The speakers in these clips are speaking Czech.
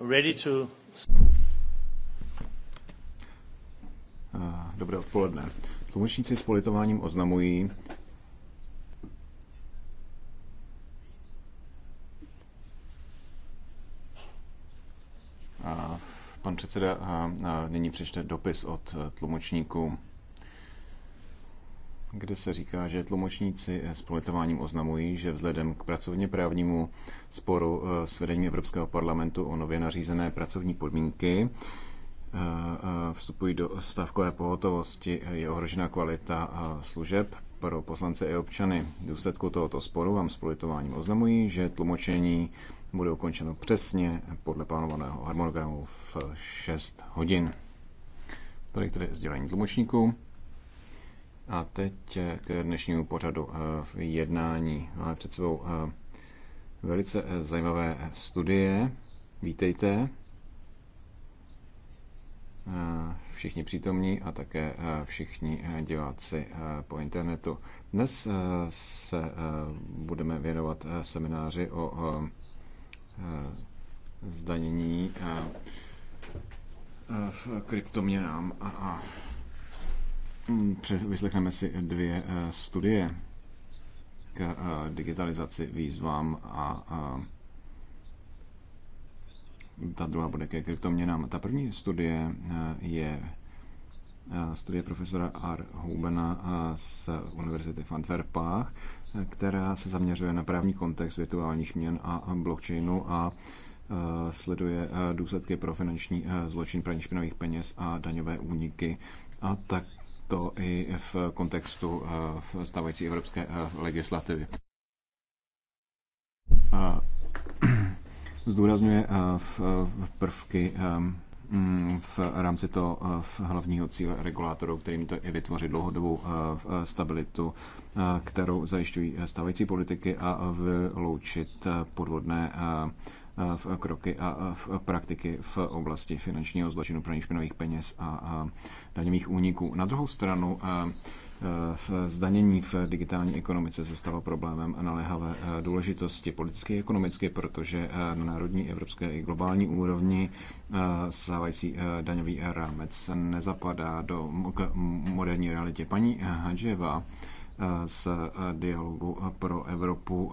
ready to... Eh, dobré odpoledne. Tlumočníci s politováním oznamují, eh, pan předseda eh, nyní přečte dopis od tlumočníků kde se říká, že tlumočníci s politováním oznamují, že vzhledem k pracovně právnímu sporu eh, s vedením Evropského parlamentu o nově nařízené pracovní podmínky eh, eh, vstupují do stavkové pohotovosti, je ohrožena kvalita služeb pro poslance i občany. V důsledku tohoto sporu vám s politováním oznamují, že tlumočení bude ukončeno přesně podle plánovaného harmonogramu v 6 hodin. Tady tedy sdělení tlumočníků. A teď eh, k dnešnímu pořadu eh, v jednání. Máme před sebou eh, velice zajímavé studie. Vítejte všichni přítomní a také všichni diváci po internetu. Dnes se budeme věnovat semináři o zdanění kryptoměnám a Mm, vyslechneme si dvě eh, studie k eh, digitalizaci výzvám a eh, ta druhá bude ke kryptoměnám. Ta první studie je studie profesora R. Hubena z Univerzity v Antwerpách, která se zaměřuje na právní kontext virtuálních měn a blockchainu a sleduje důsledky pro finanční zločin, praní špinavých peněz a daňové úniky a tak to i v kontextu eh, stávající evropské eh, legislativy. Zdůrazňuje eh, v prvky mm, v rámci toho hlavního cíle regulátorů, kterým to je vytvořit dlouhodobou stabilitu, kterou zajišťují stávající politiky a vyloučit podvodné v kroky a v praktiky v oblasti finančního zločinu pro špinavých peněz a daňových úniků. Na druhou stranu v zdanění v digitální ekonomice se stalo problémem naléhavé důležitosti politické i ekonomické, protože na národní, evropské i globální úrovni stávající daňový rámec nezapadá do moderní realitě. Paní Hadževa z dialogu pro Evropu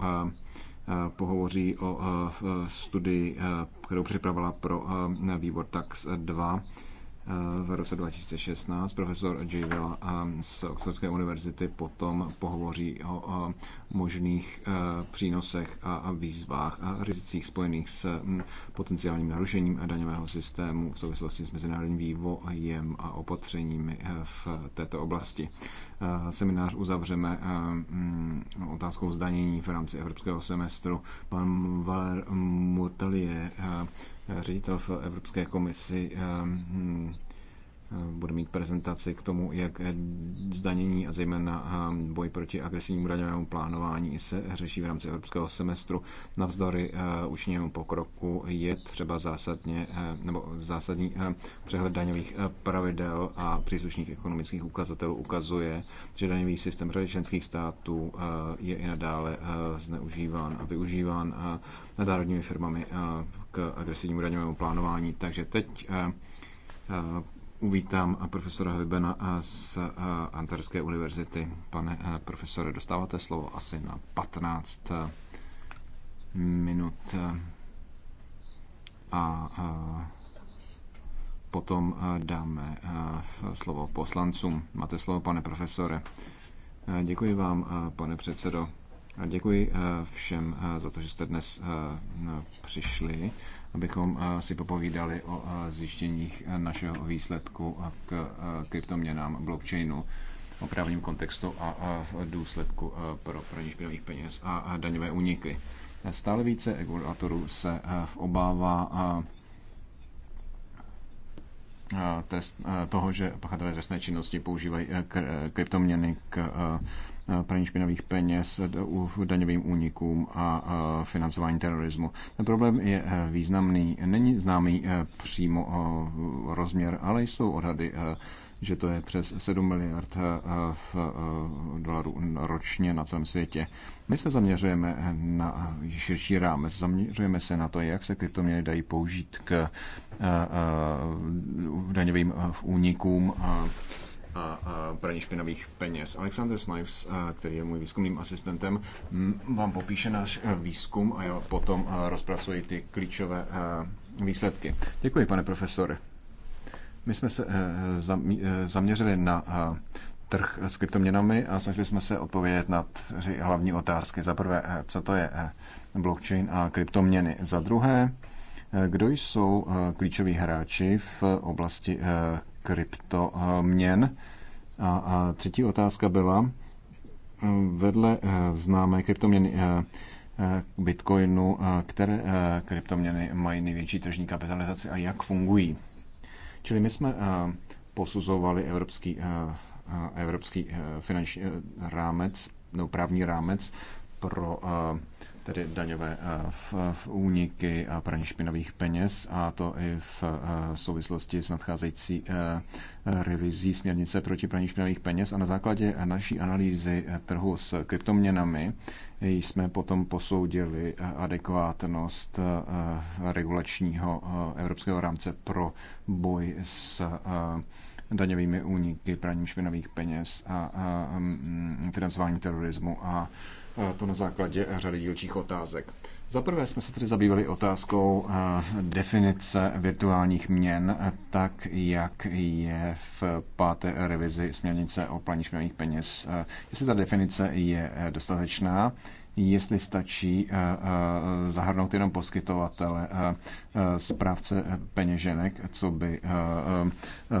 Eh, pohovoří o eh, eh, studii, kterou připravila pro výbor TAX 2 v roce 2016. Profesor J. Villa eh, z Oxfordské univerzity potom pohovoří o možných eh, přínosech a výzvách a rizicích spojených s potenciálním narušením daňového systému v souvislosti s mezinárodním vývojem a opatřeními eh, v této oblasti. Seminář uzavřeme otázkou zdanění v rámci evropského semestru. Pan Valer Mortelier ředitel v Evropské komisi ehm, bude mít prezentaci k tomu, jak zdanění a zejména boj proti agresivnímu daňovému plánování se řeší v rámci evropského semestru. Navzdory e, učněmu pokroku je třeba zásadně, e, nebo zásadní e, přehled daňových pravidel a příslušných ekonomických ukazatelů ukazuje, že daňový systém řady členských států je i nadále zneužíván a využíván nadárodními firmami k agresivnímu daňovému plánování. Takže teď Vítám profesora Hojbena z eh, Antarské univerzity. Pane eh, profesore, dostáváte slovo asi na 15 eh, minut a potom dáme slovo poslancům. Máte slovo, pane profesore. Děkuji vám, pane předsedo. Děkuji všem za to, že jste dnes přišli abychom eh, si popovídali o eh, zjištěních eh, našeho výsledku k kryptoměnám blockchainu o právním kontextu a v důsledku pro praní špinavých peněz a daňové úniky. Stále více regulatorů se obává test toho, že pachatelé trestné činnosti používají kryptoměny k Eh, praní špinavých peněz, daňovým únikům a financování terorismu. Ten problém je eh, významný, není známý eh, přímo rozměr, ale jsou odhady, že to je přes 7 miliard dolarů ročně na celém světě. My se zaměřujeme na širší rámec, zaměřujeme se na to, jak se kryptoměny dají použít k daňovým únikům a praní špinavých peněz. Alexander Snipes, který je můj výzkumným asistentem, vám popíše náš e, výzkum a já potom e, rozpracuji ty klíčové e, výsledky. Děkuji, pane profesore. My jsme se zaměřili na trh s kryptoměnami a snažili jsme se odpovědět na tři hlavní otázky. Za prvé, co to je blockchain a kryptoměny. Za druhé, kdo jsou klíčoví hráči v oblasti kryptoměn. A, třetí otázka byla, vedle eh, známé kryptoměny eh, eh, Bitcoinu, které kryptoměny mají největší tržní kapitalizaci a jak fungují. Čili my jsme posuzovali evropský, evropský finanční rámec, nebo právní rámec pro tedy daňové eh, v, v úniky a praní špinavých peněz, a to i v eh, souvislosti s nadcházející eh, revizí směrnice proti praní špinavých peněz. A na základě naší analýzy trhu s kryptoměnami jsme potom posoudili adekvátnost regulačního evropského rámce pro boj s daňovými úniky, praním špinavých peněz a mm, financování terorismu a to na základě řady dílčích otázek. Za prvé jsme se tedy zabývali otázkou eh, definice virtuálních měn, tak jak je v páté revizi směrnice o praní špinavých peněz. Eh, jestli ta definice je eh, dostatečná, jestli stačí eh, eh, zahrnout jenom poskytovatele eh, správce peněženek, co by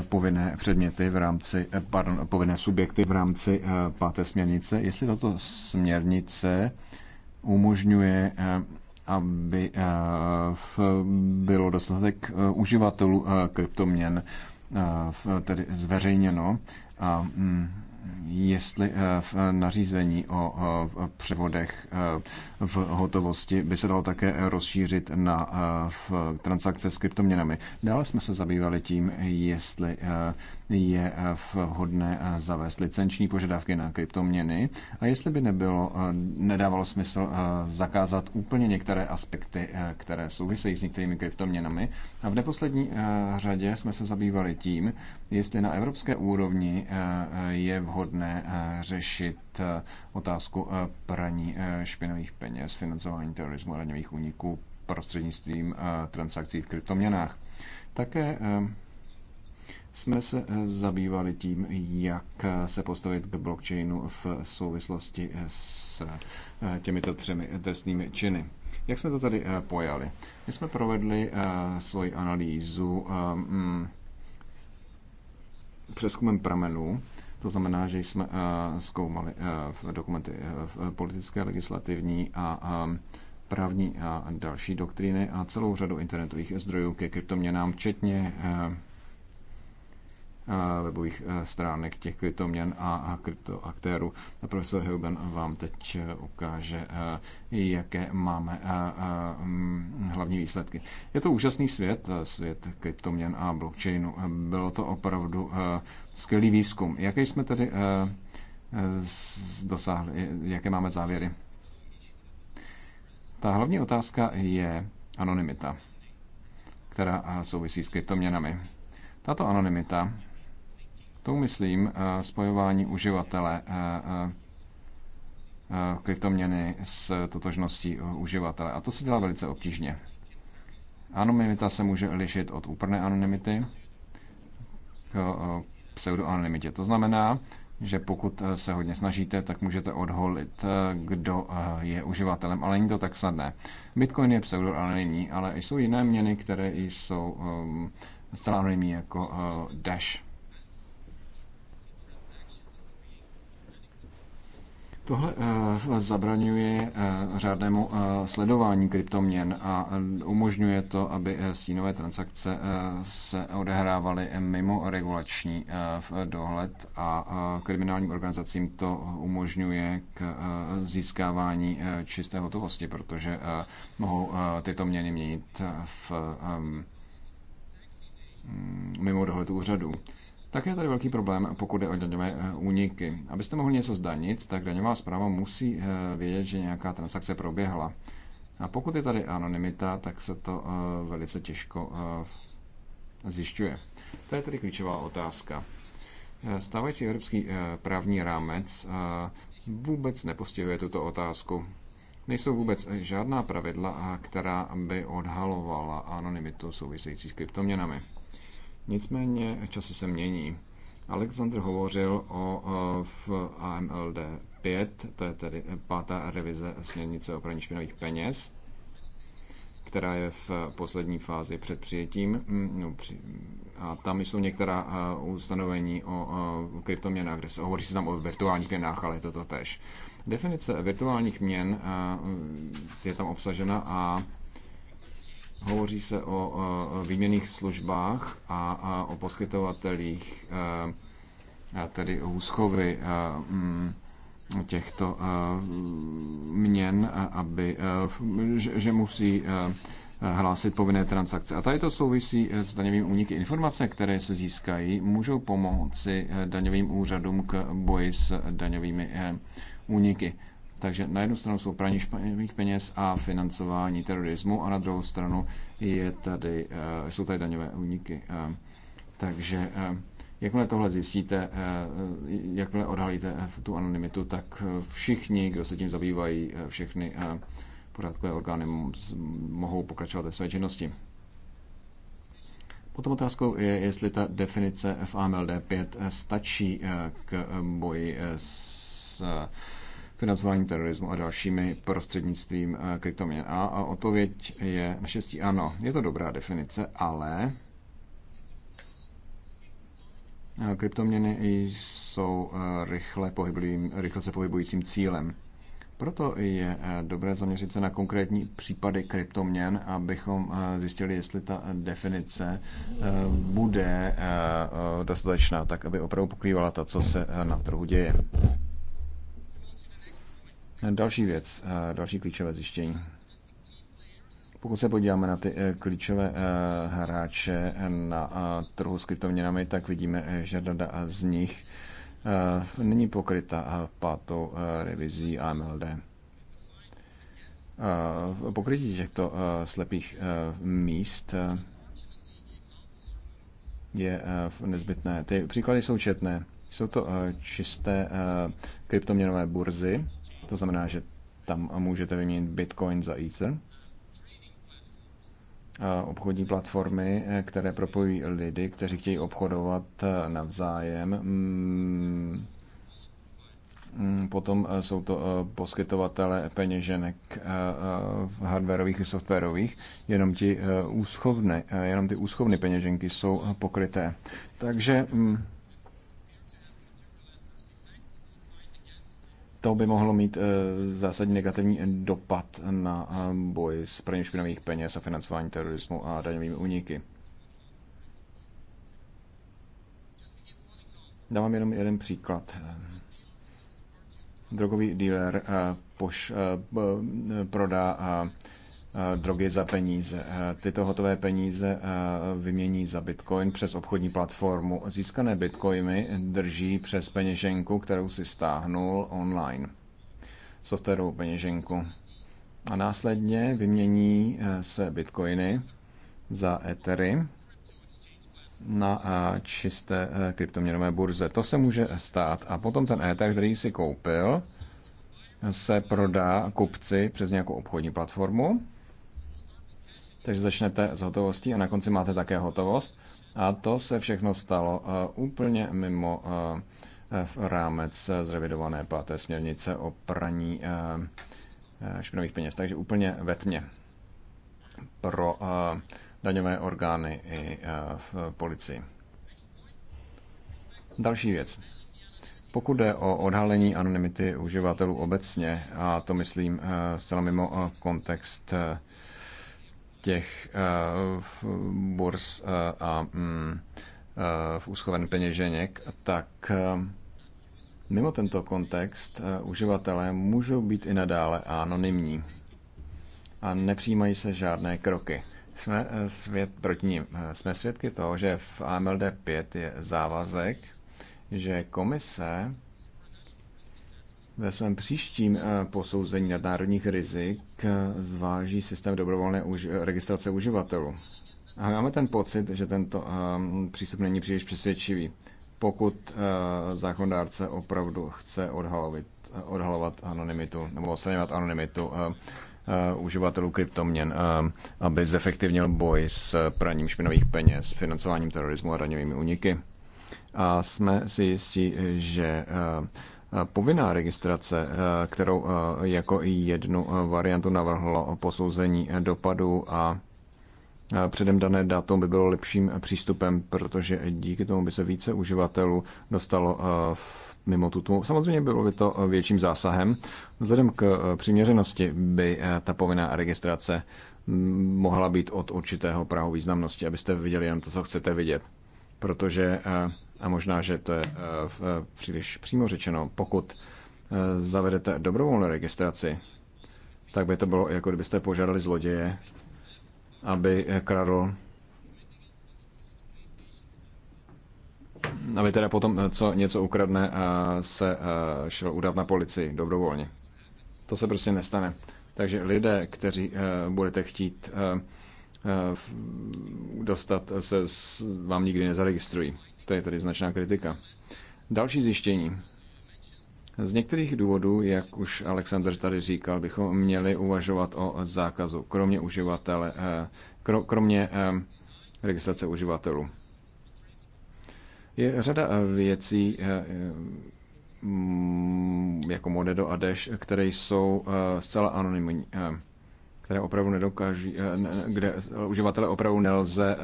povinné předměty v rámci, pardon, povinné subjekty v rámci páté směrnice, jestli tato směrnice umožňuje aby bylo dostatek uživatelů kryptoměn tedy zveřejněno a mm, jestli eh, v nařízení o eh, převodech eh, v hotovosti by se dalo také rozšířit na transakce s kryptoměnami. Dále jsme se zabývali tím, jestli je vhodné zavést licenční požadavky na kryptoměny a jestli by nebylo, nedávalo smysl zakázat úplně některé aspekty, které souvisejí s některými kryptoměnami a v neposlední eh, řadě jsme se zabývali tím, jestli na evropské úrovni eh, je vhodné eh, řešit otázku praní špinavých peněz, financování terorismu a daňových úniků prostřednictvím transakcí v kryptoměnách. Také jsme se zabývali tím, jak se postavit k blockchainu v souvislosti s těmito třemi trestnými činy. Jak jsme to tady eh, pojali? My jsme provedli eh, svoji analýzu eh, mm, přeskumem pramenů, to znamená, že jsme zkoumali dokumenty politické, legislativní a právní a další doktriny a celou řadu internetových zdrojů ke kryptoměnám, včetně Eh, webových eh, stránek těch kryptoměn a kryptoaktérů. Profesor Heuben vám teď eh, ukáže, jaké máme mm, hlavní výsledky. Je to úžasný svět, svět kryptoměn a blockchainu. Bylo to opravdu skvělý výzkum. Jaké jsme tedy dosáhli, jaké máme závěry? Ta hlavní otázka je anonymita, která souvisí s kryptoměnami. Tato anonymita Tou myslím eh, spojování uživatele eh, eh, kryptoměny s totožností uživatele. A to se dělá velice obtížně. Anonymita se může lišit od úplné anonymity k pseudoanonymitě. To znamená, že pokud se hodně snažíte, tak můžete odholit, kdo je uživatelem, ale není to tak snadné. Bitcoin je pseudoanonymní, ale jsou jiné měny, které jsou ehm, zcela anonymní, jako Dash Tohle eh, zabraňuje eh, řádnému eh, sledování kryptoměn a umožňuje to, aby stínové transakce se odehrávaly mimo regulační dohled a kriminálním organizacím to umožňuje k získávání čisté hotovosti, protože mohou tyto měny měnit v ehm, mm, mimo dohled úřadu. Také je tady velký problém, pokud je o daňové eh, úniky. Abyste mohli něco zdanit, tak daňová zpráva musí eh, vědět, že nějaká transakce proběhla. A pokud je tady anonymita, tak se to eh, velice těžko zjišťuje. To je tedy klíčová otázka. Stávající evropský právní rámec vůbec nepostihuje tuto otázku. Nejsou vůbec žádná pravidla, která by odhalovala anonymitu související s kryptoměnami. Nicméně časy se mění. Alexander hovořil o v AMLD 5, to je tedy pátá revize směrnice o praní špinavých peněz, která je v poslední fázi před přijetím. Mm, no, a tam jsou některá ustanovení o kryptoměnách, kde se hovoří se tam o virtuálních měnách, ale je to to tež. Definice virtuálních měn je tam obsažena a Hovoří se o výměných službách a o poskytovatelích tedy úschovy těchto měn, aby, že musí e, hlásit povinné transakce. A tady to souvisí s daňovým úniky. Informace, které se získají, můžou pomoci e, daňovým úřadům k boji s daňovými e, úniky. Takže na jednu stranu jsou praní špinavých peněz a financování terorismu a na druhou stranu je tady, eh, jsou tady daňové úniky. Eh, takže eh, jakmile tohle zjistíte, jakmile odhalíte tu anonymitu, tak všichni, kdo se tím zabývají, všechny pořádkové orgány mohou pokračovat ve své činnosti. Potom otázkou je, jestli ta definice v AMLD 5 stačí k boji s financování terorismu a dalšími prostřednictvím eh, kryptoměn? A, odpověď je naštěstí ano. Je to dobrá definice, ale eh, kryptoměny jsou eh, rychle, pohyblivým, rychle se pohybujícím cílem. Proto je dobré zaměřit se na konkrétní případy kryptoměn, abychom zjistili, jestli ta definice bude dostatečná, tak aby opravdu pokrývala to, co se na trhu děje. Další věc, eh, další klíčové zjištění. Pokud se podíváme na ty eh, klíčové eh, hráče na trhu s kryptoměnami, tak vidíme, že řada z nich není pokryta pátou revizí AMLD. Pokrytí těchto slepých míst je nezbytné. Ty příklady jsou četné. Jsou to čisté kryptoměnové burzy, to znamená, že tam můžete vyměnit Bitcoin za Ether. Obchodní platformy, eh, které propojují lidi, kteří chtějí obchodovat eh, navzájem. Mm, mm, potom eh, jsou to poskytovatele peněženek hardwareových i softwarových. Jenom, ti úschovny, jenom ty úschovny peněženky jsou pokryté. Takže mm, to by mohlo mít eh, zásadní negativní dopad na eh, boj s praním špinavých peněz a financování terorismu a daňovými úniky. Dávám jenom jeden příklad. Drogový dealer eh, poš, prodá Eh, drogy za peníze. Eh, tyto hotové peníze eh, vymění za bitcoin přes obchodní platformu. Získané bitcoiny drží přes peněženku, kterou si stáhnul online. Softwarovou peněženku. A následně vymění své bitcoiny za etery na čisté kryptoměnové burze. To se může stát. A potom ten ether, který si koupil, se prodá kupci přes nějakou obchodní platformu takže začnete s hotovostí a na konci máte také hotovost. A to se všechno stalo eh, úplně mimo eh, eh, v rámec zrevidované páté směrnice o praní špinových peněz, takže úplně ve tmě pro daňové orgány i v policii. Další věc. Pokud jde o odhalení anonymity uživatelů obecně, a to myslím zcela mimo kontext těch uh, a mm, eh, v úschoven peněženek, tak mimo tento kontext uživatelé můžou být i nadále anonymní a nepřijímají se žádné kroky. Jsme, svět proti ním. Jsme svědky toho, že v AMLD 5 je závazek, že komise ve svém příštím eh, posouzení nadnárodních rizik eh, zváží systém dobrovolné eh, registrace uživatelů. A máme ten pocit, že tento přístup není příliš přesvědčivý, pokud zákonodárce opravdu chce odhalovit, odhalovat anonymitu nebo odstraňovat anonymitu uživatelů kryptoměn, aby zefektivnil boj s praním špinavých peněz, financováním terorismu a daňovými úniky. A jsme si jistí, že Eh, povinná registrace, eh, kterou eh, jako i jednu variantu navrhlo posouzení dopadu a předem dané datum by bylo lepším přístupem, protože díky tomu by se více uživatelů dostalo v mimo tuto. Samozřejmě bylo by to větším zásahem. Vzhledem k přiměřenosti by ta povinná registrace mm, mohla být od určitého prahu významnosti, abyste viděli jenom to, co chcete vidět. Protože a možná, že to je eh, eh, příliš přímo řečeno, pokud eh, zavedete dobrovolnou registraci, tak by to bylo, jako kdybyste požádali zloděje, aby kradl aby teda potom, co něco ukradne, se šel udat na policii dobrovolně. To se prostě nestane. Takže lidé, kteří budete chtít dostat, se vám nikdy nezaregistrují. To je tedy značná kritika. Další zjištění. Z některých důvodů, jak už Alexander tady říkal, bychom měli uvažovat o zákazu, kromě uživatele, eh, kromě eh, registrace uživatelů. Je řada eh, věcí, mm, jako Modedo a Dash, které jsou zcela anonymní, které opravdu nedokáží, kde uživatele opravdu nelze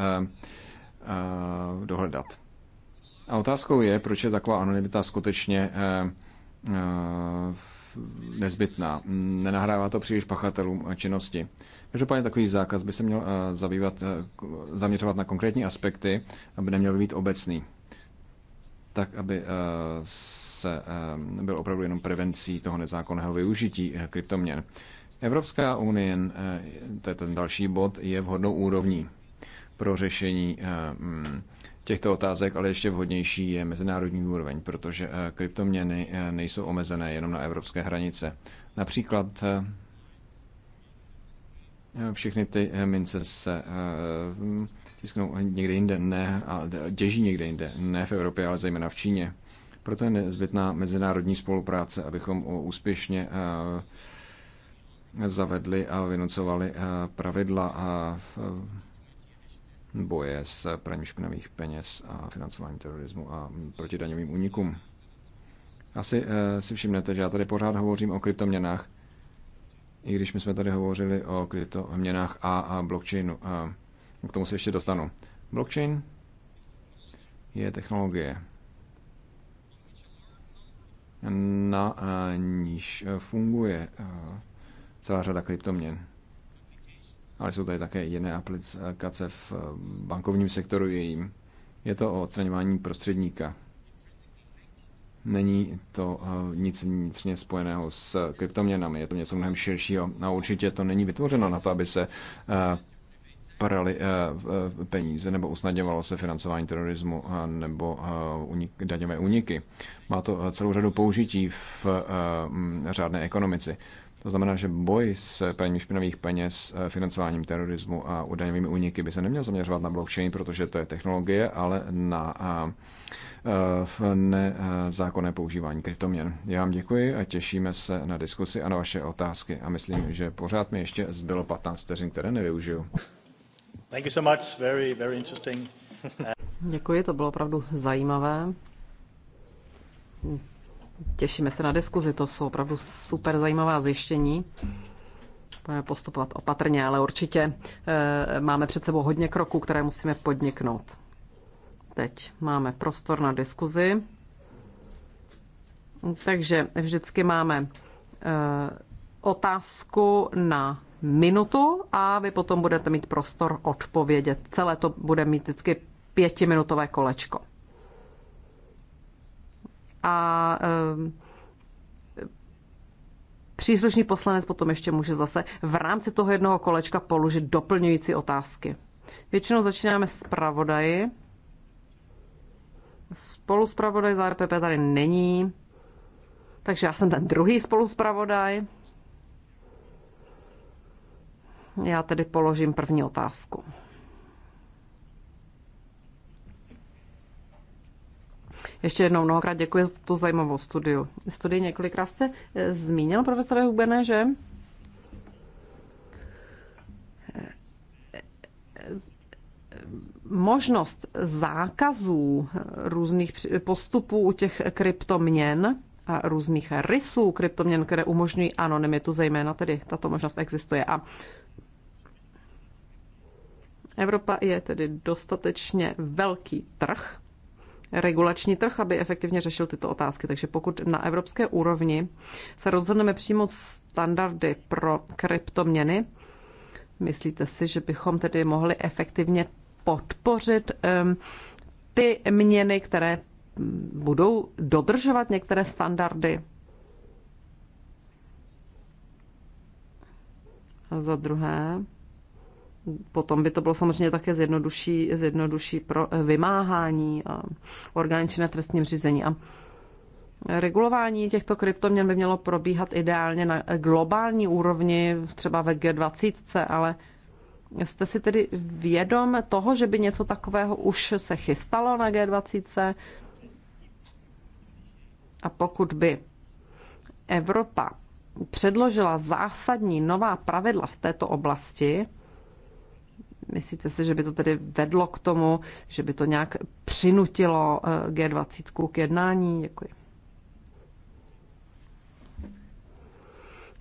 dohledat. A otázkou je, proč je taková anonymita skutečně eh, eh, nezbytná. Nenahrává to příliš pachatelům činnosti. Každopádně takový zákaz by se měl eh, zabývat, zaměřovat na konkrétní aspekty, aby neměl být obecný. Tak, aby se byl opravdu jenom prevencí toho nezákonného využití kryptoměn. Evropská unie, to je ten další bod, je vhodnou úrovní pro řešení mm, těchto otázek, ale ještě vhodnější je mezinárodní úroveň, protože eh, kryptoměny eh, nejsou omezené jenom na evropské hranice. Například eh, všechny ty mince se tisknou někde jinde, ne, a těží někde jinde, ne v Evropě, ale zejména v Číně. Proto je nezbytná mezinárodní spolupráce, abychom úspěšně zavedli a vynucovali pravidla a boje s praním špinavých peněz a financování terorismu a proti daňovým únikům. Asi eh, si všimnete, že já tady pořád hovořím o kryptoměnách, i když my jsme tady hovořili o kryptoměnách a, a blockchainu. A k tomu se ještě dostanu. Blockchain je technologie, na eh, níž funguje eh, celá řada kryptoměn ale jsou tady také jiné aplikace v eh, bankovním sektoru jejím. Je to o odstraňování prostředníka. Není to eh, nic vnitřně spojeného s kryptoměnami, je to něco mnohem širšího a určitě to není vytvořeno na to, aby se eh, prali peníze nebo usnadňovalo se financování terorismu nebo daňové úniky. Má to celou řadu použití v řádné ekonomici. To znamená, že boj s praním špinavých peněz, eh, financováním terorismu a údajnými úniky by se neměl zaměřovat na blockchain, protože to je technologie, ale na eh, eh, nezákonné používání kryptoměn. Já vám děkuji a těšíme se na diskusi a na vaše otázky. A myslím, že pořád mi ještě zbylo 15 vteřin, které nevyužiju. Thank you so much. Very, very interesting. děkuji, to bylo opravdu zajímavé. Těšíme se na diskuzi, to jsou opravdu super zajímavá zjištění. Budeme postupovat opatrně, ale určitě eh, máme před sebou hodně kroků, které musíme podniknout. Teď máme prostor na diskuzi. Takže vždycky máme eh, otázku na minutu a vy potom budete mít prostor odpovědět. Celé to bude mít vždycky pětiminutové kolečko a ehm, příslušný poslanec potom ještě může zase v rámci toho jednoho kolečka položit doplňující otázky. Většinou začínáme s pravodaji. Spoluspravodaj za RPP tady není, takže já jsem ten druhý spoluspravodaj. Já tedy položím první otázku. Ještě jednou mnohokrát děkuji za tu zajímavou studiu. Studii několikrát jste eh, zmínil, profesore Hubené, že eh, eh, možnost zákazů různých postupů u těch kryptoměn a různých rysů kryptoměn, které umožňují anonymitu, zejména tedy tato možnost existuje. A Evropa je tedy dostatečně velký trh regulační trh, aby efektivně řešil tyto otázky. Takže pokud na evropské úrovni se rozhodneme přijmout standardy pro kryptoměny, myslíte si, že bychom tedy mohli efektivně podpořit ty měny, které budou dodržovat některé standardy? A za druhé, Potom by to bylo samozřejmě také zjednodušší, zjednodušší pro eh, vymáhání a eh, orgány trestním řízení. A Regulování těchto kryptoměn by mělo probíhat ideálně na globální úrovni, třeba ve G20, ale jste si tedy vědom toho, že by něco takového už se chystalo na G20? A pokud by Evropa předložila zásadní nová pravidla v této oblasti, Myslíte si, že by to tedy vedlo k tomu, že by to nějak přinutilo eh, G20 k jednání? Děkuji.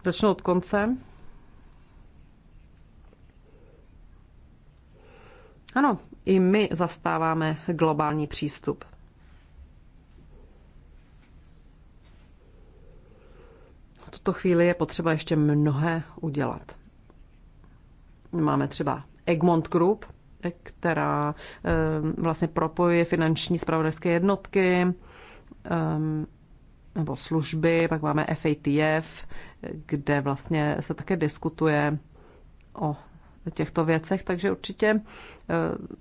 Začnu od konce. Ano, i my zastáváme globální přístup. V tuto chvíli je potřeba ještě mnohé udělat. Máme třeba Egmont Group, která eh, vlastně propojuje finanční spravodajské jednotky eh, nebo služby, pak máme FATF, kde vlastně se také diskutuje o těchto věcech, takže určitě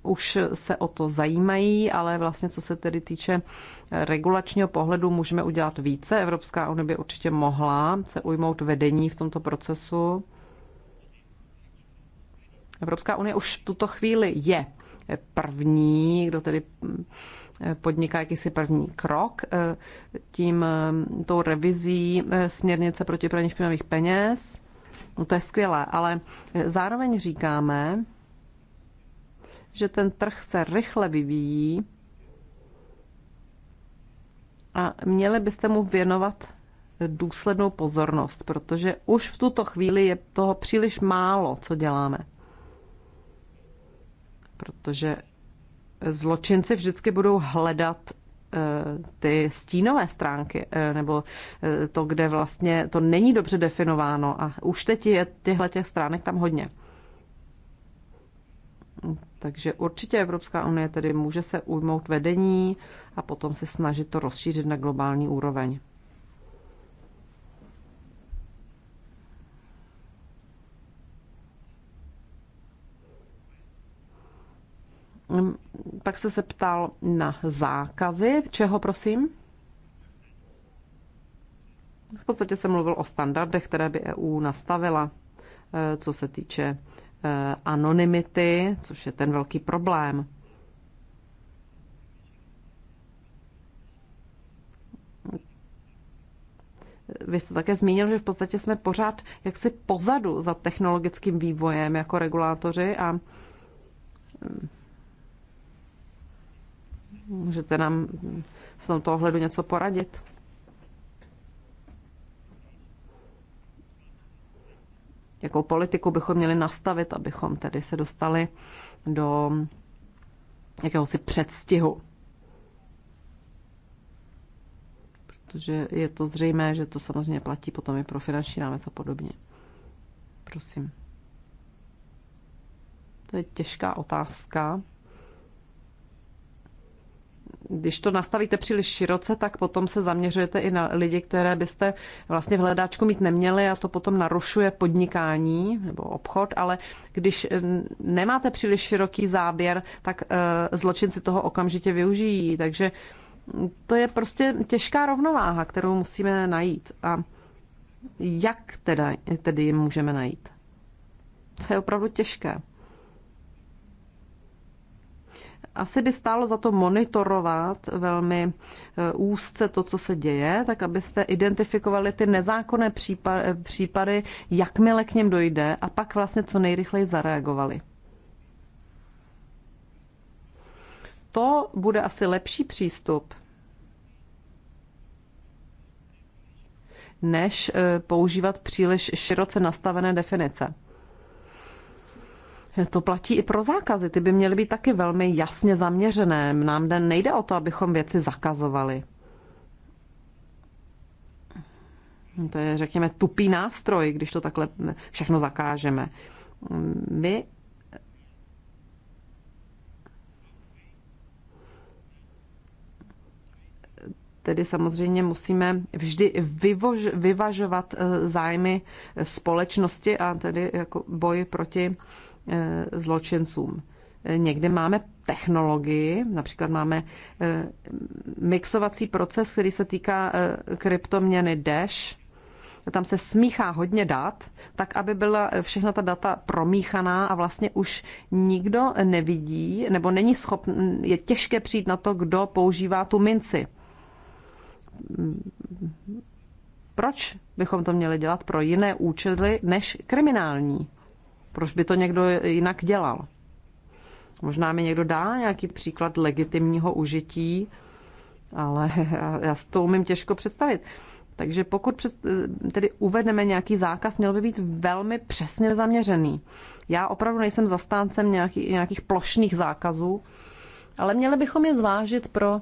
uh, už se o to zajímají, ale vlastně co se tedy týče regulačního pohledu, můžeme udělat více. Evropská unie by určitě mohla se ujmout vedení v tomto procesu. Evropská unie už v tuto chvíli je první, kdo tedy eh, podniká jakýsi první krok eh, tím eh, tou revizí směrnice proti praní špinavých peněz. No to je skvělé, ale zároveň říkáme, že ten trh se rychle vyvíjí a měli byste mu věnovat důslednou pozornost, protože už v tuto chvíli je toho příliš málo, co děláme protože zločinci vždycky budou hledat eh, ty stínové stránky, eh, nebo eh, to, kde vlastně to není dobře definováno. A už teď je těchto těch stránek tam hodně. Takže určitě Evropská unie tedy může se ujmout vedení a potom se snažit to rozšířit na globální úroveň. Mm, pak jste se ptal na zákazy. Čeho prosím? V podstatě jsem mluvil o standardech, které by EU nastavila, eh, co se týče eh, anonymity, což je ten velký problém. Vy jste také zmínil, že v podstatě jsme pořád jaksi pozadu za technologickým vývojem jako regulátoři a mm, Můžete nám v tomto ohledu něco poradit? Jakou politiku bychom měli nastavit, abychom tedy se dostali do jakéhosi předstihu? Protože je to zřejmé, že to samozřejmě platí potom i pro finanční rámec a podobně. Prosím. To je těžká otázka když to nastavíte příliš široce, tak potom se zaměřujete i na lidi, které byste vlastně v hledáčku mít neměli a to potom narušuje podnikání nebo obchod, ale když eh, nemáte příliš široký záběr, tak eh, zločinci toho okamžitě využijí. Takže hm, to je prostě těžká rovnováha, kterou musíme najít. A jak teda, tedy ji můžeme najít? To je opravdu těžké. asi by stálo za to monitorovat velmi e, úzce to, co se děje, tak abyste identifikovali ty nezákonné e, případy, jakmile k něm dojde a pak vlastně co nejrychleji zareagovali. To bude asi lepší přístup, než e, používat příliš široce nastavené definice. To platí i pro zákazy, ty by měly být taky velmi jasně zaměřené. Nám den nejde o to, abychom věci zakazovali. To je, řekněme, tupý nástroj, když to takhle všechno zakážeme. My tedy samozřejmě musíme vždy vyvož, vyvažovat eh, zájmy společnosti a tedy jako boj proti Eh, zločincům. Eh, někde máme technologii, například máme eh, mixovací proces, který se týká kryptoměny Dash. Tam se smíchá hodně dat, tak aby byla všechna ta data promíchaná a vlastně už nikdo nevidí, nebo není schopn, je těžké přijít na to, kdo používá tu minci. Proč bychom to měli dělat pro jiné účely než kriminální? Proč by to někdo jinak dělal? Možná mi někdo dá nějaký příklad legitimního užití, ale já s to umím těžko představit. Takže pokud přes, tedy uvedeme nějaký zákaz, měl by být velmi přesně zaměřený. Já opravdu nejsem zastáncem nějaký, nějakých plošných zákazů, ale měli bychom je zvážit pro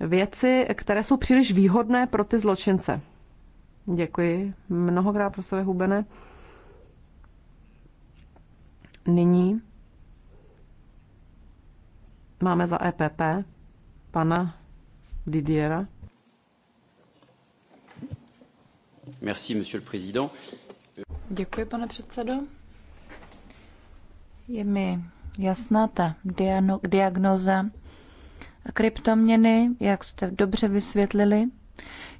věci, které jsou příliš výhodné pro ty zločince. Děkuji mnohokrát pro sebe, hubené. Nyní máme za EPP pana Didiera. Merci, monsieur le président. Děkuji, pane předsedo. Je mi jasná ta diagnoza. A kryptoměny, jak jste dobře vysvětlili,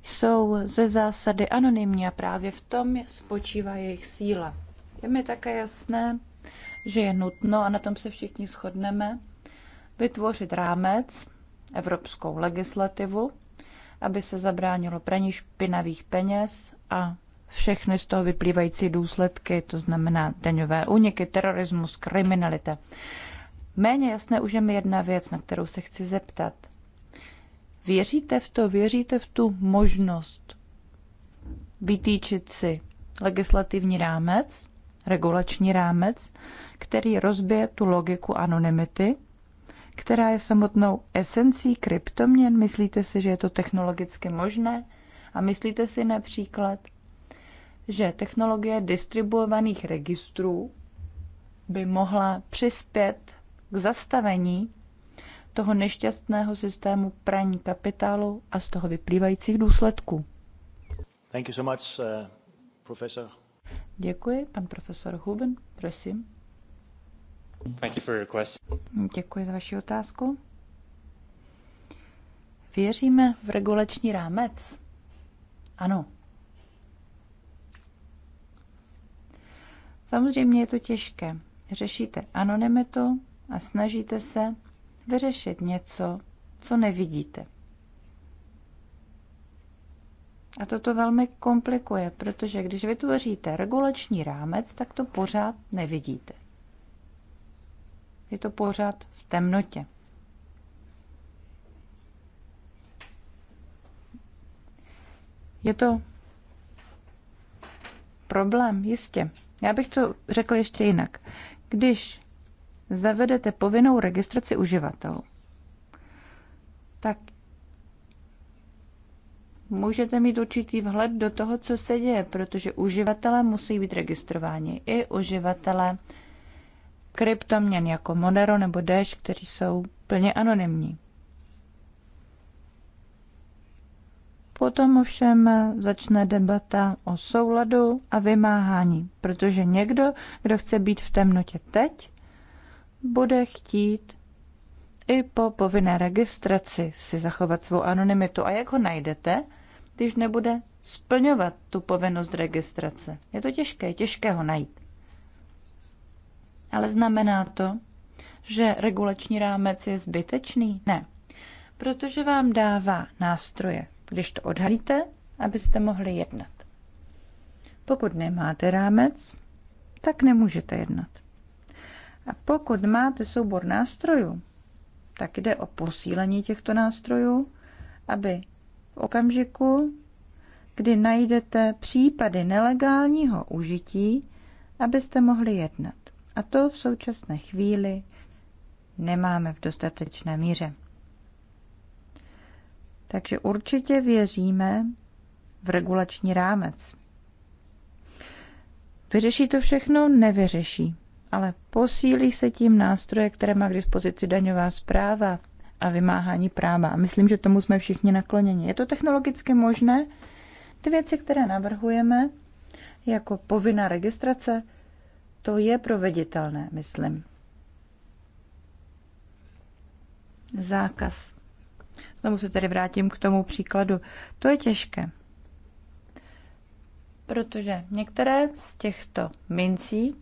jsou ze zásady anonymní a právě v tom spočívá jejich síla. Je mi také jasné, že je nutno, a na tom se všichni shodneme, vytvořit rámec, evropskou legislativu, aby se zabránilo praní špinavých peněz a všechny z toho vyplývající důsledky, to znamená daňové úniky, terorismus, kriminalita. Méně jasné už je mi jedna věc, na kterou se chci zeptat. Věříte v to, věříte v tu možnost vytýčit si legislativní rámec, regulační rámec, který rozbije tu logiku anonymity, která je samotnou esencí kryptoměn. Myslíte si, že je to technologicky možné? A myslíte si například, že technologie distribuovaných registrů by mohla přispět k zastavení toho nešťastného systému praní kapitálu a z toho vyplývajících důsledků. Thank you so much, uh, Děkuji, pan profesor Huben, prosím. Thank you for your Děkuji za vaši otázku. Věříme v regulační rámec? Ano. Samozřejmě je to těžké. Řešíte anonymitu a snažíte se vyřešit něco, co nevidíte. A toto velmi komplikuje, protože když vytvoříte regulační rámec, tak to pořád nevidíte je to pořád v temnotě. Je to problém, jistě. Já bych to řekl ještě jinak. Když zavedete povinnou registraci uživatelů, tak můžete mít určitý vhled do toho, co se děje, protože uživatelé musí být registrováni i uživatelé kryptoměn jako Monero nebo Dash, kteří jsou plně anonymní. Potom ovšem začne debata o souladu a vymáhání, protože někdo, kdo chce být v temnotě teď, bude chtít i po povinné registraci si zachovat svou anonymitu. A jak ho najdete, když nebude splňovat tu povinnost registrace? Je to těžké, těžké ho najít. Ale znamená to, že regulační rámec je zbytečný? Ne. Protože vám dává nástroje, když to odhalíte, abyste mohli jednat. Pokud nemáte rámec, tak nemůžete jednat. A pokud máte soubor nástrojů, tak jde o posílení těchto nástrojů, aby v okamžiku, kdy najdete případy nelegálního užití, abyste mohli jednat. A to v současné chvíli nemáme v dostatečné míře. Takže určitě věříme v regulační rámec. Vyřeší to všechno? Nevyřeší. Ale posílí se tím nástroje, které má k dispozici daňová zpráva a vymáhání práva. A myslím, že tomu jsme všichni nakloněni. Je to technologicky možné? Ty věci, které navrhujeme, jako povinná registrace, to je proveditelné, myslím. Zákaz. Znovu se tedy vrátím k tomu příkladu. To je těžké. Protože některé z těchto mincí,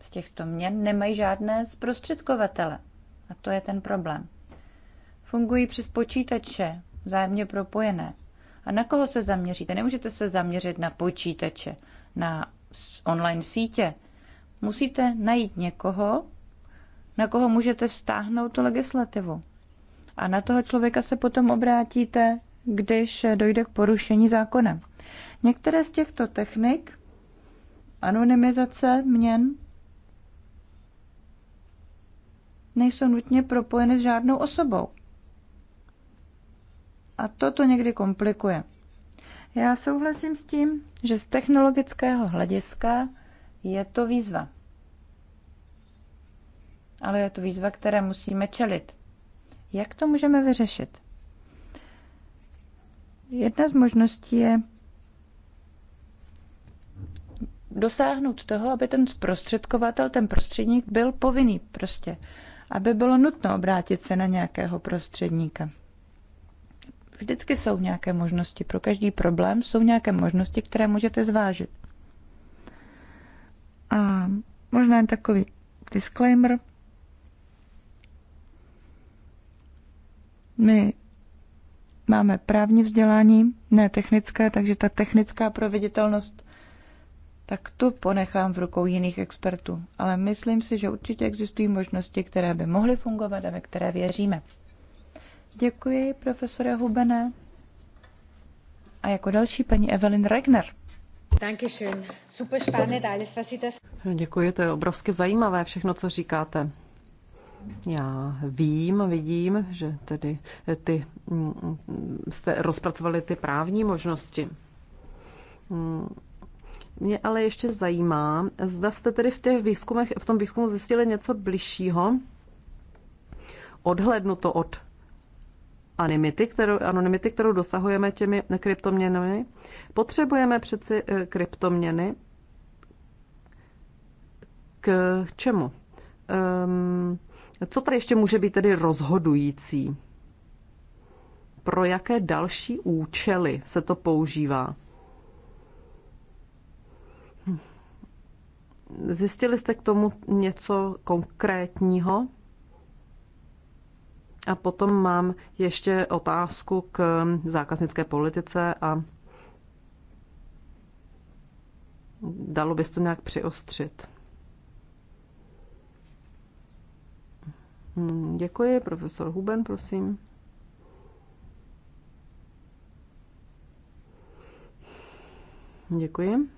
z těchto měn, nemají žádné zprostředkovatele. A to je ten problém. Fungují přes počítače, vzájemně propojené. A na koho se zaměříte? Nemůžete se zaměřit na počítače, na online sítě. Musíte najít někoho, na koho můžete stáhnout tu legislativu. A na toho člověka se potom obrátíte, když dojde k porušení zákona. Některé z těchto technik, anonymizace měn, nejsou nutně propojeny s žádnou osobou. A toto někdy komplikuje. Já souhlasím s tím, že z technologického hlediska je to výzva. Ale je to výzva, které musíme čelit. Jak to můžeme vyřešit? Jedna z možností je dosáhnout toho, aby ten zprostředkovatel, ten prostředník byl povinný prostě, aby bylo nutno obrátit se na nějakého prostředníka. Vždycky jsou nějaké možnosti. Pro každý problém jsou nějaké možnosti, které můžete zvážit. A možná jen takový disclaimer. My máme právní vzdělání, ne technické, takže ta technická proveditelnost, tak tu ponechám v rukou jiných expertů. Ale myslím si, že určitě existují možnosti, které by mohly fungovat a ve které věříme. Děkuji, profesore Hubene. A jako další paní Evelyn Regner. Děkuji, to je obrovsky zajímavé všechno, co říkáte. Já vím, vidím, že tedy eh, ty mm, mm, jste rozpracovali ty právní možnosti. Mm, mě ale ještě zajímá, zda jste tedy v, těch výzkumech, v tom výzkumu zjistili něco bližšího, to od anonymity, kterou, anonymity, kterou dosahujeme těmi kryptoměnami, potřebujeme přeci eh, kryptoměny k čemu? Um, co tady ještě může být tedy rozhodující? Pro jaké další účely se to používá? Hm. Zjistili jste k tomu něco konkrétního? A potom mám ještě otázku k zákaznické politice a dalo bys to nějak přiostřit. Hmm, děkuji, profesor Huben, prosím. Děkuji.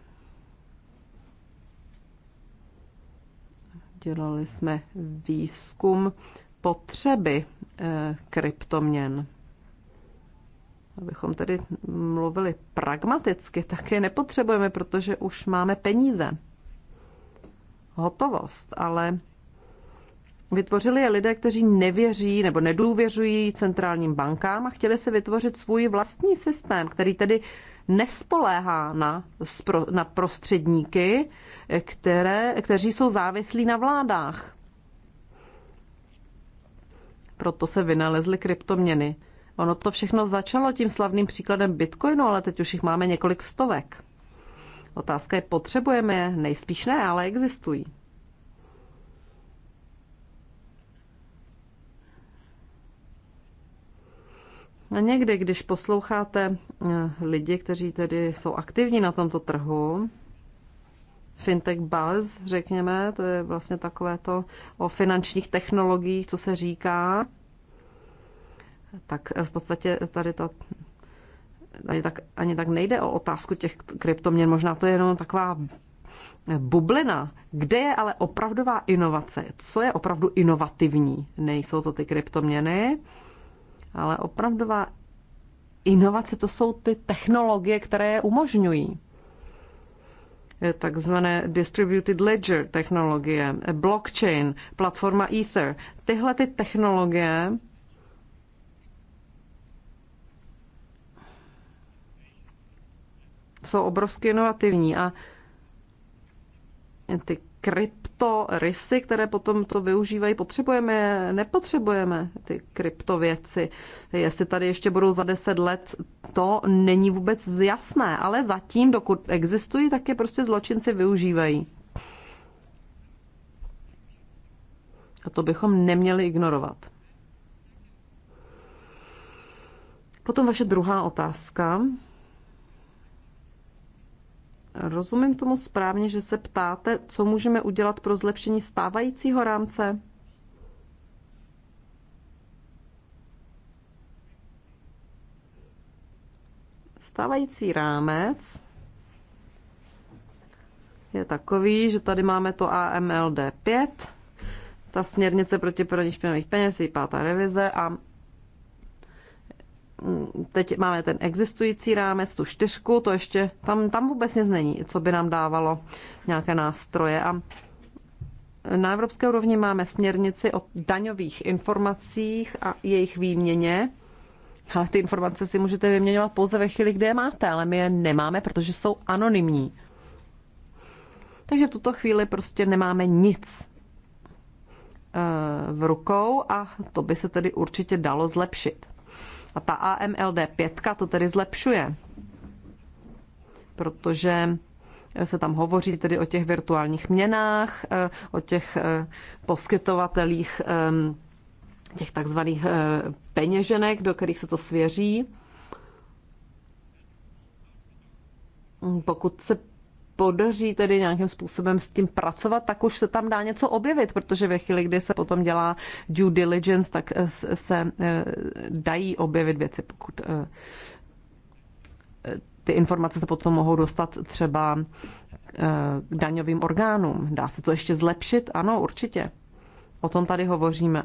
Dělali jsme výzkum potřeby Eh, kryptoměn. Abychom tedy mluvili pragmaticky, tak je nepotřebujeme, protože už máme peníze. Hotovost, ale vytvořili je lidé, kteří nevěří nebo nedůvěřují centrálním bankám a chtěli si vytvořit svůj vlastní systém, který tedy nespoléhá na, na prostředníky, které, kteří jsou závislí na vládách proto se vynalezly kryptoměny. Ono to všechno začalo tím slavným příkladem Bitcoinu, ale teď už jich máme několik stovek. Otázka je, potřebujeme je? Nejspíš ne, ale existují. A někdy, když posloucháte eh, lidi, kteří tedy jsou aktivní na tomto trhu, fintech buzz, řekněme, to je vlastně takové to o finančních technologiích, co se říká, tak v podstatě tady ta ani tak, ani tak nejde o otázku těch kryptoměn, možná to je jenom taková bublina. Kde je ale opravdová inovace? Co je opravdu inovativní? Nejsou to ty kryptoměny, ale opravdová inovace to jsou ty technologie, které je umožňují. Eh, takzvané distributed ledger technologie, eh, blockchain, platforma Ether. Tyhle ty technologie jsou obrovsky inovativní a ty kryptorysy, které potom to využívají, potřebujeme, nepotřebujeme ty kryptověci. Jestli tady ještě budou za deset let, to není vůbec jasné, ale zatím, dokud existují, tak je prostě zločinci využívají. A to bychom neměli ignorovat. Potom vaše druhá otázka. Rozumím tomu správně, že se ptáte, co můžeme udělat pro zlepšení stávajícího rámce? Stávající rámec je takový, že tady máme to AMLD 5, ta směrnice proti praní peněz, pátá revize a Mm, teď máme ten existující rámec, tu čtyřku, to ještě tam, tam vůbec nic není, co by nám dávalo nějaké nástroje. A na evropské úrovni máme směrnici o daňových informacích a jejich výměně. Ale ty informace si můžete vyměňovat pouze ve chvíli, kde je máte, ale my je nemáme, protože jsou anonymní. Takže v tuto chvíli prostě nemáme nic eh, v rukou a to by se tedy určitě dalo zlepšit. A ta AMLD 5 to tedy zlepšuje, protože se tam hovoří tedy o těch virtuálních měnách, eh, o těch eh, poskytovatelích eh, těch takzvaných peněženek, do kterých se to svěří. Pokud se podaří tedy nějakým způsobem s tím pracovat, tak už se tam dá něco objevit, protože ve chvíli, kdy se potom dělá due diligence, tak eh, se eh, dají objevit věci, pokud eh, ty informace se potom mohou dostat třeba k daňovým orgánům. Dá se to ještě zlepšit? Ano, určitě. O tom tady hovoříme.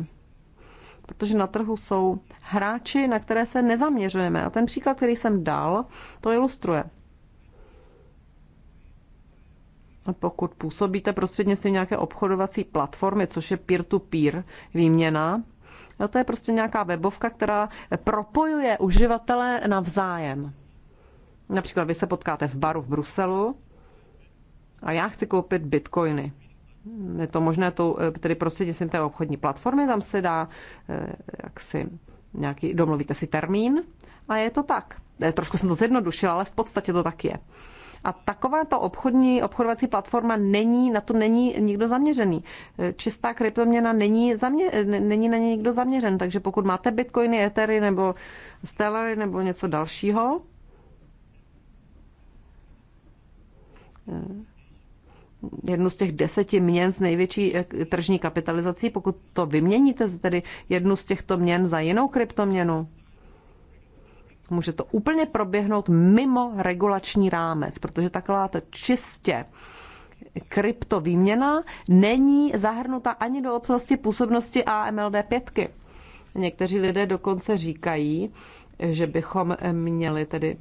Protože na trhu jsou hráči, na které se nezaměřujeme. A ten příklad, který jsem dal, to ilustruje pokud působíte prostřednictvím nějaké obchodovací platformy, což je peer-to-peer -peer výměna, no to je prostě nějaká webovka, která propojuje uživatele navzájem. Například vy se potkáte v baru v Bruselu a já chci koupit bitcoiny. Je to možné to, eh, tedy prostřednictvím té obchodní platformy, tam se dá eh, jaksi nějaký, domluvíte si termín a je to tak. Eh, trošku jsem to zjednodušila, ale v podstatě to tak je. A taková to obchodní, obchodovací platforma není, na to není nikdo zaměřený. Eh, čistá kryptoměna není, zamě, není na ně nikdo zaměřen, takže pokud máte bitcoiny, etery nebo stellary nebo něco dalšího, eh, jednu z těch deseti měn s největší eh, tržní kapitalizací, pokud to vyměníte, tedy jednu z těchto měn za jinou kryptoměnu, Může to úplně proběhnout mimo regulační rámec, protože taková to čistě kryptovýměna není zahrnuta ani do oblasti působnosti AMLD 5. Někteří lidé dokonce říkají, že bychom měli tedy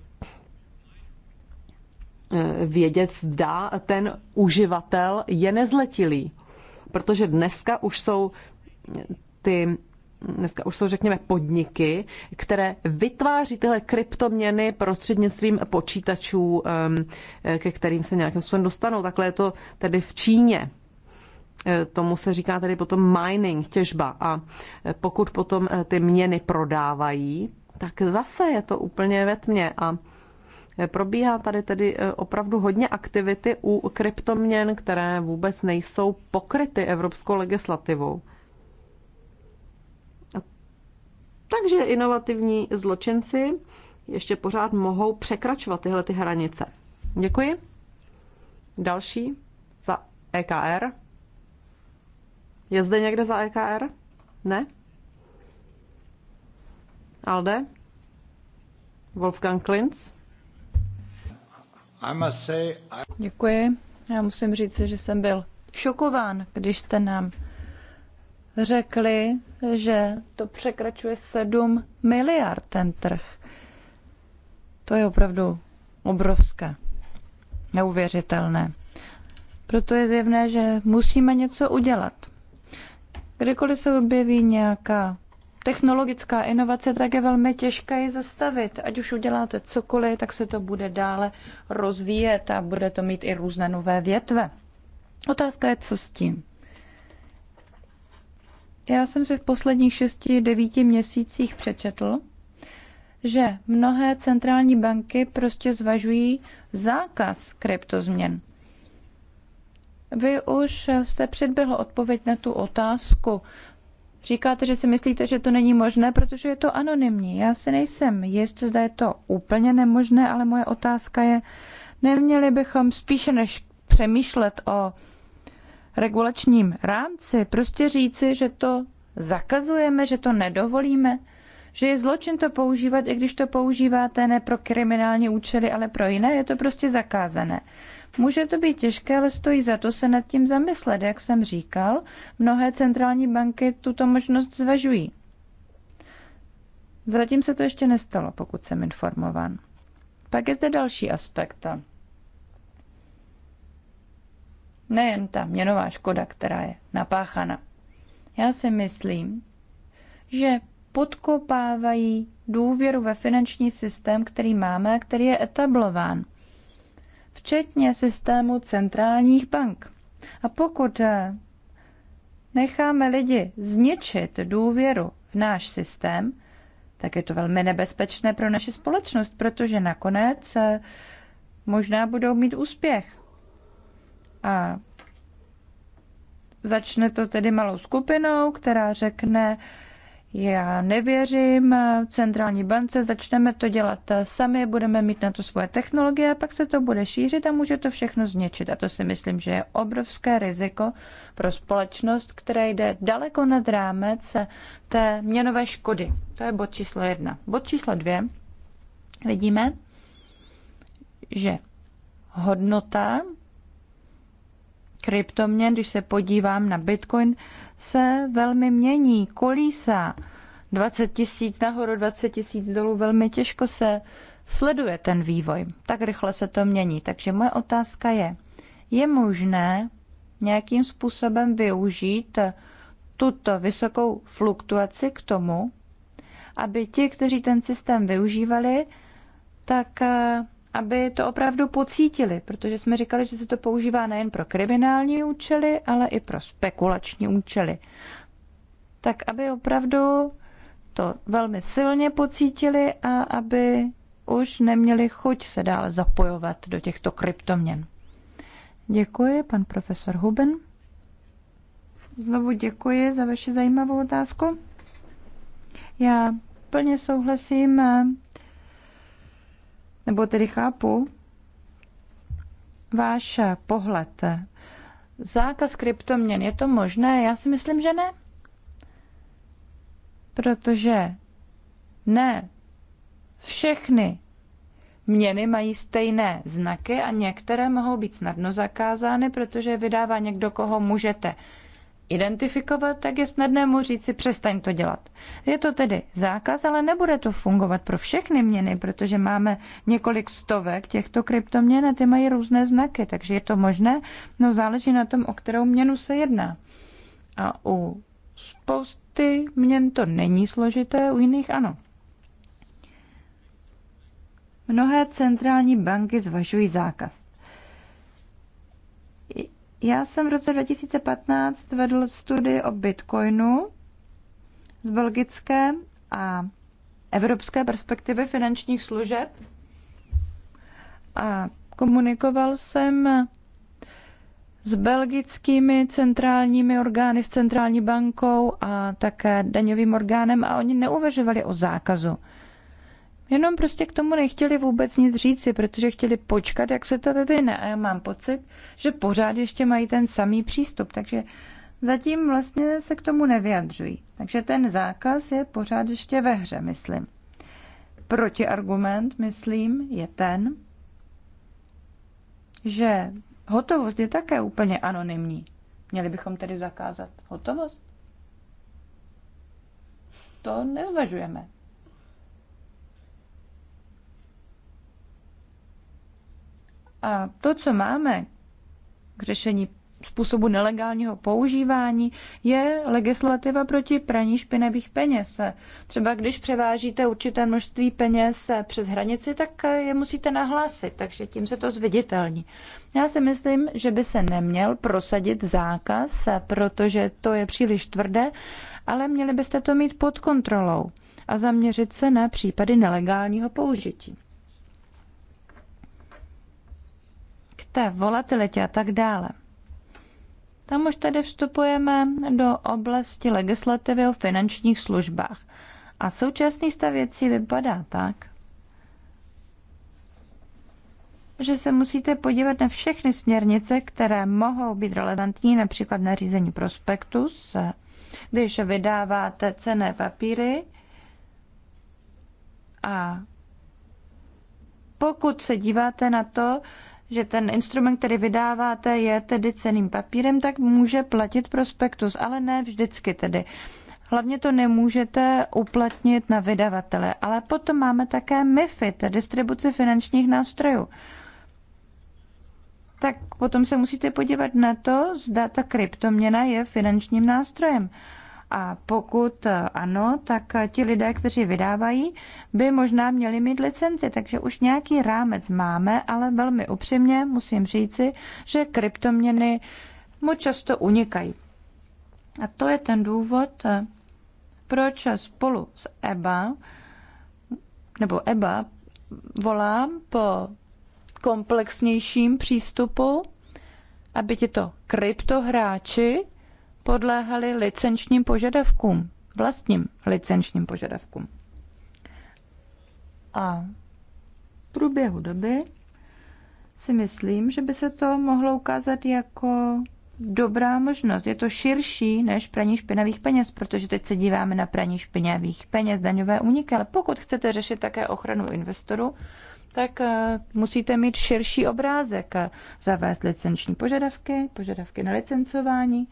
eh, vědět, zda ten uživatel je nezletilý. Protože dneska už jsou ty dneska už jsou, řekněme, podniky, které vytváří tyhle kryptoměny prostřednictvím počítačů, ke kterým se nějakým způsobem dostanou. Takhle je to tedy v Číně. E, tomu se říká tedy potom mining, těžba. A e, pokud potom e, ty měny prodávají, tak zase je to úplně ve tmě. A Probíhá tady tedy opravdu hodně aktivity u kryptoměn, které vůbec nejsou pokryty evropskou legislativou. Takže inovativní zločinci ještě pořád mohou překračovat tyhle ty hranice. Děkuji. Další za EKR. Je zde někde za EKR? Ne? Alde? Wolfgang Klintz? Děkuji. Já musím říct, že jsem byl šokován, když jste nám řekli, že to překračuje 7 miliard ten trh. To je opravdu obrovské, neuvěřitelné. Proto je zjevné, že musíme něco udělat. Kdykoliv se objeví nějaká technologická inovace, tak je velmi těžké ji zastavit. Ať už uděláte cokoliv, tak se to bude dále rozvíjet a bude to mít i různé nové větve. Otázka je, co s tím. Já jsem si v posledních 6-9 měsících přečetl, že mnohé centrální banky prostě zvažují zákaz kryptozměn. Vy už jste předběhl odpověď na tu otázku. Říkáte, že si myslíte, že to není možné, protože je to anonymní. Já si nejsem jist, zda je to úplně nemožné, ale moje otázka je, neměli bychom spíše než přemýšlet o regulačním rámci prostě říci, že to zakazujeme, že to nedovolíme, že je zločin to používat, i když to používáte ne pro kriminální účely, ale pro jiné, je to prostě zakázané. Může to být těžké, ale stojí za to se nad tím zamyslet. Jak jsem říkal, mnohé centrální banky tuto možnost zvažují. Zatím se to ještě nestalo, pokud jsem informován. Pak je zde další aspekt nejen ta měnová škoda, která je napáchana. Já si myslím, že podkopávají důvěru ve finanční systém, který máme a který je etablován, včetně systému centrálních bank. A pokud eh, necháme lidi zničit důvěru v náš systém, tak je to velmi nebezpečné pro naši společnost, protože nakonec eh, možná budou mít úspěch. A začne to tedy malou skupinou, která řekne, já nevěřím centrální bance, začneme to dělat sami, budeme mít na to svoje technologie a pak se to bude šířit a může to všechno zničit. A to si myslím, že je obrovské riziko pro společnost, která jde daleko nad rámec té měnové škody. To je bod číslo jedna. Bod číslo dvě. Vidíme, že hodnota kryptoměn, když se podívám na Bitcoin, se velmi mění, kolísá. 20 tisíc nahoru, 20 tisíc dolů, velmi těžko se sleduje ten vývoj. Tak rychle se to mění. Takže moje otázka je, je možné nějakým způsobem využít tuto vysokou fluktuaci k tomu, aby ti, kteří ten systém využívali, tak eh, aby to opravdu pocítili, protože jsme říkali, že se to používá nejen pro kriminální účely, ale i pro spekulační účely. Tak aby opravdu to velmi silně pocítili a aby už neměli chuť se dále zapojovat do těchto kryptoměn. Děkuji, pan profesor Huben. Znovu děkuji za vaši zajímavou otázku. Já plně souhlasím nebo tedy chápu váš pohled. Zákaz kryptoměn, je to možné? Já si myslím, že ne. Protože ne všechny Měny mají stejné znaky a některé mohou být snadno zakázány, protože vydává někdo, koho můžete identifikovat, tak je snadné mu si přestaň to dělat. Je to tedy zákaz, ale nebude to fungovat pro všechny měny, protože máme několik stovek těchto kryptoměn a ty mají různé znaky, takže je to možné, no záleží na tom, o kterou měnu se jedná. A u spousty měn to není složité, u jiných ano. Mnohé centrální banky zvažují zákaz. Já jsem v roce 2015 vedl studii o bitcoinu z belgické a evropské perspektivy finančních služeb a komunikoval jsem s belgickými centrálními orgány, s centrální bankou a také daňovým orgánem a oni neuvažovali o zákazu. Jenom prostě k tomu nechtěli vůbec nic říci, protože chtěli počkat, jak se to vyvine. A já mám pocit, že pořád ještě mají ten samý přístup, takže zatím vlastně se k tomu nevyjadřují. Takže ten zákaz je pořád ještě ve hře, myslím. Protiargument, myslím, je ten, že hotovost je také úplně anonymní. Měli bychom tedy zakázat hotovost? To nezvažujeme. A to, co máme k řešení způsobu nelegálního používání je legislativa proti praní špinavých peněz. Třeba když převážíte určité množství peněz přes hranici, tak je musíte nahlásit, takže tím se to zviditelní. Já si myslím, že by se neměl prosadit zákaz, protože to je příliš tvrdé, ale měli byste to mít pod kontrolou a zaměřit se na případy nelegálního použití. té volatilitě a tak dále. Tam už tedy vstupujeme do oblasti legislativy o finančních službách. A současný stav věcí vypadá tak, že se musíte podívat na všechny směrnice, které mohou být relevantní, například nařízení prospektus, když vydáváte cené papíry a pokud se díváte na to, že ten instrument, který vydáváte, je tedy ceným papírem, tak může platit prospektus, ale ne vždycky tedy. Hlavně to nemůžete uplatnit na vydavatele, ale potom máme také MIFID, distribuci finančních nástrojů. Tak potom se musíte podívat na to, zda ta kryptoměna je finančním nástrojem. A pokud ano, tak ti lidé, kteří vydávají, by možná měli mít licenci. Takže už nějaký rámec máme, ale velmi upřímně musím říci, že kryptoměny mu často unikají. A to je ten důvod, proč spolu s EBA, nebo EBA volám po komplexnějším přístupu, aby ti to kryptohráči podléhaly licenčním požadavkům, vlastním licenčním požadavkům. A v průběhu doby si myslím, že by se to mohlo ukázat jako dobrá možnost. Je to širší než praní špinavých peněz, protože teď se díváme na praní špinavých peněz, daňové úniky, ale pokud chcete řešit také ochranu investorů, tak eh, musíte mít širší obrázek, eh, zavést licenční požadavky, požadavky na licencování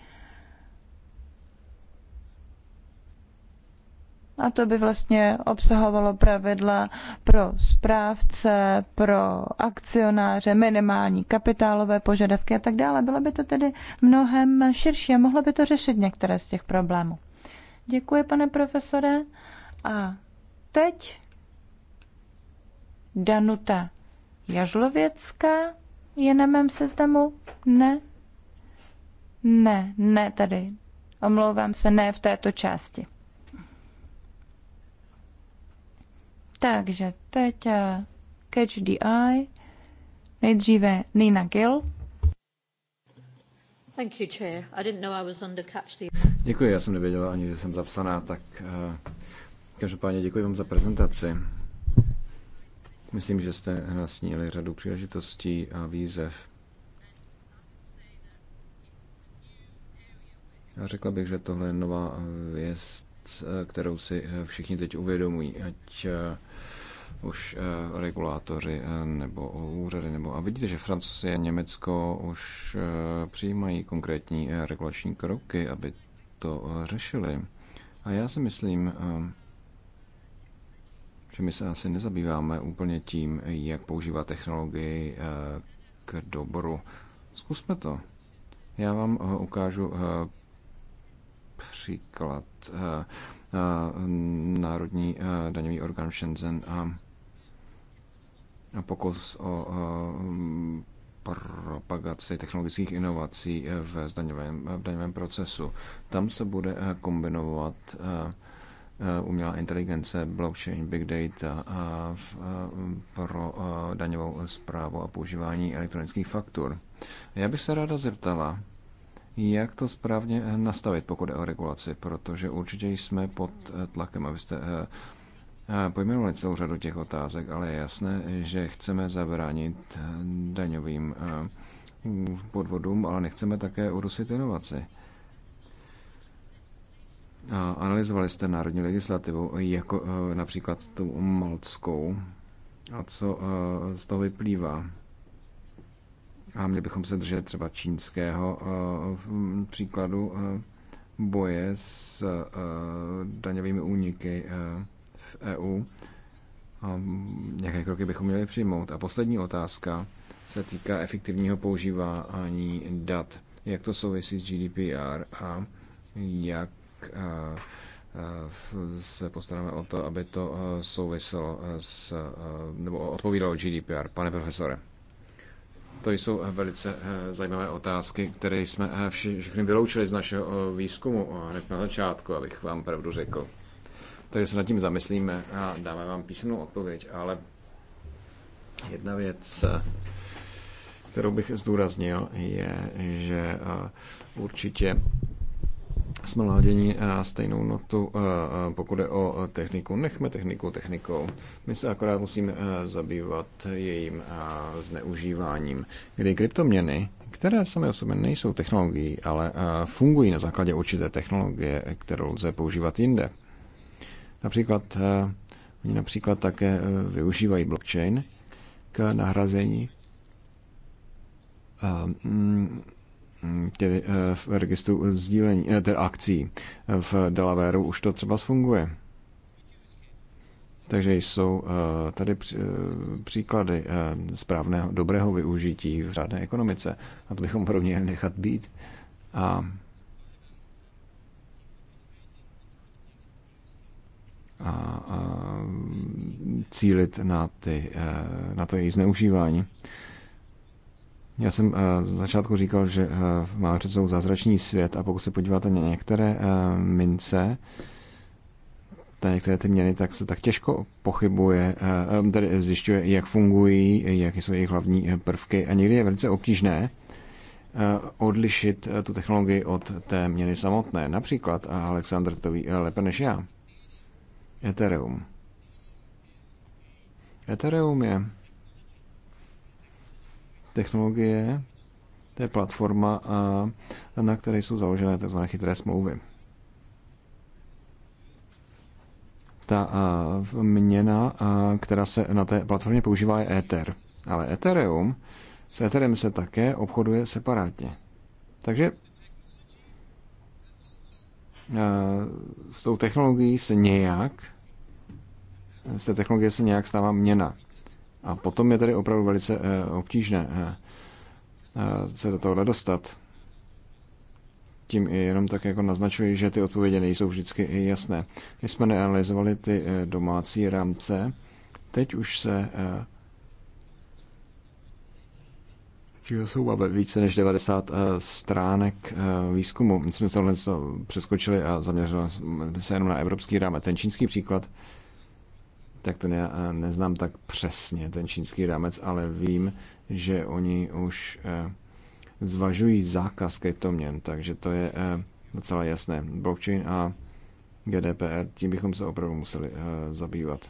A to by vlastně obsahovalo pravidla pro správce, pro akcionáře, minimální kapitálové požadavky a tak dále. Bylo by to tedy mnohem širší a mohlo by to řešit některé z těch problémů. Děkuji, pane profesore. A teď Danuta Jažlověcká je na mém seznamu? Ne? Ne, ne tady. Omlouvám se, ne v této části. Takže teď eh, Catch the Eye, nejdříve Nina Gill. Thank you, Chair. I didn't know I was under Catch the Děkuji, já jsem nevěděla ani, že jsem zapsaná, tak uh, každopádně děkuji vám za prezentaci. Myslím, že jste nasnili řadu příležitostí a výzev. Já řekla bych, že tohle je nová eh, věc, kterou si všichni teď uvědomují, ať uh, už eh, regulátoři eh, nebo úřady. Nebo, a vidíte, že Francie a Německo už eh, přijímají konkrétní regulační kroky, aby to řešili. A já si myslím, že my se asi nezabýváme úplně tím, jak používat technologii k dobru. Zkusme to. Já vám ukážu příklad. Národní daňový orgán Shenzhen a pokus o propagaci technologických inovací v daňovém, v daňovém procesu. Tam se bude eh, kombinovat eh, eh, umělá inteligence, blockchain, big data a pro daňovou zprávu a používání elektronických faktur. Já bych se ráda zeptala, jak to správně nastavit, pokud je o regulaci, protože určitě jsme pod tlakem, abyste pojmenovat celou řadu těch otázek, ale je jasné, že chceme zabránit daňovým podvodům, ale nechceme také urusit inovaci. Analyzovali jste národní legislativu, jako e, například tu malckou, a co e, z toho vyplývá? A měli bychom se držet třeba čínského e, příkladu boje s daňovými úniky v EU, ehm, jaké kroky bychom měli přijmout. A poslední otázka se týká efektivního používání dat. Jak to souvisí s GDPR a jak eh, eh, se postaráme o to, aby to eh, souviselo s, nebo odpovídalo GDPR, pane profesore. To jsou velice zajímavé otázky, které jsme všechny vyloučili z našeho výzkumu hned na začátku, abych vám pravdu řekl. Takže se nad tím zamyslíme a dáme vám písemnou odpověď, ale jedna věc, kterou bych zdůraznil, je, že určitě jsme láděni stejnou notu, pokud je o techniku. Nechme techniku technikou. My se akorát musíme zabývat jejím zneužíváním, kdy kryptoměny, které samé o sobě nejsou technologií, ale fungují na základě určité technologie, kterou lze používat jinde Například, eh, oni například také eh, využívají blockchain k nahrazení eh, mm, tedy v registru sdílení, tedy akcí v Delawareu už to třeba funguje. Takže jsou tady příklady správného, dobrého využití v řádné ekonomice. A to bychom rovně nechat být. A a, a cílit na, ty, eh, na to její zneužívání. Já jsem eh, z začátku říkal, že eh, máme před sebou zázračný svět a pokud se podíváte na některé mince, na některé ty měny, tak se tak těžko pochybuje, tedy zjišťuje, jak fungují, jaké jsou jejich hlavní prvky a někdy je velice obtížné odlišit tu technologii od té měny samotné. Například Aleksandr to ví lépe než já. Ethereum. Ethereum je technologie, to je platforma, na které jsou založené tzv. chytré smlouvy. Ta měna, která se na té platformě používá, je Ether. Ale Ethereum, s Etherem se také obchoduje separátně. Takže Eh, s tou technologií se nějak, z té technologie se nějak stává měna. A potom je tady opravdu velice eh, obtížné eh, se do tohohle dostat. Tím i jenom tak jako naznačuji, že ty odpovědi nejsou vždycky jasné. My jsme neanalyzovali ty domácí rámce, teď už se jsou a více než 90 eh, stránek eh, výzkumu. My jsme tohle přeskočili a zaměřili jsme se jenom na evropský rámec. Ten čínský příklad, tak ten já eh, neznám tak přesně, ten čínský rámec, ale vím, že oni už zvažují zákaz kryptoměn, takže to je docela jasné. Blockchain a GDPR, tím bychom se opravdu museli zabývat.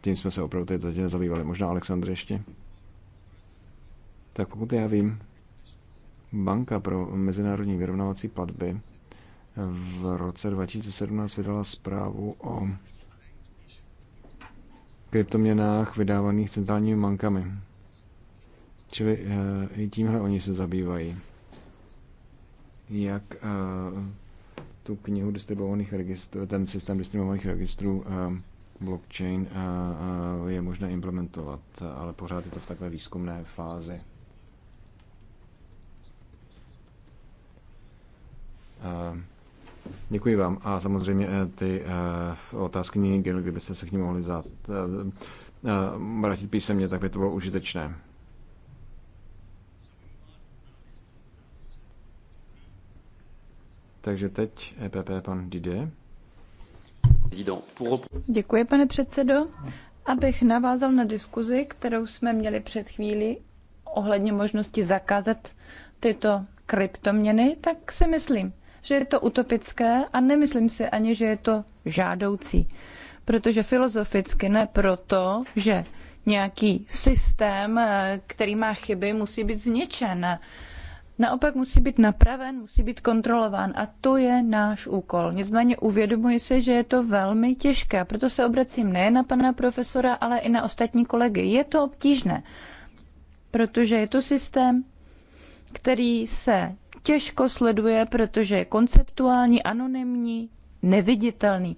Tím jsme se opravdu teď zabývali. Možná Aleksandr ještě? tak pokud já vím, Banka pro mezinárodní vyrovnávací platby v roce 2017 vydala zprávu o kryptoměnách vydávaných centrálními bankami. Čili eh, i tímhle oni se zabývají. Jak eh, tu knihu distribuovaných registrů, ten systém distribuovaných registrů eh, blockchain je možné implementovat, ale pořád je to v takové výzkumné fázi. Eh, děkuji vám. A samozřejmě eh, ty eh, otázky Nigel, kdybyste se k ní mohli vrátit písemně, tak by to bylo užitečné. Takže teď EPP pan Didier. Děkuji, pane předsedo. Abych navázal na diskuzi, kterou jsme měli před chvílí ohledně možnosti zakázat tyto kryptoměny, tak si myslím, že je to utopické a nemyslím si ani, že je to žádoucí. Protože filozoficky ne proto, že nějaký systém, eh, který má chyby, musí být zničen. Naopak musí být napraven, musí být kontrolován a to je náš úkol. Nicméně uvědomuji si, že je to velmi těžké, a proto se obracím nejen na pana profesora, ale i na ostatní kolegy. Je to obtížné, protože je to systém, který se těžko sleduje, protože je konceptuální, anonymní, neviditelný.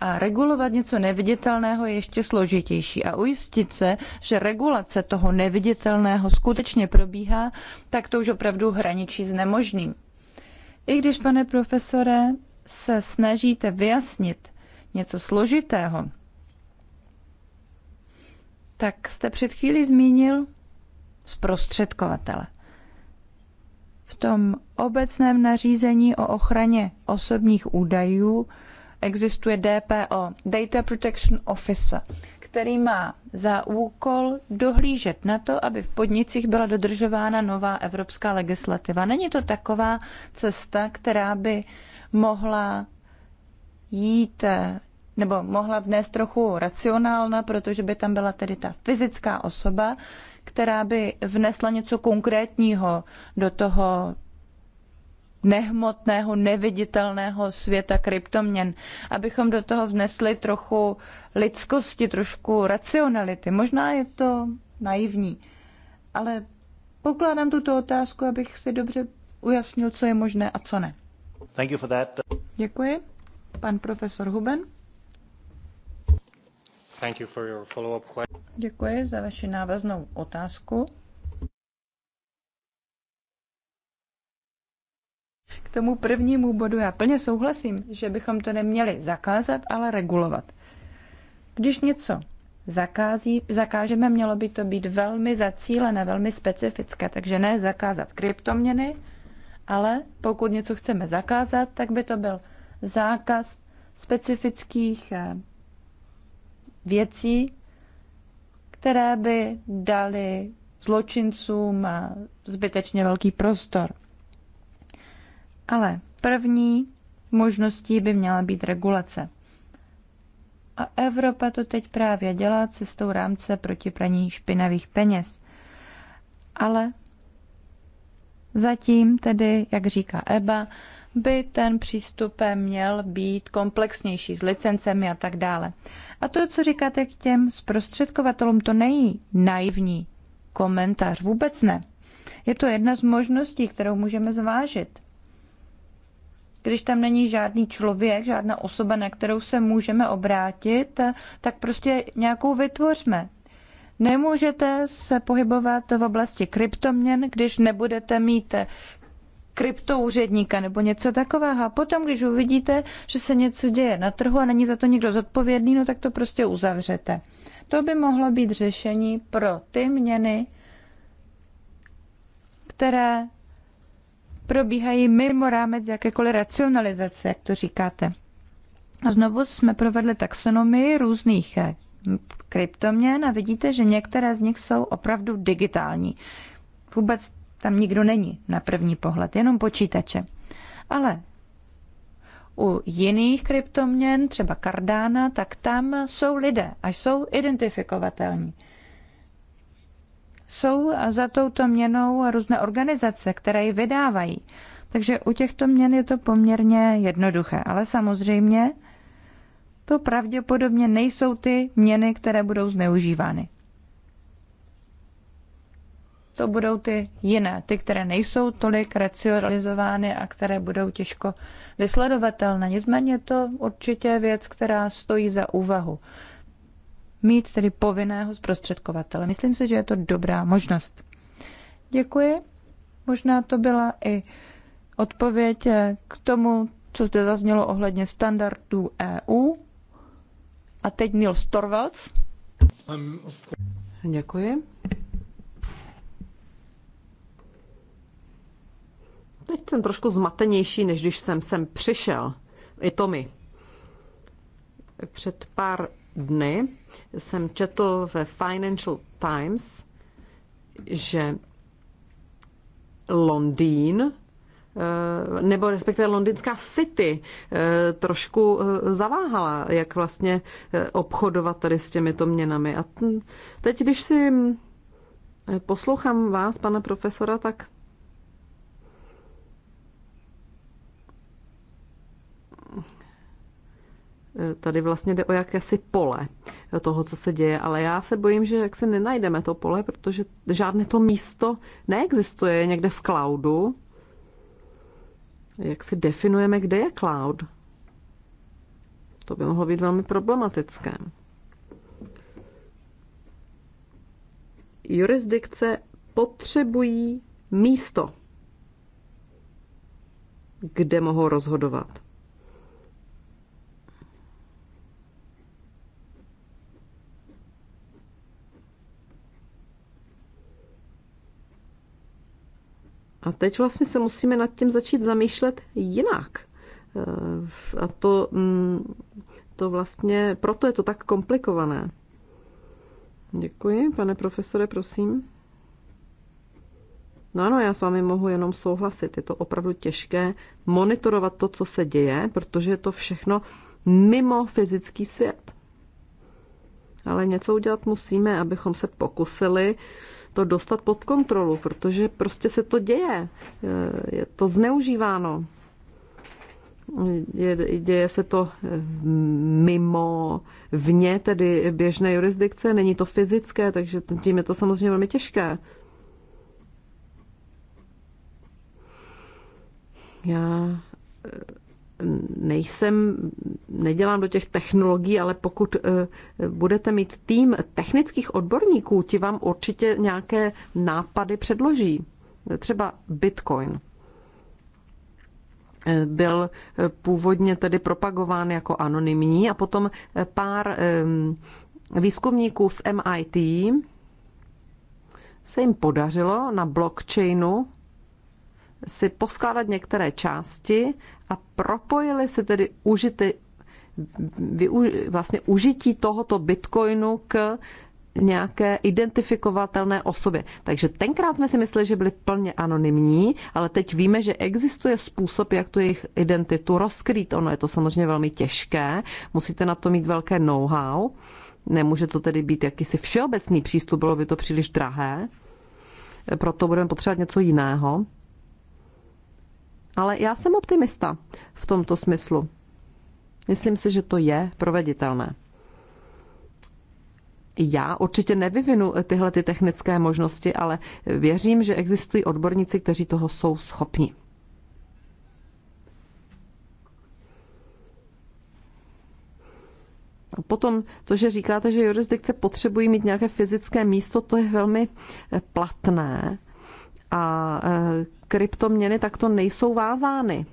A regulovat něco neviditelného je ještě složitější. A ujistit se, že regulace toho neviditelného skutečně probíhá, tak to už opravdu hraničí s nemožným. I když, pane profesore, se snažíte vyjasnit něco složitého, tak jste před chvílí zmínil zprostředkovatele. V tom obecném nařízení o ochraně osobních údajů existuje DPO, Data Protection Officer, který má za úkol dohlížet na to, aby v podnicích byla dodržována nová evropská legislativa. Není to taková cesta, která by mohla jít eh, nebo mohla vnést trochu racionálna, protože by tam byla tedy ta fyzická osoba, která by vnesla něco konkrétního do toho nehmotného, neviditelného světa kryptoměn, abychom do toho vnesli trochu lidskosti, trošku racionality. Možná je to naivní, ale pokládám tuto otázku, abych si dobře ujasnil, co je možné a co ne. Thank you for that. Děkuji. Pan profesor Huben. Děkuji za vaši návaznou otázku. K tomu prvnímu bodu já plně souhlasím, že bychom to neměli zakázat, ale regulovat. Když něco zakází, zakážeme, mělo by to být velmi zacílené, velmi specifické, takže ne zakázat kryptoměny, ale pokud něco chceme zakázat, tak by to byl zákaz specifických eh, věcí, které by dali zločincům zbytečně velký prostor. Ale první možností by měla být regulace. A Evropa to teď právě dělá cestou rámce proti praní špinavých peněz. Ale zatím tedy, jak říká EBA, by ten přístup měl být komplexnější s licencemi a tak dále. A to, co říkáte k těm zprostředkovatelům, to není naivní komentář, vůbec ne. Je to jedna z možností, kterou můžeme zvážit. Když tam není žádný člověk, žádná osoba, na kterou se můžeme obrátit, tak prostě nějakou vytvořme. Nemůžete se pohybovat v oblasti kryptoměn, když nebudete mít kryptoúředníka nebo něco takového. A potom, když uvidíte, že se něco děje na trhu a není za to nikdo zodpovědný, no tak to prostě uzavřete. To by mohlo být řešení pro ty měny, které probíhají mimo rámec jakékoliv racionalizace, jak to říkáte. A znovu jsme provedli taxonomii různých eh, kryptoměn a vidíte, že některé z nich jsou opravdu digitální. Vůbec tam nikdo není na první pohled, jenom počítače. Ale u jiných kryptoměn, třeba Cardana, tak tam jsou lidé a jsou identifikovatelní. Jsou za touto měnou různé organizace, které ji vydávají. Takže u těchto měn je to poměrně jednoduché. Ale samozřejmě to pravděpodobně nejsou ty měny, které budou zneužívány to budou ty jiné, ty, které nejsou tolik racionalizovány a které budou těžko vysledovatelné. Nicméně to určitě věc, která stojí za úvahu. Mít tedy povinného zprostředkovatele. Myslím si, že je to dobrá možnost. Děkuji. Možná to byla i odpověď k tomu, co zde zaznělo ohledně standardů EU. A teď Nils Torvalds. Děkuji. Teď jsem trošku zmatenější, než když jsem sem přišel. I to mi. Před pár dny jsem četl ve Financial Times, že Londýn eh, nebo respektive londýnská city eh, trošku eh, zaváhala, jak vlastně obchodovat tady s těmito měnami. A teď, když si hm, poslouchám vás, pana profesora, tak Tady vlastně jde o jakési pole toho, co se děje, ale já se bojím, že jak se nenajdeme to pole, protože žádné to místo neexistuje někde v cloudu. Jak si definujeme, kde je cloud? To by mohlo být velmi problematické. Jurisdikce potřebují místo, kde mohou rozhodovat. A teď vlastně se musíme nad tím začít zamýšlet jinak. Eh, a to, mm, to vlastně, proto je to tak komplikované. Děkuji, pane profesore, prosím. No ano, já s vámi mohu jenom souhlasit. Je to opravdu těžké monitorovat to, co se děje, protože je to všechno mimo fyzický svět. Ale něco udělat musíme, abychom se pokusili uh, to dostat pod kontrolu, protože prostě se to děje. Je to zneužíváno. Děje se to eh, mimo, vně tedy běžné jurisdikce, není to fyzické, takže tím je to samozřejmě velmi těžké. Já eh, nejsem, nedělám do těch technologií, ale pokud eh, budete mít tým technických odborníků, ti vám určitě nějaké nápady předloží. Třeba Bitcoin eh, byl eh, původně tedy propagován jako anonymní a potom pár výzkumníků z MIT se jim podařilo na blockchainu si poskládat některé části a propojili si tedy užity, využ, vlastně užití tohoto bitcoinu k nějaké identifikovatelné osobě. Takže tenkrát jsme si mysleli, že byli plně anonymní, ale teď víme, že existuje způsob, jak tu jejich identitu rozkrýt. Ono je to samozřejmě velmi těžké, musíte na to mít velké know-how, nemůže to tedy být jakýsi všeobecný přístup, bylo by to příliš drahé, proto budeme potřebovat něco jiného. Ale já jsem optimista v tomto smyslu. Myslím si, že to je proveditelné. Já určitě nevyvinu tyhle ty technické možnosti, ale věřím, že existují odborníci, kteří toho jsou schopni. A potom to, že říkáte, že jurisdikce potřebují mít nějaké fyzické místo, to je velmi eh, platné. A eh, kryptoměny takto nejsou vázány.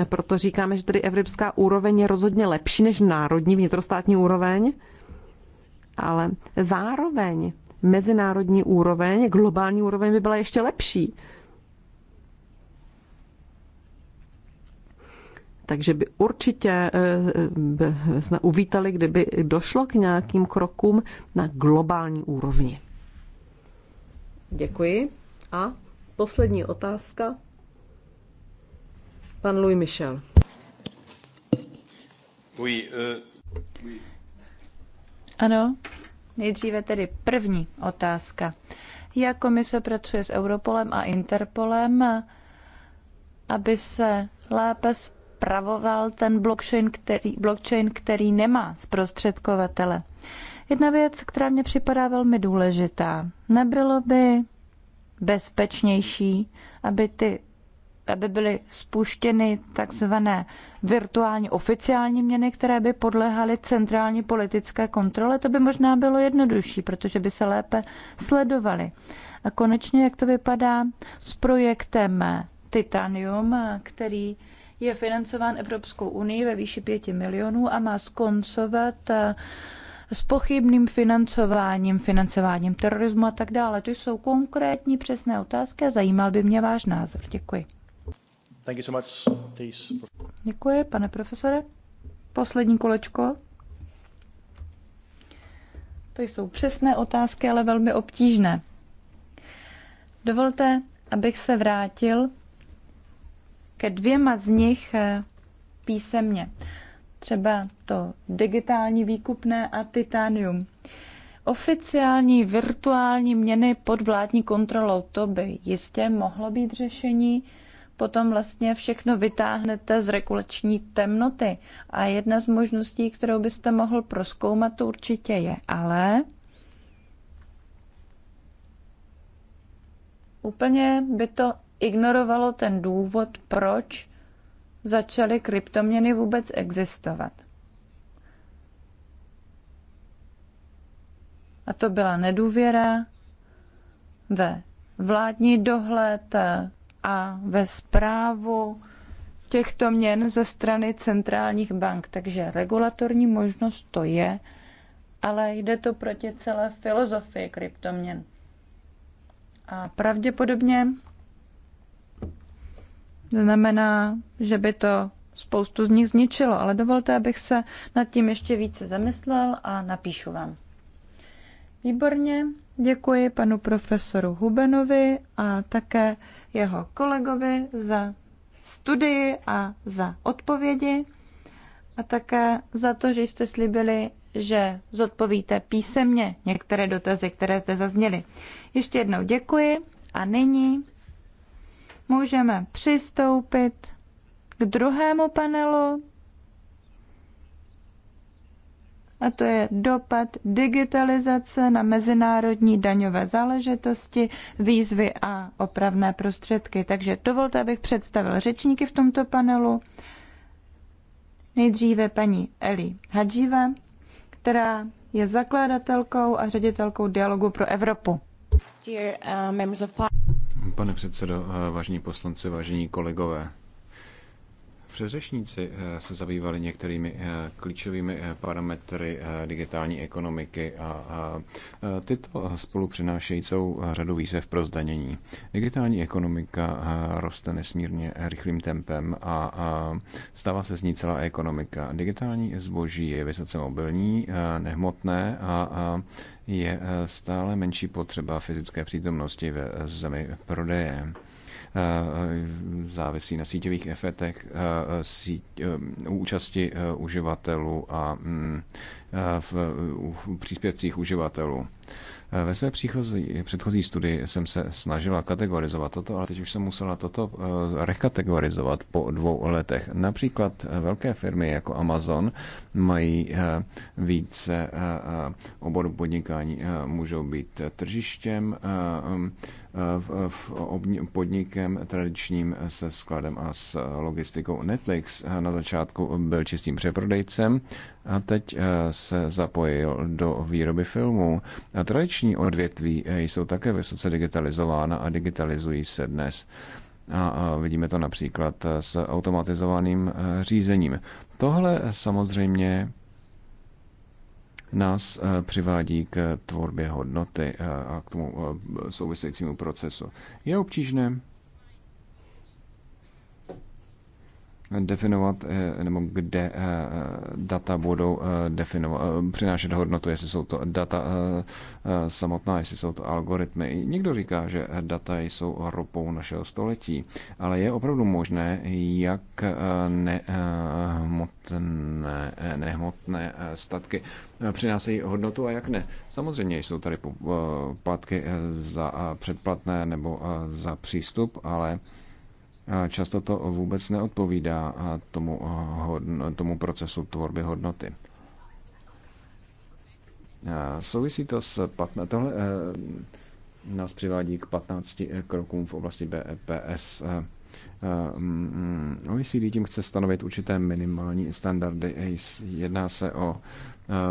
A proto říkáme, že tedy evropská úroveň je rozhodně lepší než národní vnitrostátní úroveň, ale zároveň mezinárodní úroveň, globální úroveň by byla ještě lepší. Takže by určitě eh, eh, by jsme uvítali, kdyby došlo k nějakým krokům na globální úrovni. Děkuji. A Poslední otázka. Pan Louis Michel. Oui, uh... Ano, nejdříve tedy první otázka. Jak komise pracuje s Europolem a Interpolem, aby se lépe spravoval ten blockchain, který, blockchain, který nemá zprostředkovatele? Jedna věc, která mě připadá velmi důležitá. Nebylo by bezpečnější, aby ty aby byly spuštěny takzvané virtuální oficiální měny, které by podléhaly centrální politické kontrole, to by možná bylo jednodušší, protože by se lépe sledovaly. A konečně, jak to vypadá s projektem Titanium, který je financován Evropskou unii ve výši 5 milionů a má skoncovat s pochybným financováním, financováním terorismu a tak dále. To jsou konkrétní přesné otázky a zajímal by mě váš názor. Děkuji. Thank you so much. Děkuji, pane profesore. Poslední kolečko. To jsou přesné otázky, ale velmi obtížné. Dovolte, abych se vrátil ke dvěma z nich eh, písemně třeba to digitální výkupné a titanium. Oficiální virtuální měny pod vládní kontrolou, to by jistě mohlo být řešení. Potom vlastně všechno vytáhnete z regulační temnoty. A jedna z možností, kterou byste mohl proskoumat, to určitě je. Ale úplně by to ignorovalo ten důvod, proč začaly kryptoměny vůbec existovat. A to byla nedůvěra ve vládní dohled a ve zprávu těchto měn ze strany centrálních bank. Takže regulatorní možnost to je, ale jde to proti celé filozofii kryptoměn. A pravděpodobně znamená, že by to spoustu z nich zničilo, ale dovolte, abych se nad tím ještě více zamyslel a napíšu vám. Výborně, děkuji panu profesoru Hubenovi a také jeho kolegovi za studii a za odpovědi a také za to, že jste slíbili, že zodpovíte písemně některé dotazy, které zde zazněly. Ještě jednou děkuji a nyní můžeme přistoupit k druhému panelu, a to je dopad digitalizace na mezinárodní daňové záležitosti, výzvy a opravné prostředky. Takže dovolte, abych představil řečníky v tomto panelu. Nejdříve paní Eli Hadžíva, která je zakladatelkou a ředitelkou Dialogu pro Evropu. Dear, uh, pane předsedo, eh, vážení poslanci, vážení kolegové. přezřešníci eh, se zabývali některými eh, klíčovými parametry digitální ekonomiky a tyto spolu přinášejí celou řadu výzev pro zdanění. Digitální ekonomika roste nesmírně rychlým tempem a stává se z ní celá ekonomika. Digitální zboží je vysoce mobilní, nehmotné a je eh, stále menší potřeba fyzické přítomnosti ve eh, zemi prodeje eh, závisí na síťových efektech, síť, účasti uživatelů a mm, v, v příspěvcích uživatelů. Eh, ve své příchozí, předchozí studii jsem se snažila kategorizovat toto, ale teď už jsem musela toto eh, rekategorizovat po dvou letech. Například eh, velké firmy jako Amazon mají více oboru podnikání, můžou být tržištěm, v, v obni, podnikem tradičním se skladem a s logistikou Netflix. Na začátku byl čistým přeprodejcem a teď eh, se zapojil do výroby filmů. A tradiční odvětví eh, jsou také vysoce digitalizována a digitalizují se dnes. A vidíme to například eh, s automatizovaným řízením. Tohle samozřejmě nás eh, přivádí k tvorbě hodnoty eh, a k tomu eh, souvisejícímu procesu. Je obtížné definovat, eh, nebo kde eh, data budou eh, definovat, přinášet hodnotu, jestli jsou to data samotná, jestli jsou to algoritmy. Někdo říká, že data jsou ropou našeho století, ale je opravdu možné, jak nehmotné, nehmotné statky přinášejí hodnotu a jak ne. Samozřejmě jsou tady platky za předplatné nebo za přístup, ale Často to vůbec neodpovídá tomu, tomu procesu tvorby hodnoty. Souvisí to s 15. Tohle e, nás přivádí k 15 krokům v oblasti BPS. E e, Eh, mm, mm, OECD tím chce stanovit určité minimální standardy. Eh, jedná se o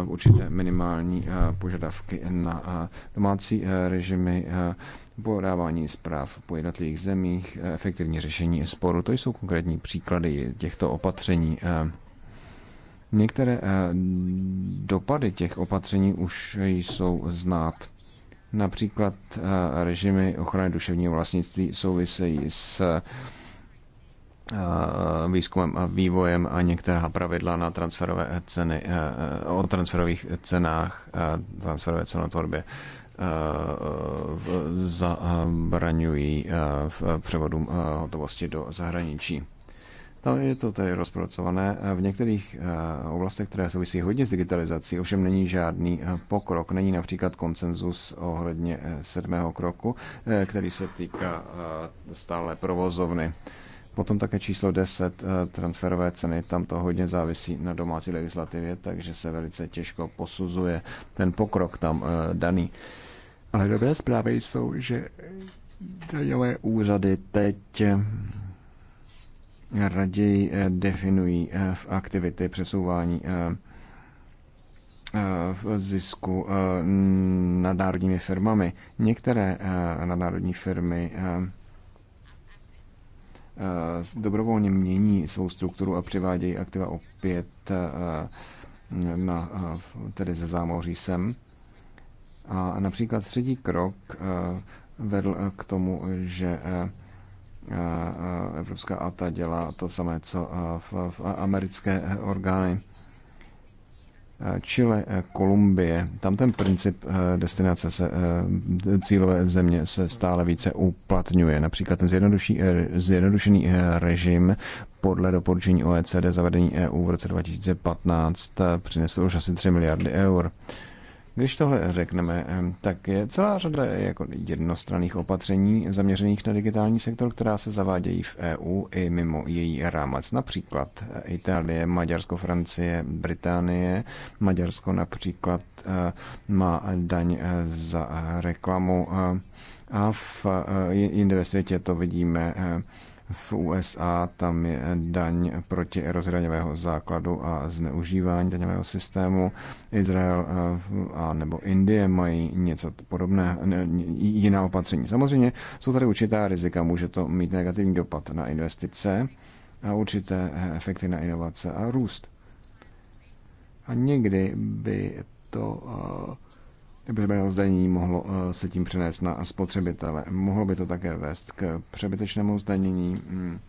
eh, určité minimální požadavky na domácí režimy, podávání zpráv po jednotlivých zemích, efektivní řešení sporu. To jsou konkrétní příklady těchto opatření. Některé dopady těch opatření už jsou znát. Například eh, režimy ochrany duševního vlastnictví souvisejí s eh, výzkumem a vývojem a některá pravidla na transferové ceny, eh, o transferových cenách, transferové cenotvorbě zabraňují v převodům hotovosti do zahraničí. Tam no, je to tady rozpracované. Eh, v některých eh, oblastech, které souvisí hodně s digitalizací, ovšem není žádný eh, pokrok. Není například konsenzus ohledně sedmého kroku, který se týká stále provozovny. Potom také číslo 10, transferové ceny, tam to hodně závisí na domácí legislativě, takže se velice těžko posuzuje ten pokrok tam daný. Ale dobré zprávy jsou, že daňové úřady teď raději eh, definují eh, v aktivity přesouvání eh, v zisku nadnárodními firmami. Některé nadnárodní firmy dobrovolně mění svou strukturu a přivádějí aktiva opět na, tedy ze zámoří sem. A například třetí krok vedl k tomu, že Evropská ATA dělá to samé, co v, v americké orgány. Chile, Kolumbie, tam ten princip destinace se, cílové země se stále více uplatňuje. Například ten zjednodušený režim podle doporučení OECD zavedení EU v roce 2015 přinesl už asi 3 miliardy eur. Když tohle řekneme, tak je celá řada jako jednostranných opatření zaměřených na digitální sektor, která se zavádějí v EU i mimo její rámec. Například eh, Itálie, Maďarsko, Francie, Británie. Maďarsko například eh, má daň eh, za reklamu a v, jinde ve světě to vidíme v USA tam je daň proti erozi daňového základu a zneužívání daňového systému. Izrael eh, a nebo Indie mají něco podobné, jiná opatření. Samozřejmě jsou tady určitá rizika, může to mít negativní dopad na investice a určité eh, efekty na inovace a růst. A někdy by to eh, vybraného zdanění mohlo eh, se tím přenést na spotřebitele. Mohlo by to také vést k přebytečnému zdanění mm,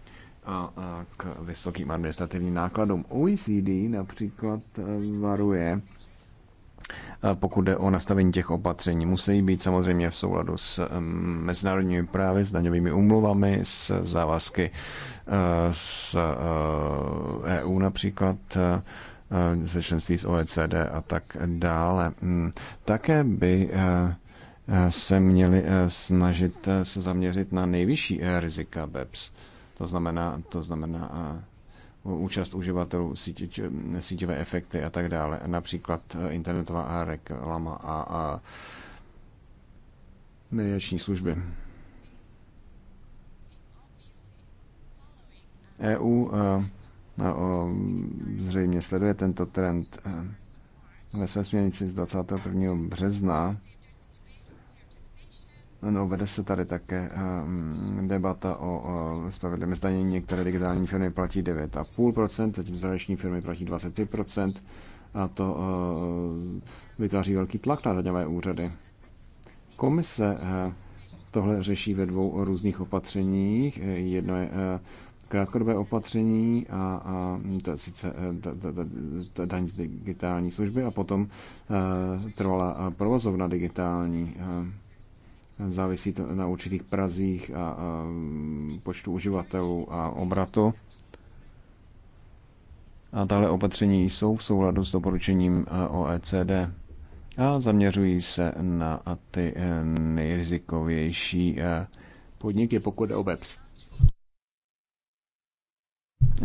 a k vysokým administrativním nákladům. OECD například eh, varuje, eh, pokud jde o nastavení těch opatření, musí být samozřejmě v souladu s mm, mezinárodními právy, s daňovými umluvami, s závazky s EU e například, Eh, ze členství z OECD a tak dále. Hmm. Také by eh, eh, se měli snažit se zaměřit na nejvyšší rizika BEPS. To znamená, to znamená účast uživatelů, sítivé efekty a tak dále. Například internetová reklama a, a mediační služby. EU No, ehm, zřejmě sleduje tento trend. Ehm, ve své směrnici z 21. března No, vede se tady také um, debata o o spravedlivém zdanění. Některé digitální firmy platí 9,5%, zatím zahraniční firmy platí 23%. A to uh, vytváří velký tlak na daňové úřady. Komise uh, tohle řeší ve dvou různých opatřeních. Jedno je uh, krátkodobé opatření a, a ta, sice eh, ta, ta, ta, ta daň z digitální služby a potom uh, eh, trvala eh, provozovna digitální. Uh, závisí to na určitých prazích a, a počtu uživatelů a obratu. A tahle opatření jsou v souladu s doporučením OECD a zaměřují se na ty nejrizikovější podniky, pokud je o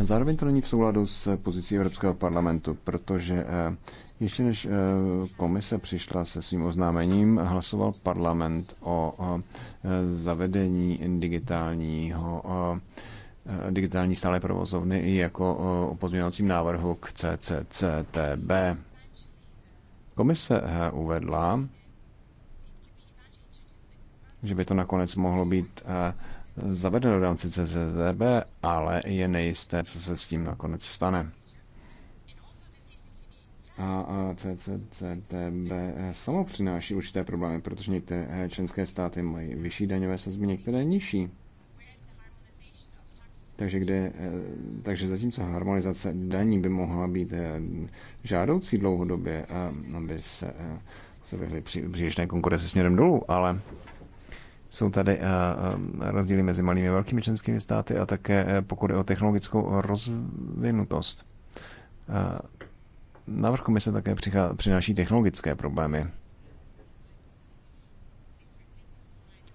Zároveň to není v souladu s pozicí Evropského parlamentu, protože eh, ještě než eh, komise přišla se svým oznámením, hlasoval parlament o eh, zavedení digitálního digitální stále provozovny i jako o pozměňovacím návrhu k CCCTB. Komise uvedla, že by to nakonec mohlo být Zavede do rámci CCZB, ale je nejisté, co se s tím nakonec stane. A CCCTB eh, samo přináší určité problémy, protože některé eh, členské státy mají vyšší daňové sazby, některé nižší. Takže, kde, eh, takže zatímco harmonizace daní by mohla být žádoucí dlouhodobě, aby se, se vyhly přílišné konkurence směrem dolů, ale jsou tady eh, eh, rozdíly mezi malými a velkými členskými státy a také eh, pokud je o technologickou rozvinutost. Návrh komise také přináší technologické problémy.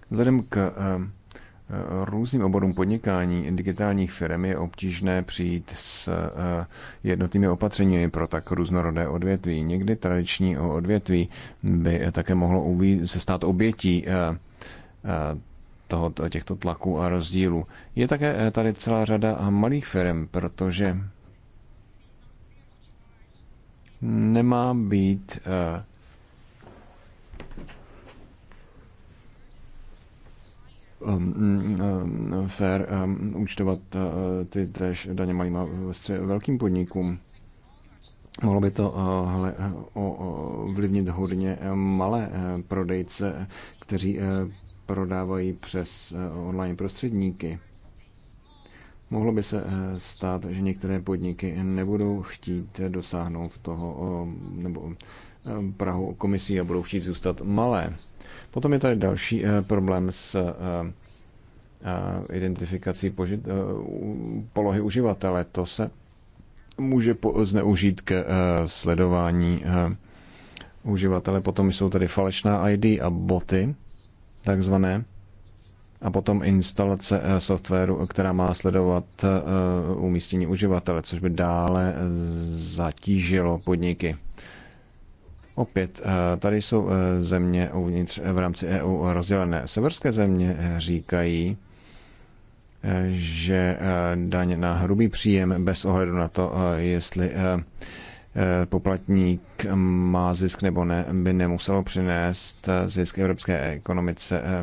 Vzhledem k různým oborům podnikání digitálních firm je obtížné přijít s jednotnými opatřeními pro tak různorodé odvětví. Někdy tradiční odvětví by také mohlo se stát obětí Eh, toho, těchto tlaků a rozdílů. Je také eh, tady celá řada malých firm, protože nemá být eh, mm, mm, fér účtovat ty tež daně malým a velkým podnikům. Mohlo by to vlivnit hodně malé prodejce, kteří prodávají přes eh, online prostředníky. Mohlo by se eh, stát, že některé podniky nebudou chtít dosáhnout toho eh, nebo Prahu komisí a budou chtít zůstat malé. Potom je tady další problém s identifikací polohy uživatele. To se může zneužít k sledování uživatele. Potom jsou tady falešná ID a boty takzvané, a potom instalace eh, softwaru, která má sledovat eh, umístění uživatele, což by dále eh, zatížilo podniky. Opět, tady jsou země uvnitř v rámci EU rozdělené. Severské země říkají, že daň na hrubý příjem bez ohledu na to, jestli Eh, poplatník má zisk nebo ne, by nemuselo přinést eh, zisk evropské ekonomice eh,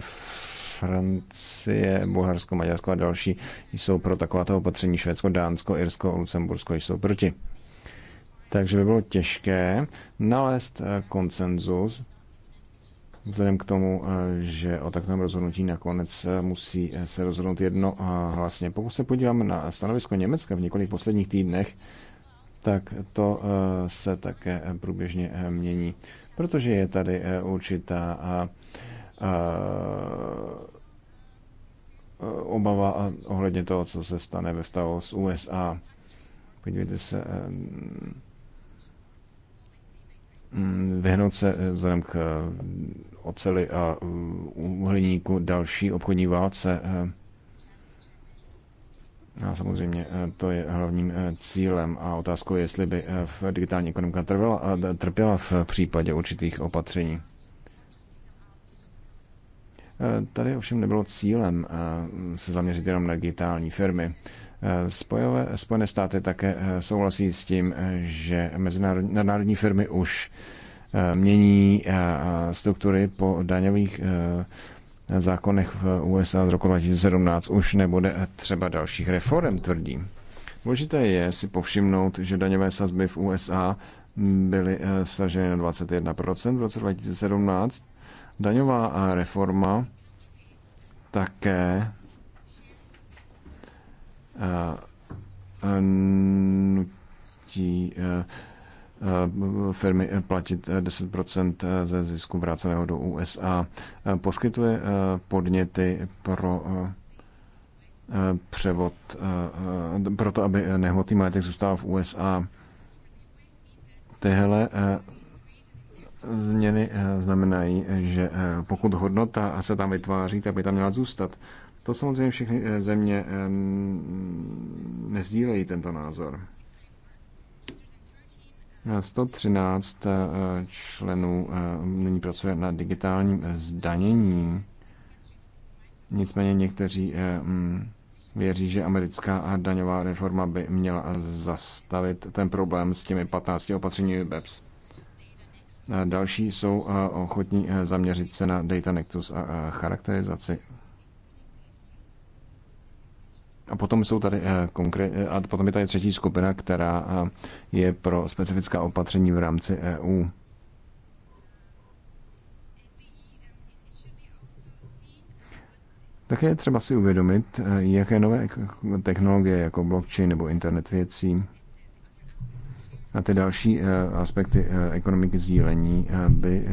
Francie, Bulharsko, Maďarsko a další jsou pro takováto opatření. Švédsko, Dánsko, Irsko, Lucembursko jsou proti. Takže by bylo těžké nalézt konsenzus vzhledem k tomu, že o takovém rozhodnutí nakonec musí se rozhodnout jedno hlasně. Pokud se podíváme na stanovisko Německa v několik posledních týdnech, tak to eh, se také eh, průběžně eh, mění, protože je tady určitá a, a, obava ohledně toho, co se stane ve vztahu s USA. Podívejte se, mm, vyhnout se vzhledem k oceli a uhliníku další obchodní válce a samozřejmě eh, to je hlavním eh, cílem a otázkou je, jestli by eh, v digitální ekonomika trpěla, trpěla v případě určitých opatření. Tady ovšem nebylo cílem se zaměřit jenom na digitální firmy. Spojové, Spojené státy také souhlasí s tím, že mezinárodní firmy už mění struktury po daňových zákonech v USA z roku 2017 už nebude třeba dalších reform, tvrdí. Důležité je si povšimnout, že daňové sazby v USA byly eh, saženy na 21% v roce 2017. Daňová eh, reforma také eh, nutí Eh, firmy eh, platit 10% eh, ze zisku vráceného do USA. Poskytuje podněty pro převod, proto aby nehmotný majetek zůstal v USA. Tyhle změny znamenají, že pokud hodnota se tam vytváří, tak by tam měla zůstat. To samozřejmě všechny země nezdílejí tento názor. 113 eh, členů eh, nyní pracuje na digitálním eh, zdanění. Nicméně někteří mm, věří, že americká daňová reforma by měla zastavit ten problém s těmi 15 opatřeními BEPS. Další jsou ochotní zaměřit se na data nexus a charakterizaci a potom, jsou tady eh, konkrét, eh, a potom je tady třetí skupina, která eh, je pro specifická opatření v rámci EU. Také je třeba si uvědomit, jaké nové technologie jako blockchain nebo internet věcí a ty další aspekty ekonomiky sdílení by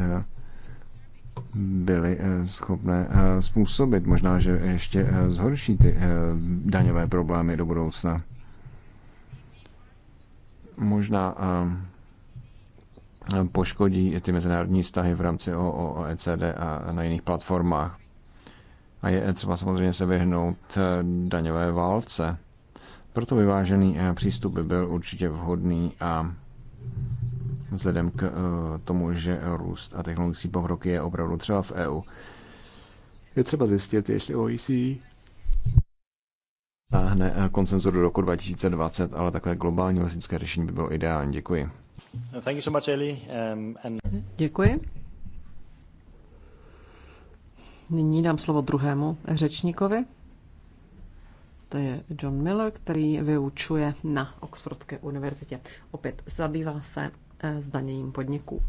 byly eh, schopné eh, způsobit. Možná, že ještě eh, zhorší ty daňové problémy do budoucna. Možná poškodí ty mezinárodní vztahy v rámci OECD a na jiných platformách. A je třeba samozřejmě se vyhnout daňové válce. Proto vyvážený přístup by byl určitě vhodný a vzhledem k eh, tomu, že růst a technologický pokrok je opravdu třeba v EU. Je třeba zjistit, jestli OECD táhne eh, koncenzu do roku 2020, ale takové globální lesnické řešení by bylo ideální. Děkuji. Thank you so much, Eli. Um, and... Děkuji. Nyní dám slovo druhému řečníkovi. To je John Miller, který vyučuje na Oxfordské univerzitě. Opět zabývá se Eh, zdaněním podniků.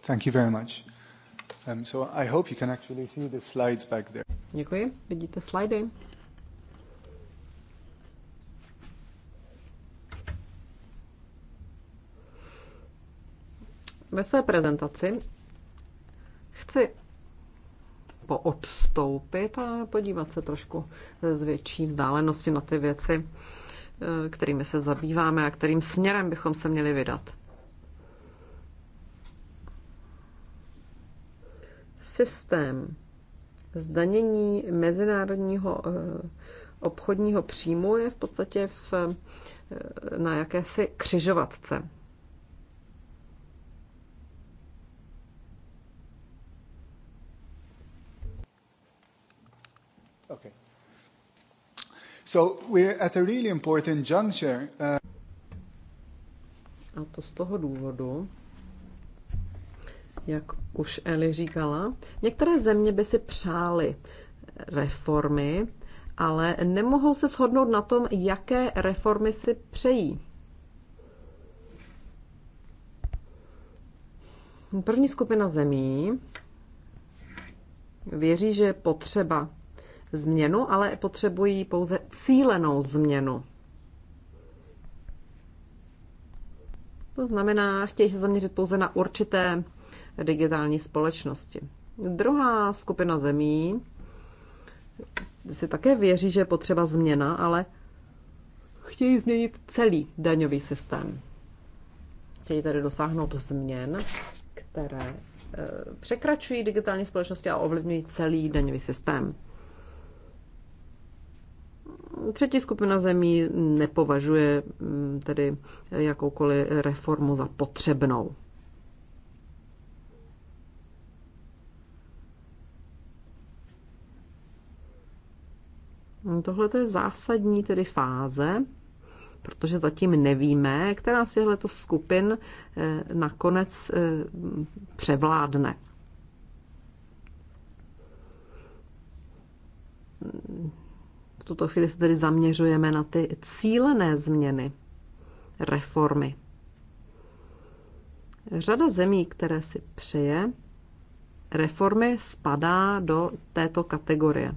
Thank you very much. Um, so I hope you can actually see the slides back there. Děkuji. Vidíte slidy? Ve své prezentaci chci poodstoupit a podívat se trošku z větší vzdálenosti na ty věci, eh, kterými se zabýváme a kterým směrem bychom se měli vydat. Systém zdanění mezinárodního eh, obchodního příjmu je v podstatě v, eh, na jakési křižovatce. So we're at a really important juncture. Uh... A to z toho důvodu, jak už Eli říkala, některé země by si přály reformy, ale nemohou se shodnout na tom, jaké reformy si přejí. První skupina zemí věří, že je potřeba změnu, ale potřebují pouze cílenou změnu. To znamená, chtějí se zaměřit pouze na určité digitální společnosti. Druhá skupina zemí si také věří, že je potřeba změna, ale chtějí změnit celý daňový systém. Chtějí tedy dosáhnout změn, které eh, překračují digitální společnosti a ovlivňují celý daňový systém. Třetí skupina zemí nepovažuje mm, tedy jakoukoliv reformu za potřebnou. Mm, tohle je zásadní tedy fáze, protože zatím nevíme, která z těchto skupin eh, nakonec eh, převládne. V tuto chvíli se tedy zaměřujeme na ty cílené změny, reformy. Řada zemí, které si přeje, reformy spadá do této kategorie.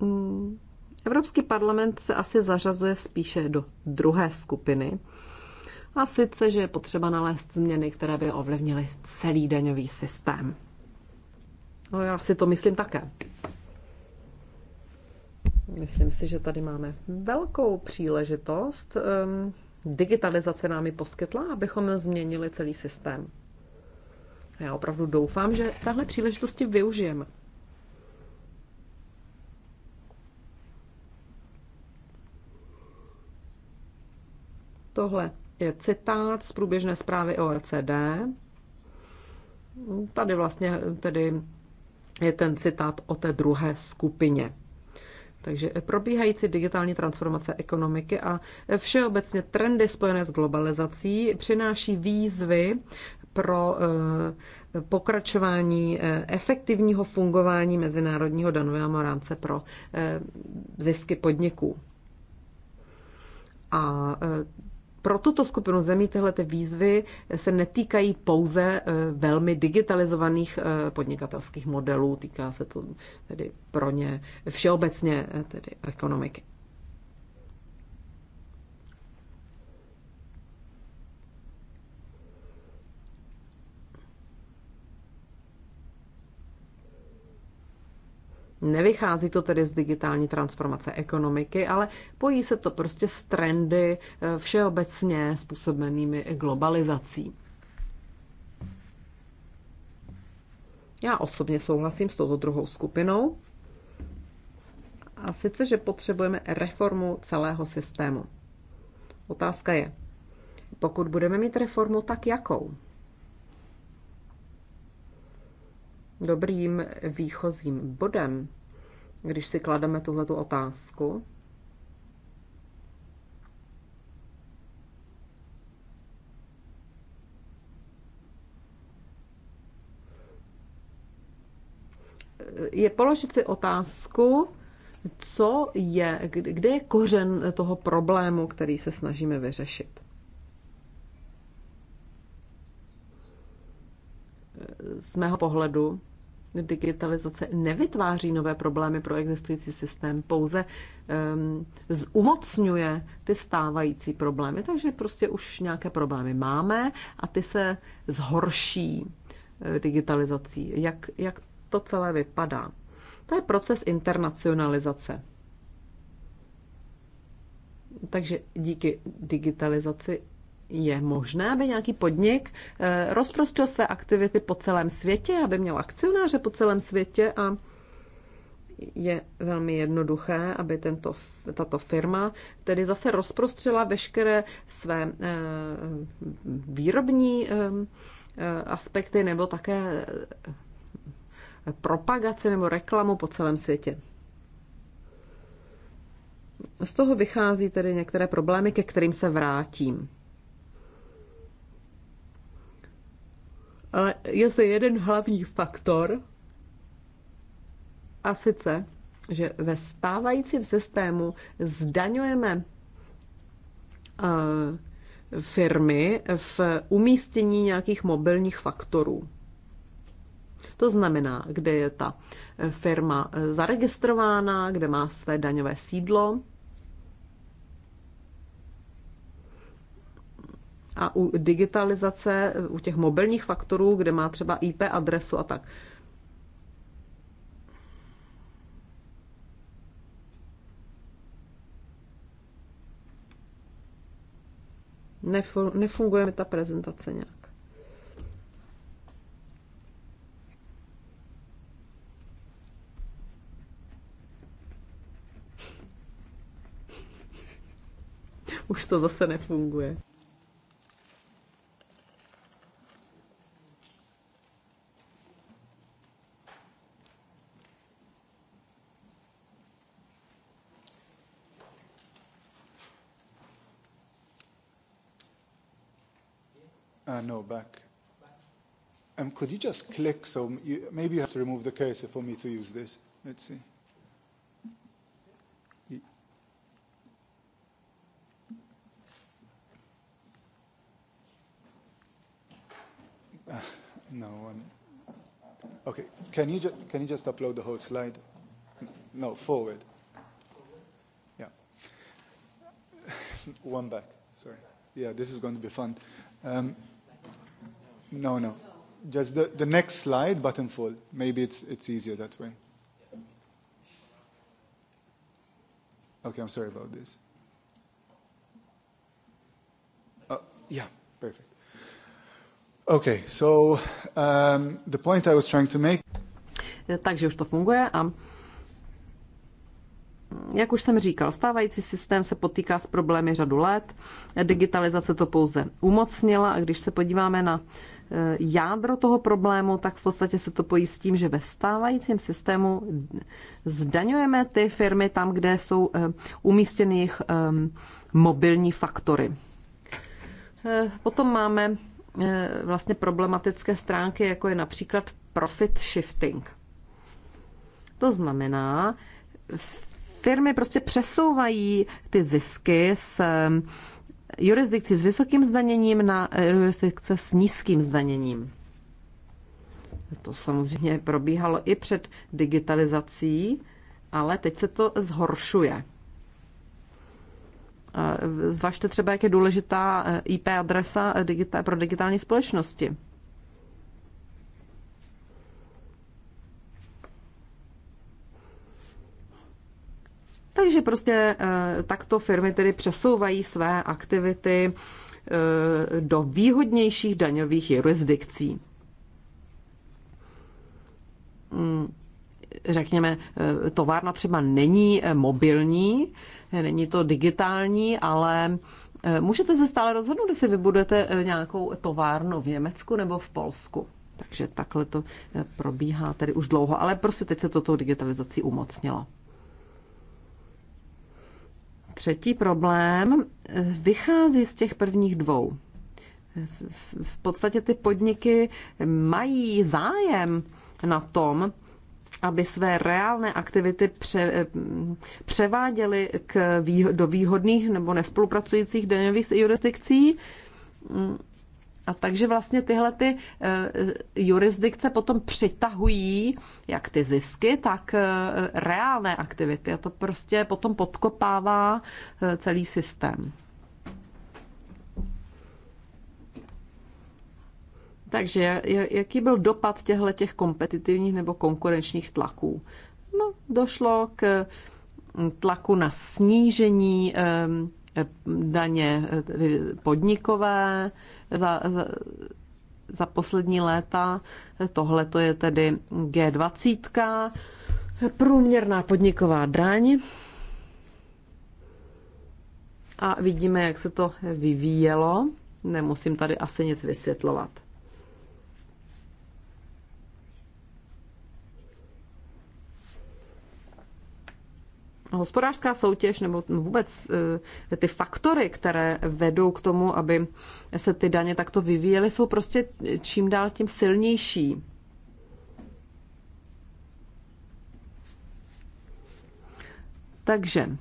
Hmm, Evropský parlament se asi zařazuje spíše do druhé skupiny, a sice, že je potřeba nalézt změny, které by ovlivnily celý daňový systém. No já si to myslím také. Myslím si, že tady máme velkou příležitost. Ehm, digitalizace nám ji poskytla, abychom změnili celý systém. já opravdu doufám, že tahle příležitosti využijeme. Tohle je citát z průběžné zprávy OECD. Tady vlastně tedy je ten citát o té druhé skupině. Takže probíhající digitální transformace ekonomiky a všeobecně trendy spojené s globalizací přináší výzvy pro eh, pokračování eh, efektivního fungování mezinárodního danového rámce pro eh, zisky podniků. A pro tuto skupinu zemí tyhle ty výzvy se netýkají pouze eh, velmi digitalizovaných eh, podnikatelských modelů, týká se to tedy pro ně všeobecně eh, tedy ekonomiky. Nevychází to tedy z digitální transformace ekonomiky, ale pojí se to prostě s trendy eh, všeobecně způsobenými globalizací. Já osobně souhlasím s touto druhou skupinou. A sice, že potřebujeme reformu celého systému. Otázka je, pokud budeme mít reformu, tak jakou? dobrým výchozím bodem, když si klademe tuhletu otázku, je položit si otázku, co je, kde je kořen toho problému, který se snažíme vyřešit. Z mého pohledu digitalizace nevytváří nové problémy pro existující systém, pouze um, zumocňuje ty stávající problémy. Takže prostě už nějaké problémy máme a ty se zhorší eh, digitalizací. Jak, jak to celé vypadá? To je proces internacionalizace. Takže díky digitalizaci je možné, aby nějaký podnik eh, rozprostřel své aktivity po celém světě, aby měl akcionáře po celém světě a je velmi jednoduché, aby tento, tato firma tedy zase rozprostřela veškeré své eh, výrobní eh, aspekty nebo také propagaci nebo reklamu po celém světě. Z toho vychází tedy některé problémy, ke kterým se vrátím. Ale je se jeden hlavní faktor, a sice, že ve stávajícím systému zdaňujeme firmy v umístění nějakých mobilních faktorů. To znamená, kde je ta firma zaregistrována, kde má své daňové sídlo a u digitalizace, u těch mobilních faktorů, kde má třeba IP adresu a tak. Nefunguje mi ta prezentace nějak. Už to zase nefunguje. Uh, no, back. Um, could you just click? So you, maybe you have to remove the cursor for me to use this. Let's see. Uh, no one. Okay, can you, just can you just upload the whole slide? No, forward. Yeah. one back, sorry. Yeah, this is going to be fun. Um, No, no. Just the, the next slide, button full. Maybe it's, it's easier that way. Okay, I'm sorry about this. Uh, yeah, perfect. Okay, so um, the point I was trying to make. Eh, takže už to funguje a mm, jak už jsem říkal, stávající systém se potýká s problémy řadu let, digitalizace to pouze umocnila a když se podíváme na Eh, jádro toho problému, tak v podstatě se to pojí s tím, že ve stávajícím systému zdaňujeme ty firmy tam, kde jsou eh, umístěny jejich eh, mobilní faktory. Potom máme vlastně problematické stránky, jako je například profit shifting. To znamená, firmy prostě přesouvají ty zisky z jurisdikci s vysokým zdaněním na eh, jurisdikce s nízkým zdaněním. To samozřejmě probíhalo i před digitalizací, ale teď se to zhoršuje. Eh, zvažte třeba, jak je důležitá eh, IP adresa pro digitální společnosti. Takže prostě eh, takto firmy tedy přesouvají své aktivity eh, do výhodnějších daňových jurisdikcí. Hmm, řekněme, eh, továrna třeba není mobilní, není to digitální, ale můžete se stále rozhodnout, jestli vybudete nějakou továrnu v Německu nebo v Polsku. Takže takhle to probíhá tady už dlouho, ale prostě teď se to digitalizací umocnilo. Třetí problém eh, vychází z těch prvních dvou. V podstatě ty podniky mají zájem na tom, aby své reálné aktivity pře, eh, převáděly k, do výhodných nebo nespolupracujících daňových jurisdikcí. A takže vlastně tyhle ty eh, jurisdikce potom přitahují jak ty zisky, tak eh, reálné aktivity. A to prostě potom podkopává eh, celý systém. Takže jaký byl dopad těchto těch kompetitivních nebo konkurenčních tlaků? No, došlo k mm, tlaku na snížení ehm, daně podnikové, za, za, za poslední léta. Tohle to je tedy G20, průměrná podniková dráň. A vidíme, jak se to vyvíjelo. Nemusím tady asi nic vysvětlovat. hospodářská soutěž nebo vůbec eh, ty faktory, které vedou k tomu, aby se ty daně takto vyvíjely, jsou prostě čím dál tím silnější. Takže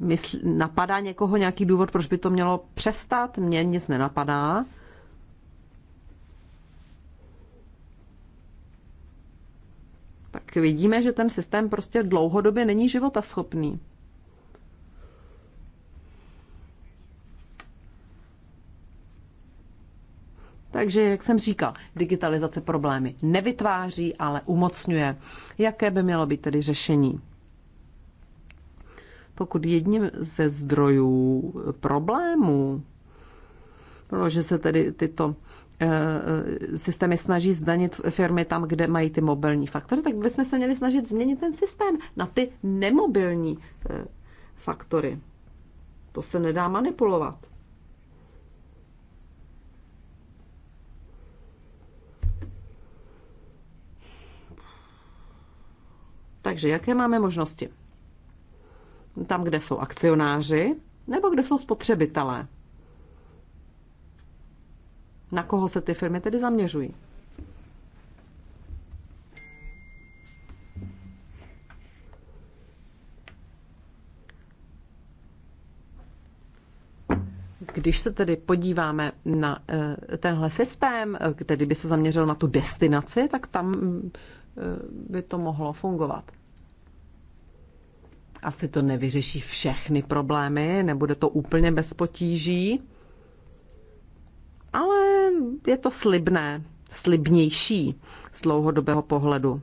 mysl, napadá někoho nějaký důvod, proč by to mělo přestat? Mně nic nenapadá. tak vidíme, že ten systém prostě dlouhodobě není životaschopný. Takže, jak jsem říkal, digitalizace problémy nevytváří, ale umocňuje. Jaké by mělo být tedy řešení? Pokud jedním ze zdrojů problémů bylo, že se tedy tyto Eh, systémy snaží zdanit firmy tam, kde mají ty mobilní faktory, tak bychom se měli snažit změnit ten systém na ty nemobilní eh, faktory. To se nedá manipulovat. Takže jaké máme možnosti? Tam, kde jsou akcionáři, nebo kde jsou spotřebitelé. Na koho se ty firmy tedy zaměřují? Když se tedy podíváme na eh, tenhle systém, eh, který by se zaměřil na tu destinaci, tak tam mm, eh, by to mohlo fungovat. Asi to nevyřeší všechny problémy, nebude to úplně bez potíží, ale je to slibné, slibnější z dlouhodobého pohledu.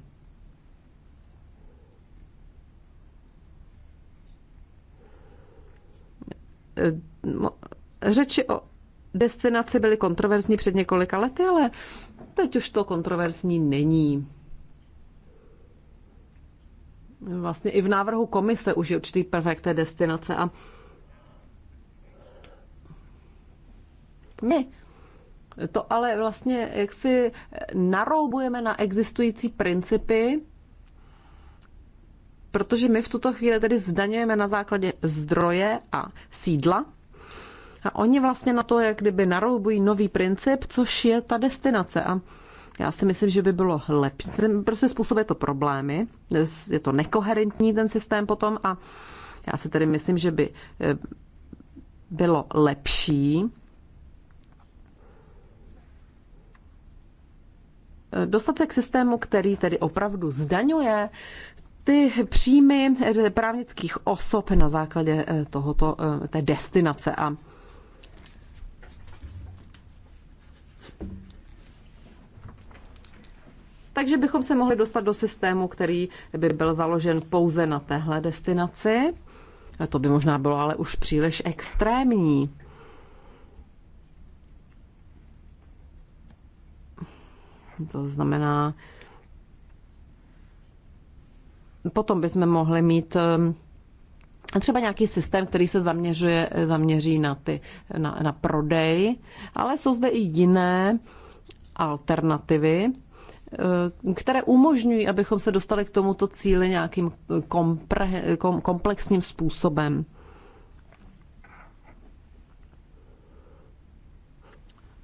Eh, řeči o destinaci byly kontroverzní před několika lety, ale teď už to kontroverzní není. Vlastně i v návrhu komise už je určitý prvek té destinace a ne, to ale vlastně jak si naroubujeme na existující principy, protože my v tuto chvíli tedy zdaňujeme na základě zdroje a sídla. A oni vlastně na to, jak kdyby naroubují nový princip, což je ta destinace. A já si myslím, že by bylo lepší. Prostě způsobuje to problémy, je to nekoherentní ten systém potom a já si tedy myslím, že by eh, bylo lepší dostat se k systému, který tedy opravdu zdaňuje ty příjmy právnických osob na základě eh, tohoto, eh, té destinace. A Takže bychom se mohli dostat do systému, který by byl založen pouze na téhle destinaci. To by možná bylo ale už příliš extrémní. To znamená, potom bychom mohli mít eh, třeba nějaký systém, který se zaměřuje, zaměří na, ty, na, na prodej, ale jsou zde i jiné alternativy, eh, které umožňují, abychom se dostali k tomuto cíli nějakým kompre, kom, komplexním způsobem.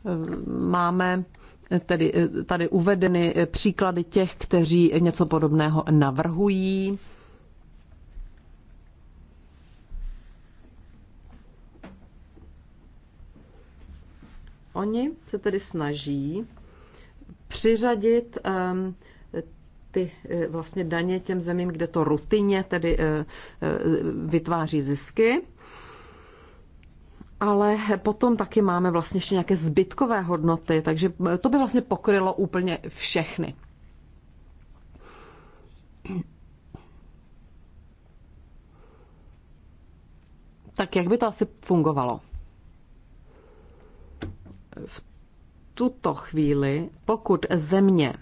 Eh, máme tedy eh, tady uvedeny eh, příklady těch, kteří něco podobného navrhují. Oni se tedy snaží přiřadit um, ty eh, vlastně daně těm zemím, kde to rutině tedy vytváří zisky ale potom taky máme vlastně ještě nějaké zbytkové hodnoty, takže eh, to by vlastně pokrylo úplně všechny. Tak jak by to asi fungovalo? V tuto chvíli, pokud země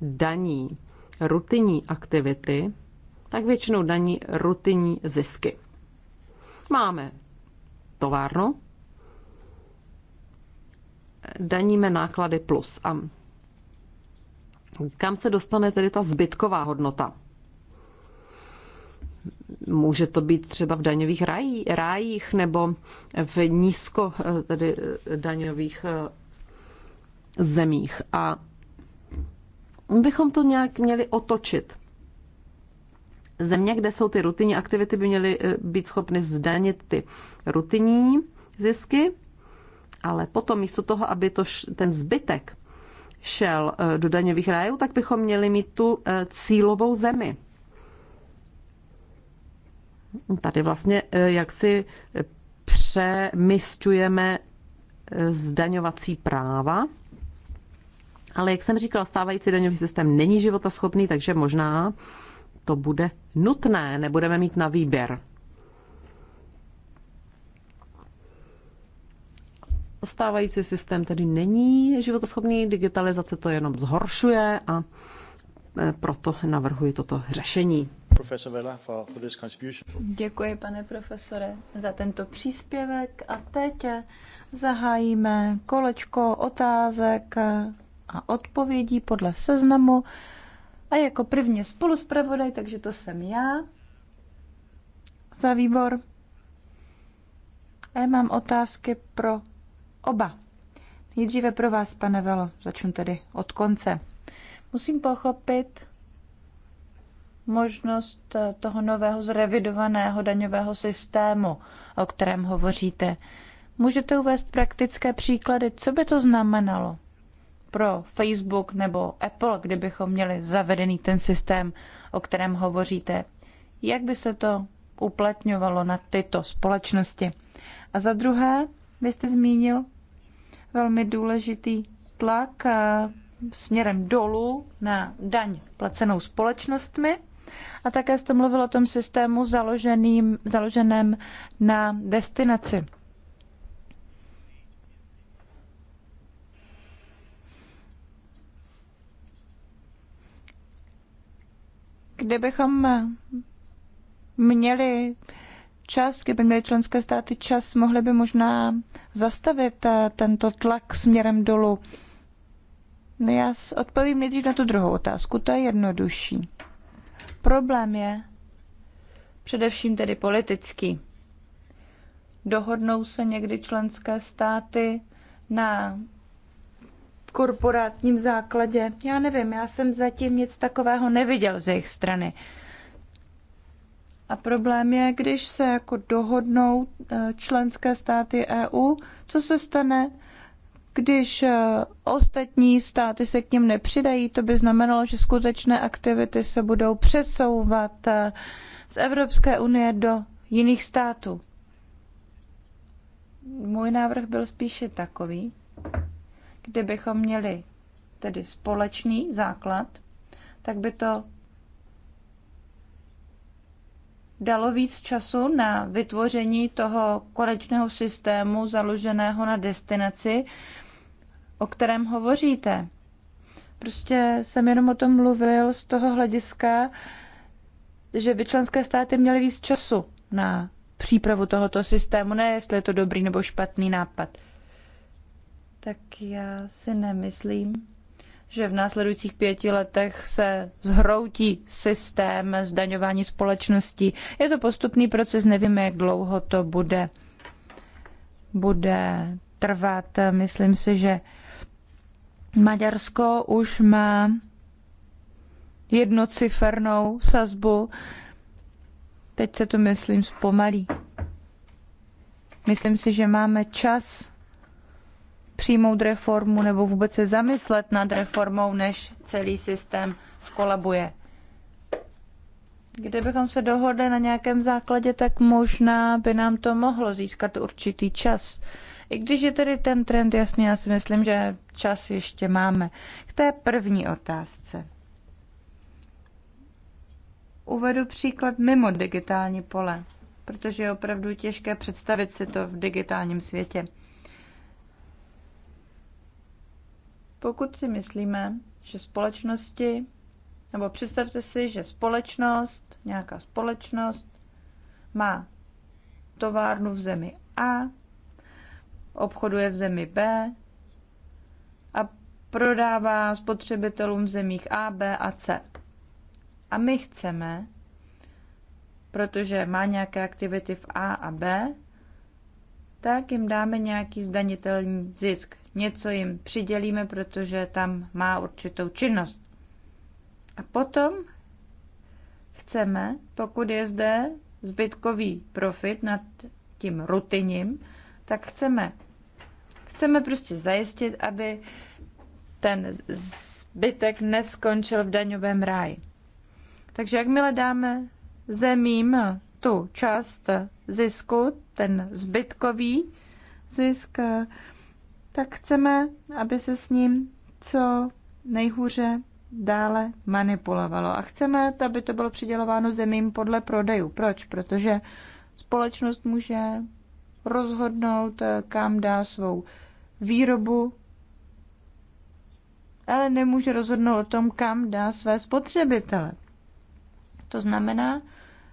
daní rutinní aktivity, tak většinou daní rutinní zisky. Máme továrnu, daníme náklady plus. A kam se dostane tedy ta zbytková hodnota? Může to být třeba v daňových rájí, rájích nebo v nízko eh, tedy eh, daňových eh, zemích. A bychom to nějak měli otočit země, kde jsou ty rutinní aktivity, by měly eh, být schopny zdanit ty rutinní zisky, ale potom místo toho, aby to, ten zbytek šel eh, do daňových rájů, tak bychom měli mít tu eh, cílovou zemi. Tady vlastně jak si přemysťujeme zdaňovací práva, ale jak jsem říkala, stávající daňový systém není životaschopný, takže možná to bude nutné, nebudeme mít na výběr. Stávající systém tedy není životoschopný, digitalizace to jenom zhoršuje a e, proto navrhuji toto řešení. Děkuji, pane profesore, za tento příspěvek a teď zahájíme kolečko otázek a odpovědí podle seznamu. A jako první spoluspravodaj, takže to jsem já za výbor. A já mám otázky pro oba. Nejdříve pro vás, pane Velo, začnu tedy od konce. Musím pochopit možnost eh, toho nového zrevidovaného daňového systému, o kterém hovoříte. Můžete uvést praktické příklady, co by to znamenalo? pro Facebook nebo Apple, kdybychom měli zavedený ten systém, o kterém hovoříte, jak by se to uplatňovalo na tyto společnosti? A za druhé, vy jste zmínil velmi důležitý tlak eh, směrem dolů na daň placenou společnostmi. A také jste mluvil o tom systému založeným, založeném na destinaci. kdybychom měli čas, kdyby měly členské státy čas, mohly by možná zastavit eh, tento tlak směrem dolů. No já odpovím nejdřív na tu druhou otázku, to je jednodušší. Problém je především tedy politický. Dohodnou se někdy členské státy na korporátním základě. Já nevím, já jsem zatím nic takového neviděl z jejich strany. A problém je, když se jako dohodnou eh, členské státy EU, co se stane, když eh, ostatní státy se k ním nepřidají, to by znamenalo, že skutečné aktivity se budou přesouvat eh, z Evropské unie do jiných států. Můj návrh byl spíše takový, Kdybychom měli tedy společný základ, tak by to dalo víc času na vytvoření toho konečného systému založeného na destinaci, o kterém hovoříte. Prostě jsem jenom o tom mluvil z toho hlediska, že by členské státy měly víc času na přípravu tohoto systému, ne jestli je to dobrý nebo špatný nápad tak já si nemyslím, že v následujících pěti letech se zhroutí systém zdaňování společností. Je to postupný proces, nevíme, jak dlouho to bude, bude trvat. Myslím si, že Maďarsko už má jednocifernou sazbu. Teď se to, myslím, zpomalí. Myslím si, že máme čas přijmout reformu nebo vůbec se zamyslet nad reformou, než celý systém skolabuje. Kdybychom se dohodli na nějakém základě, tak možná by nám to mohlo získat určitý čas. I když je tedy ten trend jasný, já si myslím, že čas ještě máme. K té první otázce. Uvedu příklad mimo digitální pole, protože je opravdu těžké představit si to v digitálním světě. Pokud si myslíme, že společnosti, nebo představte si, že společnost, nějaká společnost má továrnu v zemi A, obchoduje v zemi B a prodává spotřebitelům v zemích A, B a C. A my chceme, protože má nějaké aktivity v A a B, tak jim dáme nějaký zdanitelný zisk. Něco jim přidělíme, protože tam má určitou činnost. A potom chceme, pokud je zde zbytkový profit nad tím rutiním, tak chceme, chceme prostě zajistit, aby ten zbytek neskončil v daňovém ráji. Takže jakmile dáme zemím tu část zisku, ten zbytkový zisk, tak chceme, aby se s ním co nejhůře dále manipulovalo. A chceme, aby to bylo přidělováno zemím podle prodejů. Proč? Protože společnost může rozhodnout, kam dá svou výrobu, ale nemůže rozhodnout o tom, kam dá své spotřebitele. To znamená,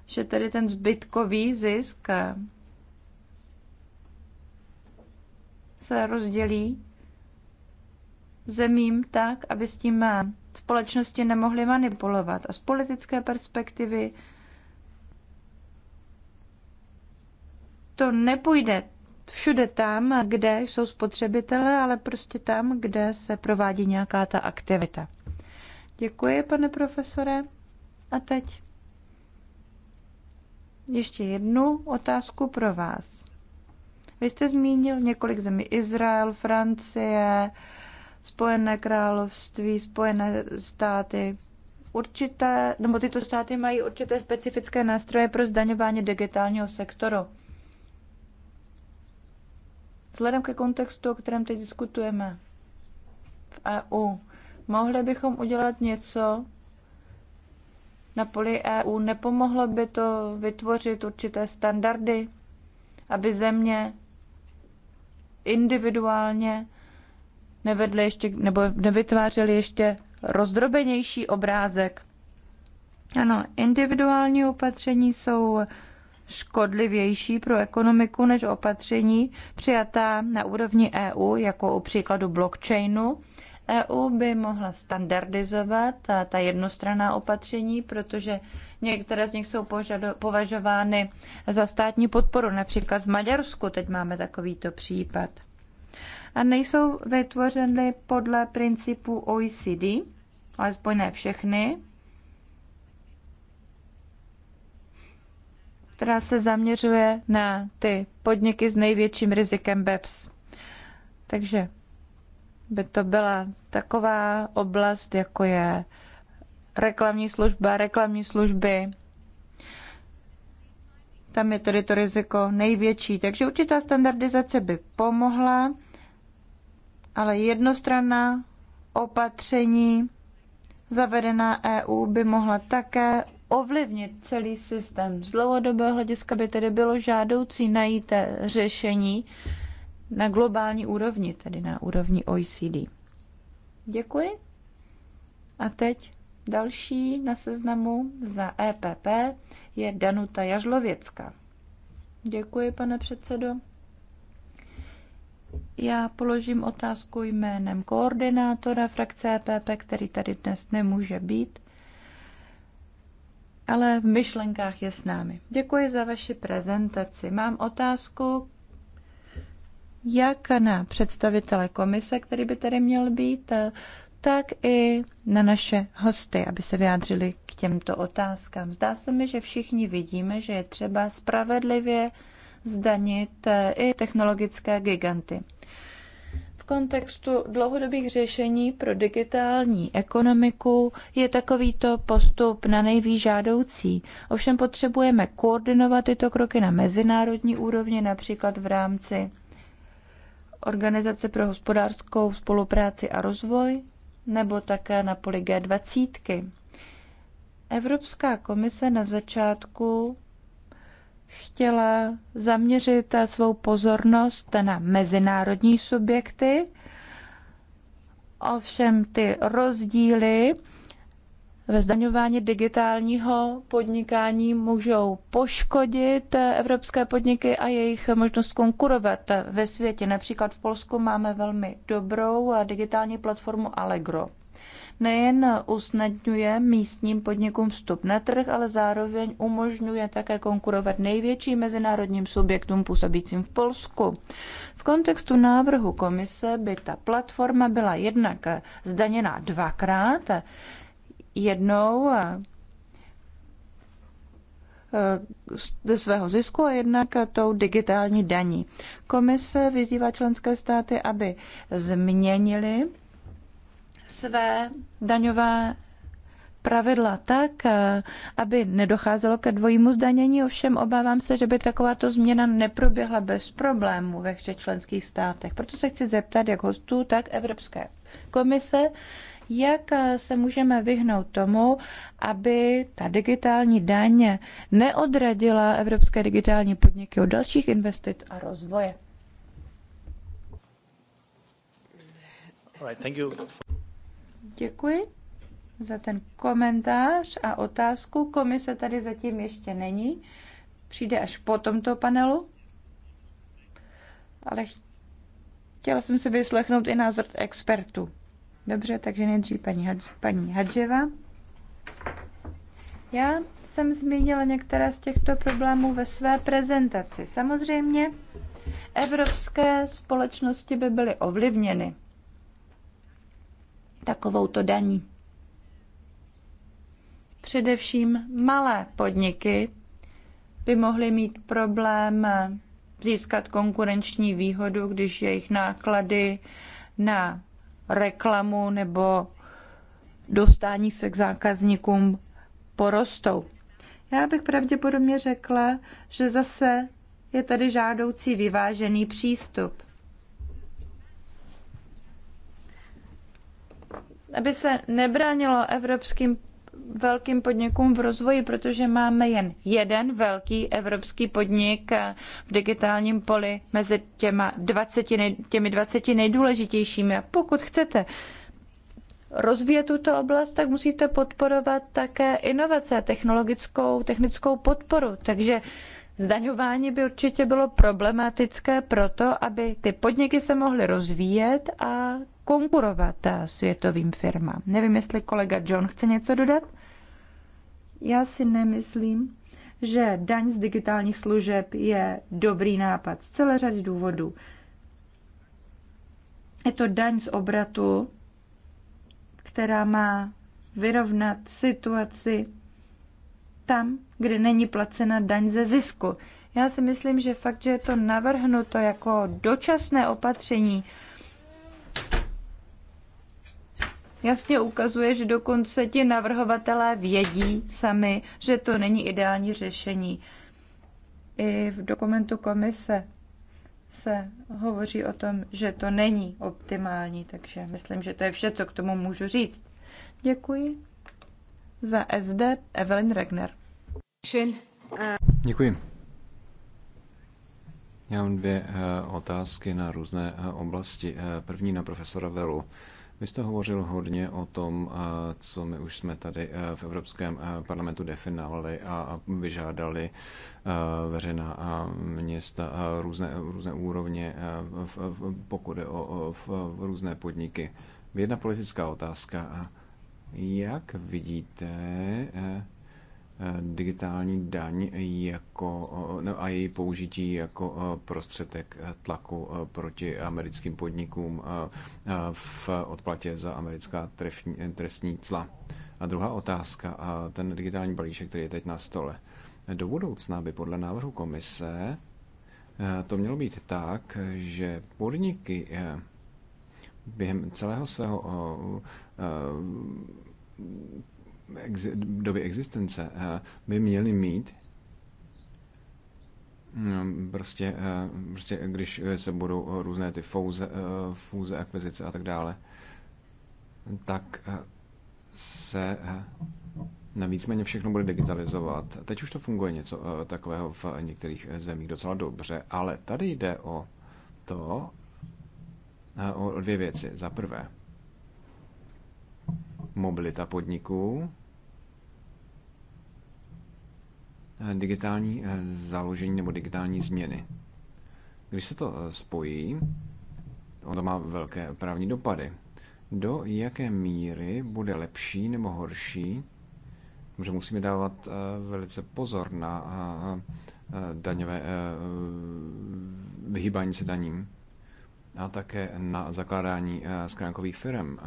že tedy ten zbytkový zisk se rozdělí zemím tak, aby s tím společnosti nemohly manipulovat. A z politické perspektivy to nepůjde všude tam, kde jsou spotřebitelé, ale prostě tam, kde se provádí nějaká ta aktivita. Děkuji, pane profesore. A teď ještě jednu otázku pro vás. Vy jste zmínil několik zemí. Izrael, Francie, Spojené království, Spojené státy. Určité, nebo tyto státy mají určité specifické nástroje pro zdaňování digitálního sektoru. Vzhledem ke kontextu, o kterém teď diskutujeme v EU, mohli bychom udělat něco na poli EU? Nepomohlo by to vytvořit určité standardy, aby země individuálně nevedli ještě, nebo nevytvářeli ještě rozdrobenější obrázek. Ano, individuální opatření jsou škodlivější pro ekonomiku než opatření přijatá na úrovni EU, jako u příkladu blockchainu EU by mohla standardizovat ta, ta jednostranná opatření, protože některé z nich jsou požado, považovány za státní podporu. Například v Maďarsku teď máme takovýto případ. A nejsou vytvořeny podle principu OECD, alespoň ne všechny, která se zaměřuje na ty podniky s největším rizikem BEPS. Takže by to byla taková oblast, jako je reklamní služba, reklamní služby. Tam je tedy to riziko největší. Takže určitá standardizace by pomohla, ale jednostranná opatření zavedená EU by mohla také ovlivnit celý systém. Z dlouhodobého hlediska by tedy bylo žádoucí najít řešení, na globální úrovni, tedy na úrovni OECD. Děkuji. A teď další na seznamu za EPP je Danuta Jažlověcka. Děkuji, pane předsedo. Já položím otázku jménem koordinátora frakce EPP, který tady dnes nemůže být, ale v myšlenkách je s námi. Děkuji za vaši prezentaci. Mám otázku jak na představitele komise, který by tady měl být, tak i na naše hosty, aby se vyjádřili k těmto otázkám. Zdá se mi, že všichni vidíme, že je třeba spravedlivě zdanit eh, i technologické giganty. V kontextu dlouhodobých řešení pro digitální ekonomiku je takovýto postup na nejvýš žádoucí. Ovšem potřebujeme koordinovat tyto kroky na mezinárodní úrovni, například v rámci Organizace pro hospodářskou spolupráci a rozvoj nebo také na poli G20. Evropská komise na začátku chtěla zaměřit svou pozornost na mezinárodní subjekty, ovšem ty rozdíly ve zdaňování digitálního podnikání můžou poškodit evropské podniky a jejich možnost konkurovat ve světě. Například v Polsku máme velmi dobrou digitální platformu Allegro. Nejen usnadňuje místním podnikům vstup na trh, ale zároveň umožňuje také konkurovat největším mezinárodním subjektům působícím v Polsku. V kontextu návrhu komise by ta platforma byla jednak zdaněná dvakrát, jednou eh, eh, ze svého zisku a jednak tou digitální daní. Komise vyzývá členské státy, aby změnili své daňové pravidla tak, eh, aby nedocházelo ke dvojímu zdanění, ovšem obávám se, že by takováto změna neproběhla bez problémů ve všech členských státech. Proto se chci zeptat jak hostů, tak Evropské komise, jak eh, se můžeme vyhnout tomu, aby ta digitální daň neodradila evropské digitální podniky od dalších investic a rozvoje. Děkuji za ten komentář a otázku. Komise tady zatím ještě není. Přijde až po tomto panelu. Ale chtěla jsem si vyslechnout i názor expertů. Dobře, takže nejdřív paní, Hadž, paní Hadževa. Já jsem zmínila některé z těchto problémů ve své prezentaci. Samozřejmě evropské společnosti by byly ovlivněny takovouto daní. Především malé podniky by mohly mít problém získat konkurenční výhodu, když jejich náklady na reklamu nebo dostání se k zákazníkům porostou. Já bych pravděpodobně řekla, že zase je tady žádoucí vyvážený přístup. Aby se nebránilo evropským velkým podnikům v rozvoji, protože máme jen jeden velký evropský podnik v digitálním poli mezi těma 20, těmi 20 nejdůležitějšími. A pokud chcete rozvíjet tuto oblast, tak musíte podporovat také inovace, technologickou, technickou podporu. Takže Zdaňování by určitě bylo problematické proto, aby ty podniky se mohly rozvíjet a konkurovat světovým firmám. Nevím, jestli kolega John chce něco dodat? Já si nemyslím, že daň z digitálních služeb je dobrý nápad z celé řady důvodů. Je to daň z obratu, která má vyrovnat situaci tam, kde není placena daň ze zisku. Já si myslím, že fakt, že je to navrhnuto jako dočasné opatření, jasně ukazuje, že dokonce ti navrhovatelé vědí sami, že to není ideální řešení. I v dokumentu komise se hovoří o tom, že to není optimální, takže myslím, že to je vše, co k tomu můžu říct. Děkuji. Za SD Evelyn Regner. Eh, Děkuji. Já mám dvě eh, otázky na různé eh, oblasti. První na profesora Velu. Vy jste hovořil hodně o tom, eh, co my už jsme tady eh, v Evropském eh, parlamentu definovali a vyžádali veřejná města různé, různé úrovně, pokud je o v různé podniky. Jedna politická otázka. Jak vidíte Eh, digitální daň jako, eh, no a její použití jako eh, prostředek tlaku proti americkým podnikům v odplatě za americká trestní cla. A druhá otázka, a ten digitální balíček, který je teď na stole. Do budoucna by podle návrhu komise to mělo být tak, že podniky během celého svého doby existence eh, by měli mít no, prostě, eh, prostě když se budou různé ty fouze, eh, fůze, akvizice a tak dále, tak se navíc méně všechno bude digitalizovat. Teď už to funguje něco takového v některých zemích docela dobře, ale tady jde o to, o dvě věci. Za prvé, mobilita podniků, eh, digitální eh, založení nebo digitální změny. Když se to eh, spojí, ono má velké právní dopady. Do jaké míry bude lepší nebo horší, že musíme dávat velice pozor na daňové vyhýbání se daním a také na zakládání skránkových firm,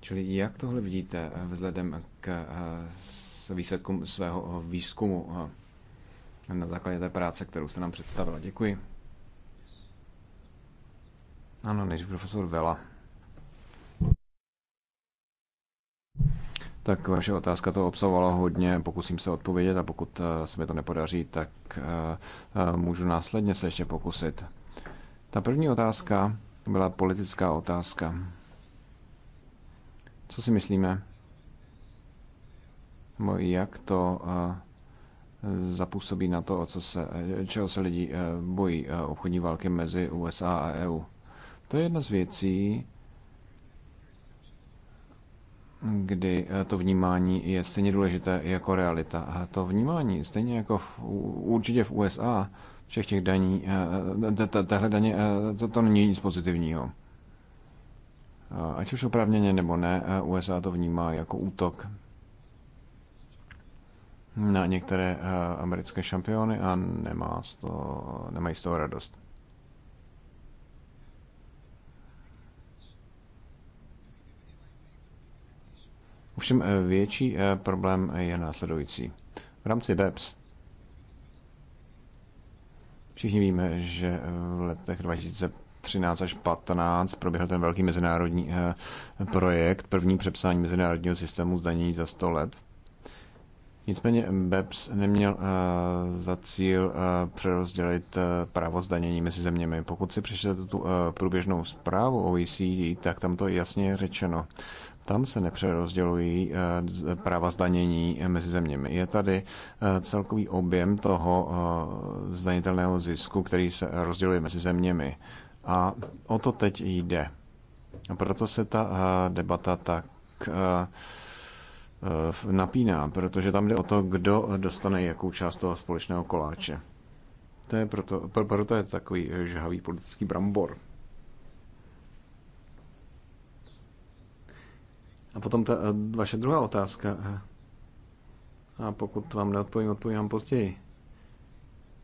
Čili jak tohle vidíte eh, vzhledem k eh, výsledkům svého eh, výzkumu na základě té práce, kterou jste nám představila? Děkuji. Ano, než profesor Vela. Tak vaše otázka to obsahovala hodně, pokusím se odpovědět a pokud se mi to nepodaří, tak můžu následně se ještě pokusit. Ta první otázka byla politická otázka. Co si myslíme? Nebo jak to eh, zapůsobí na to, o co se, eh, čeho se lidi eh, bojí obchodní války mezi USA a EU? To je jedna z věcí, kdy to vnímání je stejně důležité jako realita. A to vnímání, stejně jako v, určitě v USA, všech těch daní, tahle daně, to, to není nic pozitivního. Ať už oprávněně nebo ne, USA to vnímá jako útok na některé americké šampiony a nemá z toho, nemají z toho radost. Ovšem e, větší e, problém je následující. V rámci BEPS všichni víme, že v letech 2005 13 až 15 proběhl ten velký mezinárodní eh, projekt, první přepsání mezinárodního systému zdanění za 100 let. Nicméně BEPS neměl eh, za cíl eh, přerozdělit právo zdanění mezi zeměmi. Pokud si přečtete tu průběžnou zprávu OECD, tak tam to je jasně řečeno. Tam se nepřerozdělují práva zdanění mezi zeměmi. Je tady celkový objem toho zdanitelného zisku, který se rozděluje mezi zeměmi. A o to teď jde. A proto se ta eh, debata tak eh, eh, napíná, protože tam jde o to, kdo dostane jakou část toho společného koláče. To je proto, proto je takový žhavý politický brambor. A potom ta vaše druhá otázka. A pokud vám neodpovím, odpovím vám později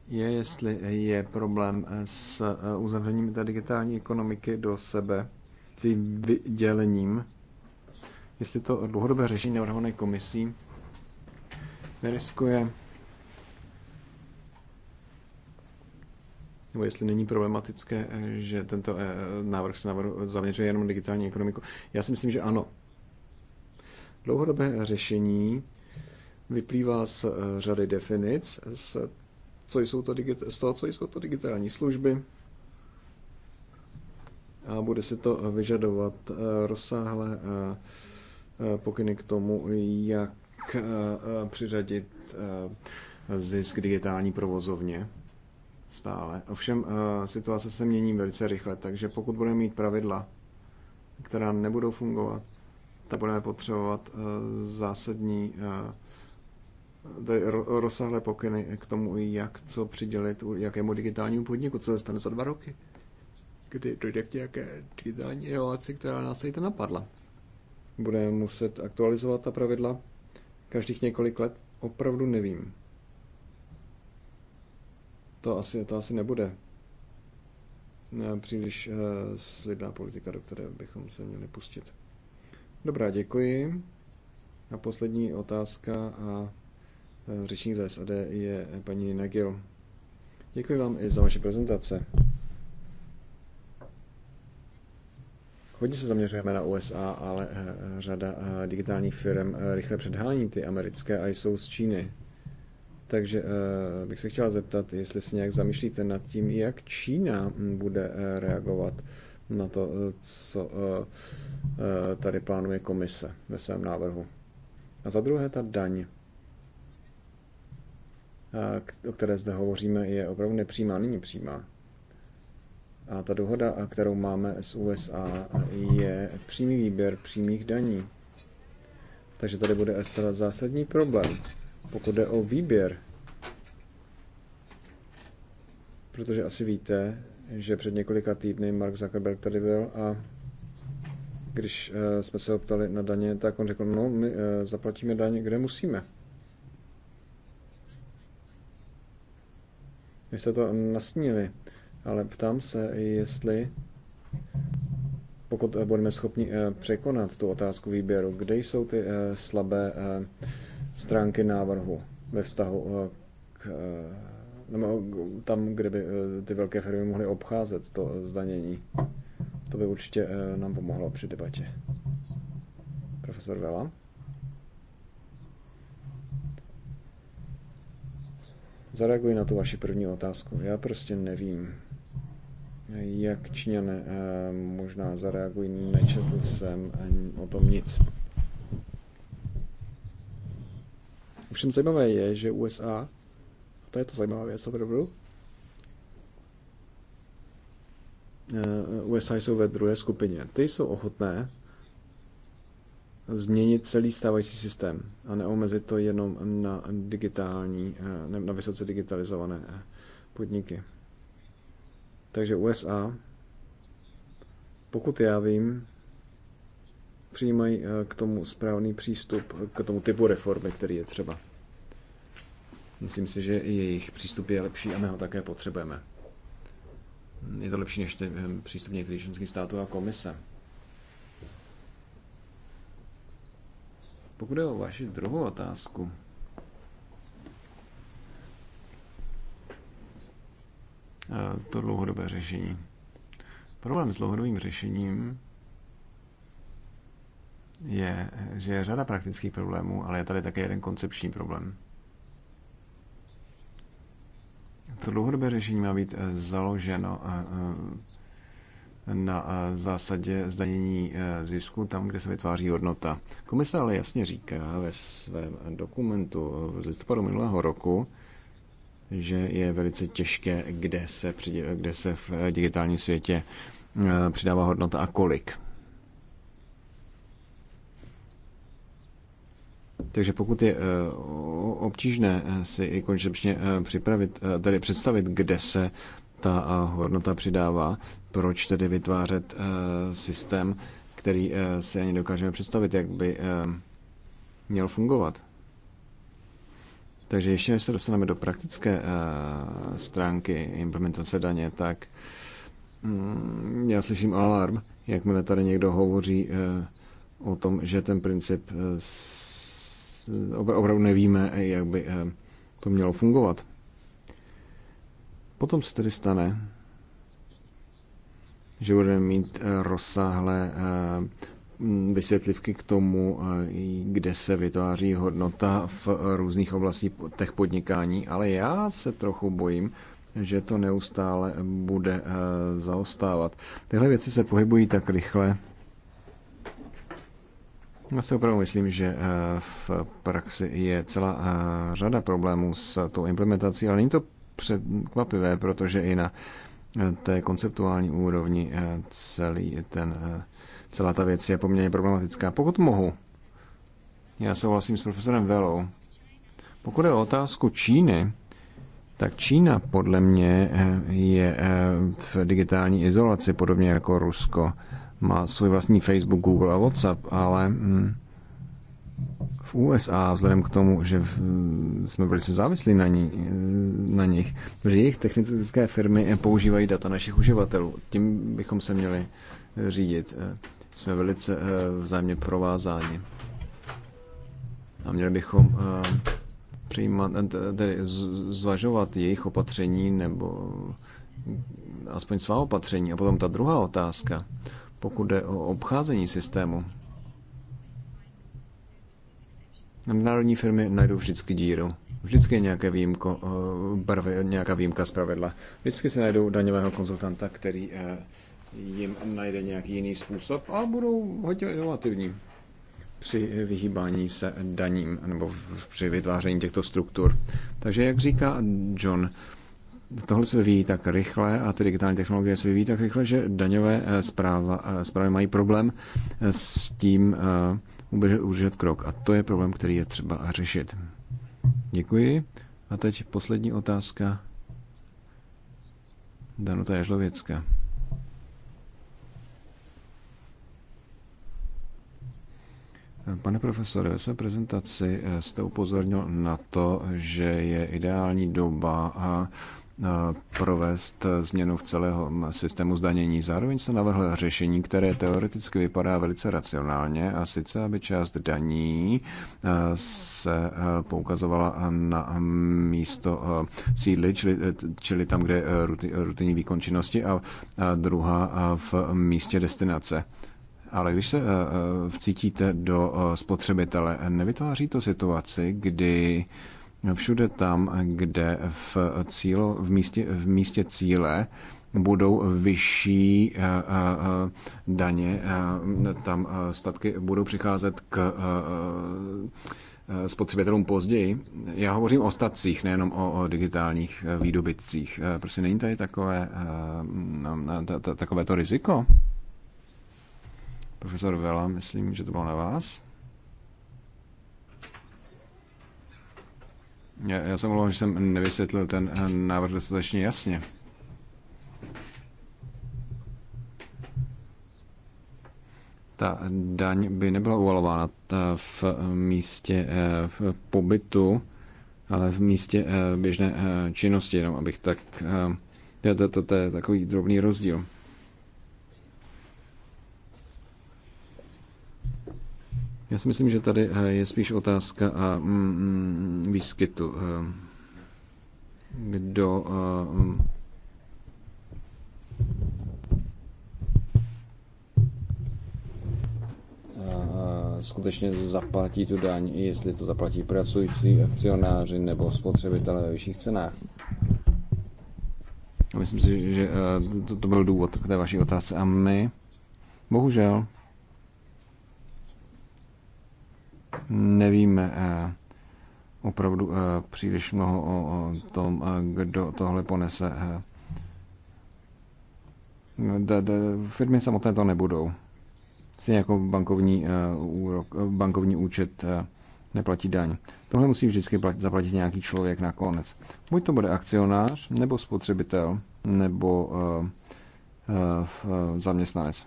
je, jestli je problém eh, s eh, uzavřením té digitální ekonomiky do sebe, s tím vydělením, jestli to dlouhodobé řešení navrhované komisí neriskuje, nebo jestli není problematické, eh, že tento návrh se zaměřuje jenom na digitální ekonomiku. Já si myslím, že ano. Dlouhodobé řešení vyplývá z řady definic, z co jsou to z toho, co jsou to digitální služby. A bude si to vyžadovat eh, rozsáhlé eh, eh, pokyny k tomu, jak přiřadit zisk digitální provozovně stále. Ovšem situace se mění velice rychle, takže pokud budeme mít pravidla, která nebudou fungovat, tak budeme potřebovat zásadní tady rozsáhlé pokyny k tomu, jak co přidělit jakému digitálnímu podniku, co se stane za dva roky, kdy dojde k nějaké digitální inovaci, která nás tady napadla. Budeme muset aktualizovat ta pravidla každých několik let? Opravdu nevím. To asi, to asi nebude eh, příliš eh, slibná politika, do které bychom se měli pustit. Dobrá, děkuji. A poslední otázka a Eh, řečník za SAD je eh, paní Nina Děkuji vám i za vaše prezentace. Hodně se zaměřujeme na USA, ale eh, řada digitálních firm rychle předhání ty americké a jsou z Číny. Takže bych se chtěla zeptat, jestli si nějak zamýšlíte nad tím, jak Čína hm, bude reagovat na to, co tady plánuje komise ve svém návrhu. A za druhé ta daň o které zde hovoříme, je opravdu nepřímá, není přímá. A ta dohoda, kterou máme s USA, je přímý výběr přímých daní. Takže tady bude zcela zásadní problém, pokud jde o výběr. Protože asi víte, že před několika týdny Mark Zuckerberg tady byl a když eh, jsme se optali na daně, tak on řekl, no my eh, zaplatíme daně, kde musíme. My jste to nasnili, ale ptám se, jestli pokud eh, budeme schopni eh, překonat tu otázku výběru, kde jsou ty eh, slabé stránky návrhu ve vztahu k nebo tam, kde by ty velké firmy mohly obcházet to zdanění. To by určitě nám pomohlo při debatě. Profesor Vela. Zareaguji na tu vaši první otázku. Já prostě nevím, jak Číňané eh, možná zareagují. Nečetl jsem o tom nic. Všem zajímavé je, že USA, a to je to zajímavá věc, opravdu, eh, USA jsou ve druhé skupině. Ty jsou ochotné změnit celý stávající systém a neomezit to jenom na digitální, eh, na vysoce digitalizované eh, podniky. Takže USA, pokud já vím, přijímají eh, k tomu správný přístup, k tomu typu reformy, který je třeba. Myslím si, že i jejich přístup je lepší a my ho také potřebujeme. Je to lepší než ty přístup některých členských států a komise. Pokud je o vaši druhou otázku, eh, to dlouhodobé řešení. Problém s dlouhodobým řešením je, že je řada praktických problémů, ale je tady také jeden koncepční problém. To dlouhodobé řešení má být eh, založeno eh, na eh, zásadě zdanění eh, zisku tam, kde se vytváří hodnota. Komise ale jasně říká ve svém dokumentu z listopadu minulého roku, že je velice těžké, kde se, kde se v digitálním světě eh, přidává hodnota a kolik. Takže pokud je obtížné si i koncepčně připravit, tedy představit, kde se ta hodnota přidává, proč tedy vytvářet eh, systém, který eh, si ani dokážeme představit, jak by eh, měl fungovat. Takže ještě než se dostaneme do praktické stránky implementace daně, tak mm, já slyším alarm, jakmile tady někdo hovoří o tom, že ten princip opravdu nevíme, jak by to mělo fungovat. Potom se tedy stane, že budeme mít eh, rozsáhlé eh, vysvětlivky k tomu, eh, kde se vytváří hodnota v různých těch podnikání, ale já se trochu bojím, že to neustále bude zaostávat. Tyhle věci se pohybují tak rychle. Já si opravdu myslím, že v praxi je celá řada problémů s tou implementací, ale není to překvapivé, protože i na eh, té konceptuální úrovni eh, celý ten, eh, celá ta věc je poměrně problematická. Pokud mohu, já souhlasím s profesorem Velou. Pokud je o otázku Číny, tak Čína podle mě je v digitální izolaci, podobně jako Rusko. Má svůj vlastní Facebook, Google a WhatsApp, ale mm, USA, vzhledem k tomu, že jsme velice závislí na, ní, na nich, že jejich technické firmy používají data našich uživatelů. Tím bychom se měli eh, řídit. Eh, jsme velice eh, vzájemně provázáni. A měli bychom přijímat, tedy zvažovat jejich opatření nebo aspoň svá opatření. A potom ta druhá otázka, pokud jde o obcházení systému, Národní firmy najdou vždycky díru. Vždycky je nějaké výjimko, eh, barvy, nějaká výjimka z pravidla. Vždycky se najdou daňového konzultanta, který eh, jim najde nějaký jiný způsob a budou hodně inovativní při vyhýbání se daním nebo při vytváření těchto struktur. Takže jak říká John, tohle se vyvíjí tak rychle a ty digitální technologie se vyvíjí tak rychle, že daňové zpráva, eh, zprávy mají problém s tím udržet krok. A to je problém, který je třeba řešit. Děkuji. A teď poslední otázka. Danuta Ježlověcka. Pane profesore, ve své prezentaci eh, jste upozornil na to, že je ideální doba a eh, Eh, provést změnu v celém systému zdanění. Zároveň se navrhl řešení, které teoreticky vypadá velice racionálně, a sice, aby část daní eh, se eh, poukazovala na místo sídly, čili, čili tam, kde rutinní výkon činnosti, a druhá v místě destinace. Ale když se vcítíte do spotřebitele, nevytváří to situaci, kdy všude tam, kde v, cíl, v, místě, v místě cíle budou vyšší eh, eh, daně, eh, tam statky budou přicházet k spotřebitelům později. Já hovořím o statcích, nejenom o, digitálních výdobytcích. Prostě není tady takové, mm, takové to riziko? Profesor Vela, myslím, že to bylo na vás. Já jsem omlouvám, že jsem nevysvětlil ten eh, návrh dostatečně jasně. Ta daň by nebyla uvalována eh, v místě eh, v pobytu, ale v místě běžné činnosti, jenom abych tak... To, to, to, to je takový drobný rozdíl. Já si myslím, že tady eh, je spíš otázka a mm, mm, výskytu. Eh, kdo eh, mm. skutečně zaplatí tu daň, jestli to zaplatí pracující akcionáři nebo spotřebitelé ve vyšších cenách. Myslím si, že to, to byl důvod k té vaší otázce. A my, bohužel, nevíme eh, opravdu eh, příliš mnoho o tom, eh, kdo tohle ponese. No, firmy samotné to nebudou. Stejně jako bankovní, úrok, bankovní účet neplatí daň. Tohle musí vždycky zaplatit nějaký člověk nakonec. Buď to bude akcionář, nebo spotřebitel, nebo zaměstnanec.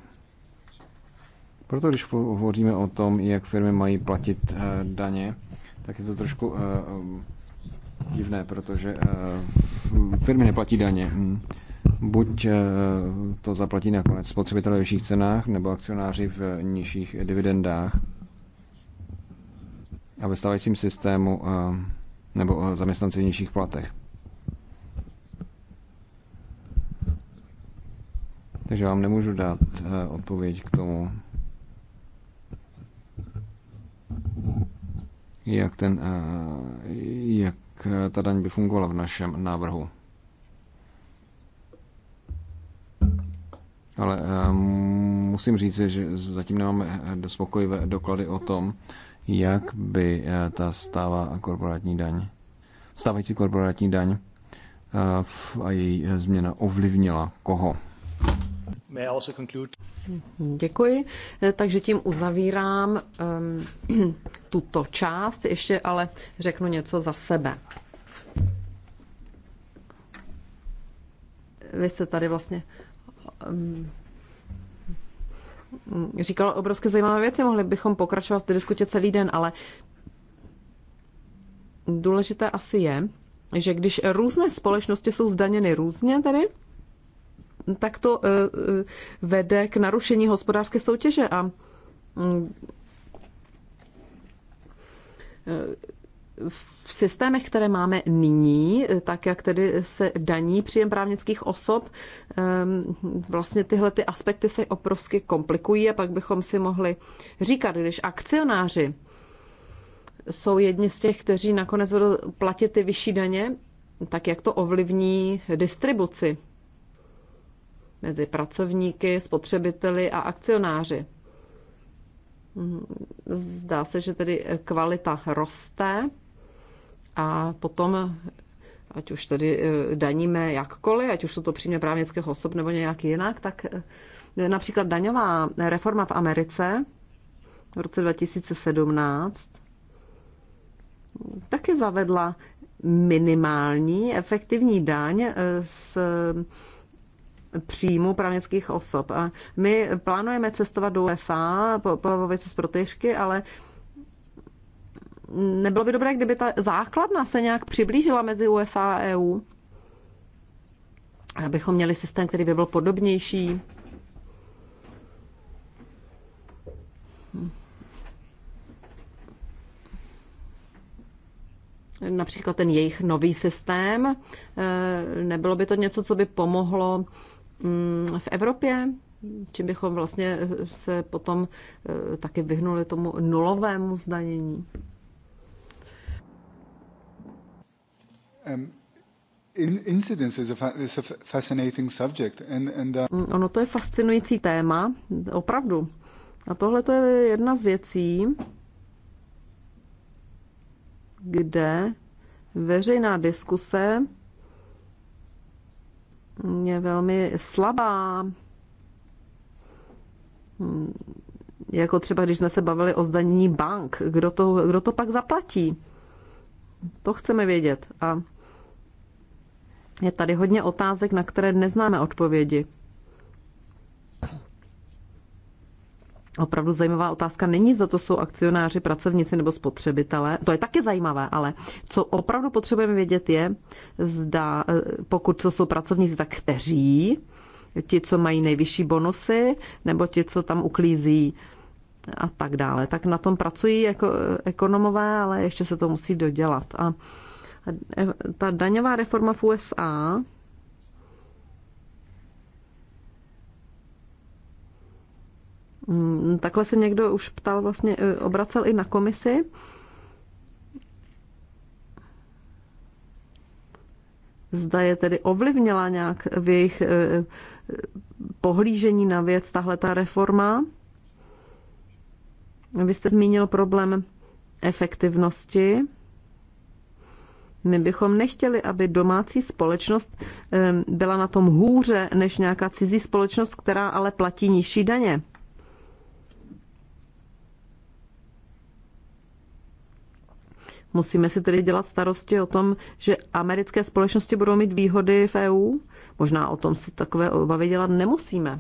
Proto když hovoříme o tom, jak firmy mají platit eh, daně, tak je to trošku eh, eh, divné, protože firmy neplatí daně. Hmm. Buď to zaplatí nakonec spotřebitel ve vyšších cenách, nebo akcionáři v nižších dividendách. A ve stávajícím systému nebo zaměstnanci v nižších platech. Takže vám nemůžu dát odpověď k tomu. jak, ten, eh, jak eh, ta daň by fungovala v našem návrhu. Ale eh, musím říct, že zatím nemáme spokojivé doklady o tom, jak by ta stává korporátní daň, stávající korporátní daň a její změna ovlivnila koho. Děkuji. Eh, takže tím uzavírám um, tuto část, ještě ale řeknu něco za sebe. Vy jste tady vlastně um, ehm, říkal obrovské zajímavé věci, mohli bychom pokračovat v té diskutě celý den, ale důležité asi je, že když různé společnosti jsou zdaněny různě tedy, tak to e, e, vede k narušení hospodářské soutěže a mm, e, v systémech, které máme nyní, tak jak tedy se daní příjem právnických osob, vlastně tyhle ty aspekty se obrovsky komplikují a pak bychom si mohli říkat, když akcionáři jsou jedni z těch, kteří nakonec budou platit ty vyšší daně, tak jak to ovlivní distribuci mezi pracovníky, spotřebiteli a akcionáři. Zdá se, že tedy kvalita roste a potom, ať už tedy eh, daníme jakkoliv, ať už jsou to příjmy právnických osob nebo nějak jinak, tak eh, například daňová reforma v Americe v roce 2017 taky zavedla minimální efektivní daň z eh, příjmu právnických osob. A my plánujeme cestovat do USA po, po věci z protyžky, ale nebylo by dobré, kdyby ta základna se nějak přiblížila mezi USA a EU? Abychom měli systém, který by byl podobnější. Například ten jejich nový systém. E, nebylo by to něco, co by pomohlo Mm, v Evropě, čím bychom vlastně se potom eh, taky vyhnuli tomu nulovému zdanění. Um. is a, fascinating subject. And, uh, mm, Ono to je fascinující téma, opravdu. A tohle to je jedna z věcí, kde veřejná diskuse je velmi slabá. Jako třeba, když jsme se bavili o zdanění bank, kdo to, kdo to pak zaplatí? To chceme vědět. A je tady hodně otázek, na které neznáme odpovědi. Opravdu zajímavá otázka není, za to jsou akcionáři, pracovníci nebo spotřebitelé. To je také zajímavé, ale co opravdu potřebujeme vědět je, zda, e, pokud to jsou pracovníci, tak kteří, ti, co mají nejvyšší bonusy, nebo ti, co tam uklízí a tak dále. Tak na tom pracují jako e, ekonomové, ale ještě se to musí dodělat. A e, ta daňová reforma v USA Mm, takhle se někdo už ptal, vlastně e, obracel i na komisi. Zda je tedy ovlivnila nějak v jejich e, pohlížení na věc tahle ta reforma. Vy jste zmínil problém efektivnosti. My bychom nechtěli, aby domácí společnost e, byla na tom hůře než nějaká cizí společnost, která ale platí nižší daně. Musíme si tedy dělat starosti o tom, že americké společnosti budou mít výhody v EU? Možná o tom si takové obavy dělat nemusíme.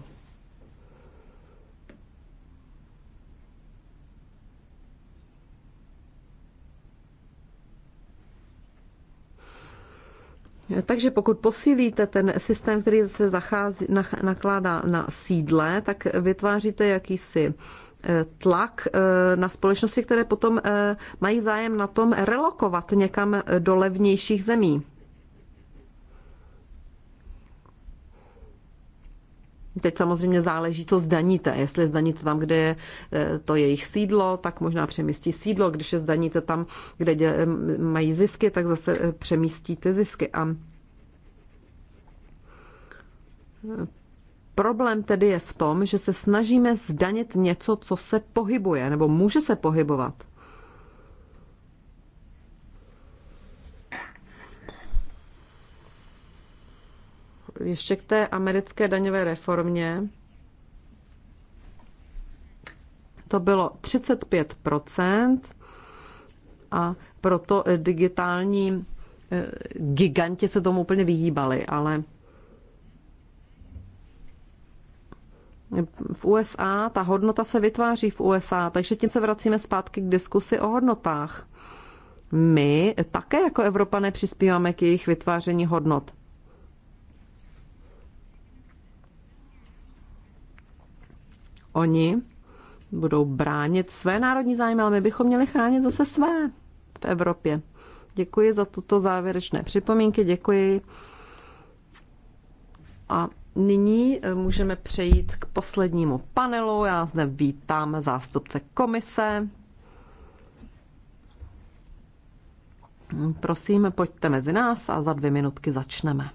Takže pokud posílíte ten systém, který se zachází, nakládá na sídle, tak vytváříte jakýsi E, tlak e, na společnosti, které potom e, mají zájem na tom relokovat někam do levnějších zemí. Teď samozřejmě záleží, co zdaníte. Jestli zdaníte tam, kde je to jejich sídlo, tak možná přemístí sídlo. Když je zdaníte tam, kde dě, mají zisky, tak zase přemístíte zisky. A Problém tedy je v tom, že se snažíme zdanit něco, co se pohybuje nebo může se pohybovat. Ještě k té americké daňové reformě. To bylo 35 a proto eh, digitální eh, giganti se tomu úplně vyhýbali, ale v USA, ta hodnota se vytváří v USA, takže tím se vracíme zpátky k diskusi o hodnotách. My také jako Evropané přispíváme k jejich vytváření hodnot. Oni budou bránit své národní zájmy, ale my bychom měli chránit zase své v Evropě. Děkuji za tuto závěrečné připomínky, děkuji. A Nyní eh, můžeme přejít k poslednímu panelu. Já zde vítám zástupce komise. Prosím, pojďte mezi nás a za dvě minutky začneme.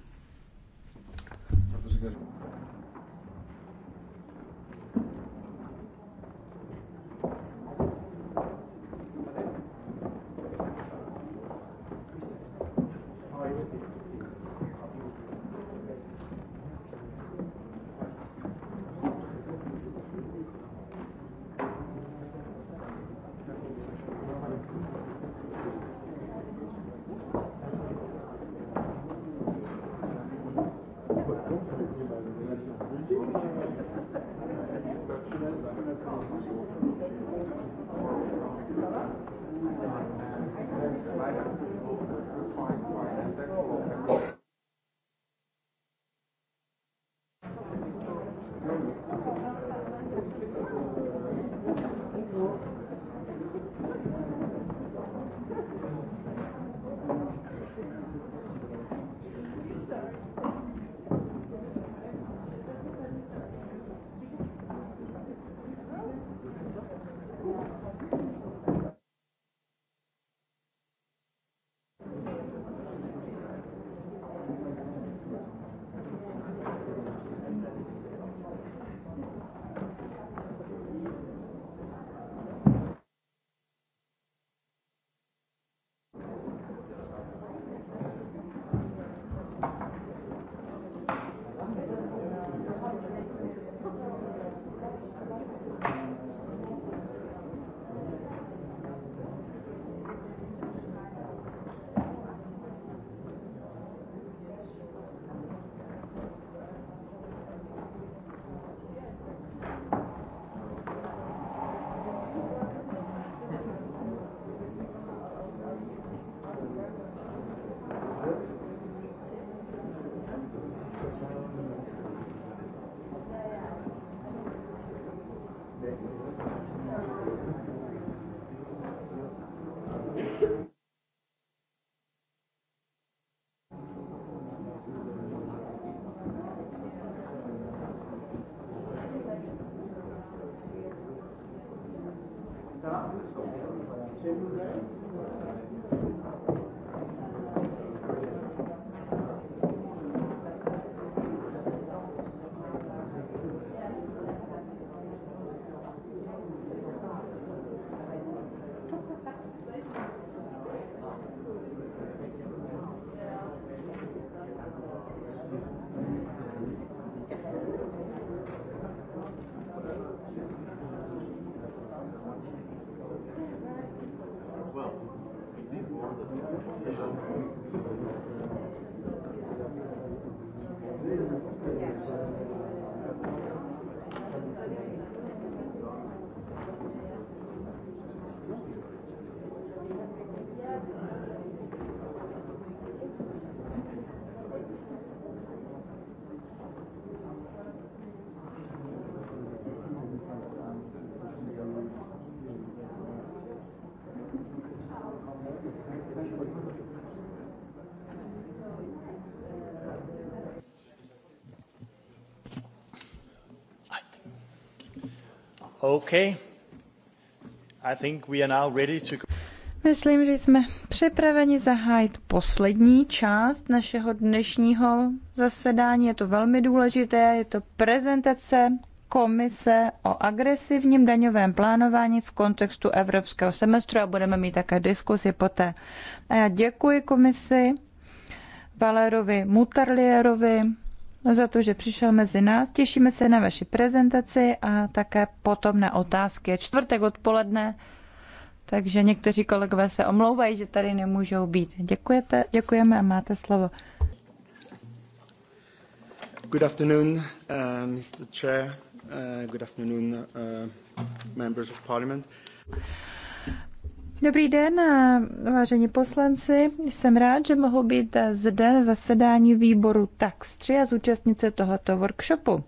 Sem lugar Okay. I think we are now ready to... Myslím, že jsme připraveni zahájit poslední část našeho dnešního zasedání. Je to velmi důležité, je to prezentace komise o agresivním daňovém plánování v kontextu evropského semestru a budeme mít také diskusi poté. A já děkuji komisi, Valerovi Mutarlierovi, za to, že přišel mezi nás. Těšíme se na vaši prezentaci a také potom na otázky. Je čtvrtek odpoledne, takže někteří kolegové se omlouvají, že tady nemůžou být. Děkujete, děkujeme a máte slovo. Good afternoon, uh, Mr. Chair. Uh, good afternoon, uh, members of parliament. Dobrý den, eh, vážení poslanci. Jsem rád, že mohu být zde na zasedání výboru TAX 3 a zúčastnit se tohoto workshopu.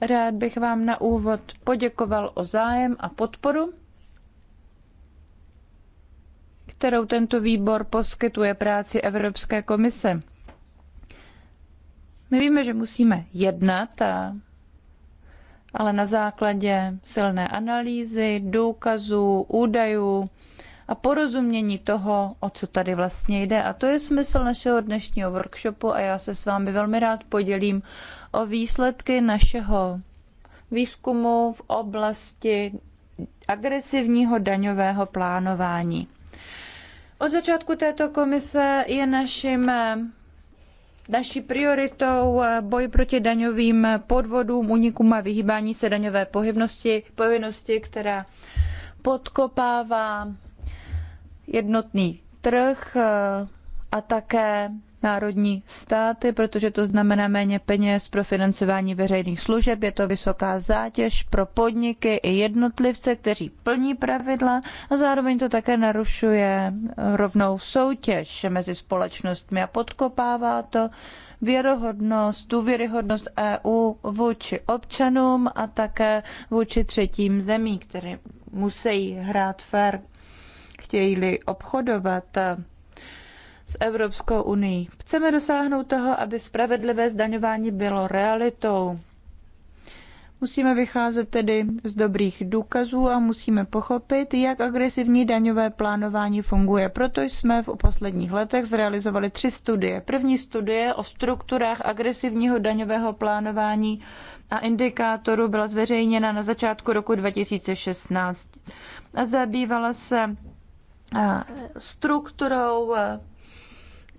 Rád bych vám na úvod poděkoval o zájem a podporu, kterou tento výbor poskytuje práci Evropské komise. My víme, že musíme jednat a ale na základě silné analýzy, důkazů, údajů a porozumění toho, o co tady vlastně jde. A to je smysl našeho dnešního workshopu a já se s vámi velmi rád podělím o výsledky našeho výzkumu v oblasti agresivního daňového plánování. Od začátku této komise je naším naší prioritou eh, boj proti daňovým podvodům, unikům a vyhýbání se daňové pohybnosti, povinnosti, která podkopává jednotný trh eh, a také národní státy, protože to znamená méně peněz pro financování veřejných služeb, je to vysoká zátěž pro podniky i jednotlivce, kteří plní pravidla a zároveň to také narušuje rovnou soutěž mezi společnostmi a podkopává to věrohodnost, důvěryhodnost EU vůči občanům a také vůči třetím zemím, které musí hrát fair, chtějí-li obchodovat s Evropskou unii. Chceme dosáhnout toho, aby spravedlivé zdaňování bylo realitou. Musíme vycházet tedy z dobrých důkazů a musíme pochopit, jak agresivní daňové plánování funguje. Proto jsme v posledních letech zrealizovali tři studie. První studie o strukturách agresivního daňového plánování a indikátoru byla zveřejněna na začátku roku 2016 a zabývala se strukturou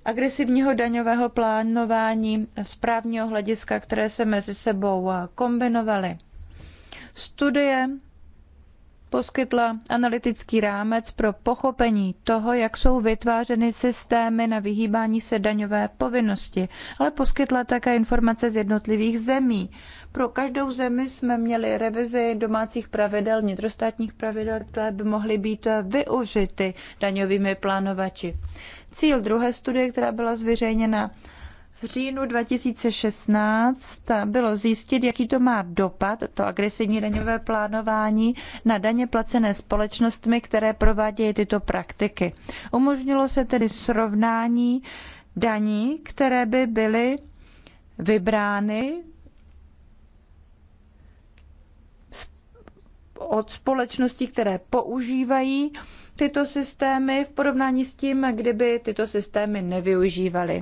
agresivního daňového plánování z právního hlediska, které se mezi sebou kombinovaly. Studie poskytla analytický rámec pro pochopení toho, jak jsou vytvářeny systémy na vyhýbání se daňové povinnosti, ale poskytla také informace z jednotlivých zemí. Pro každou zemi jsme měli revizi domácích pravidel, vnitrostátních pravidel, které by mohly být využity daňovými plánovači. Cíl druhé studie, která byla zveřejněna v říjnu 2016 bylo zjistit, jaký to má dopad, to agresivní daňové plánování, na daně placené společnostmi, které provádějí tyto praktiky. Umožnilo se tedy srovnání daní, které by byly vybrány od společností, které používají tyto systémy v porovnání s tím, kdyby tyto systémy nevyužívaly.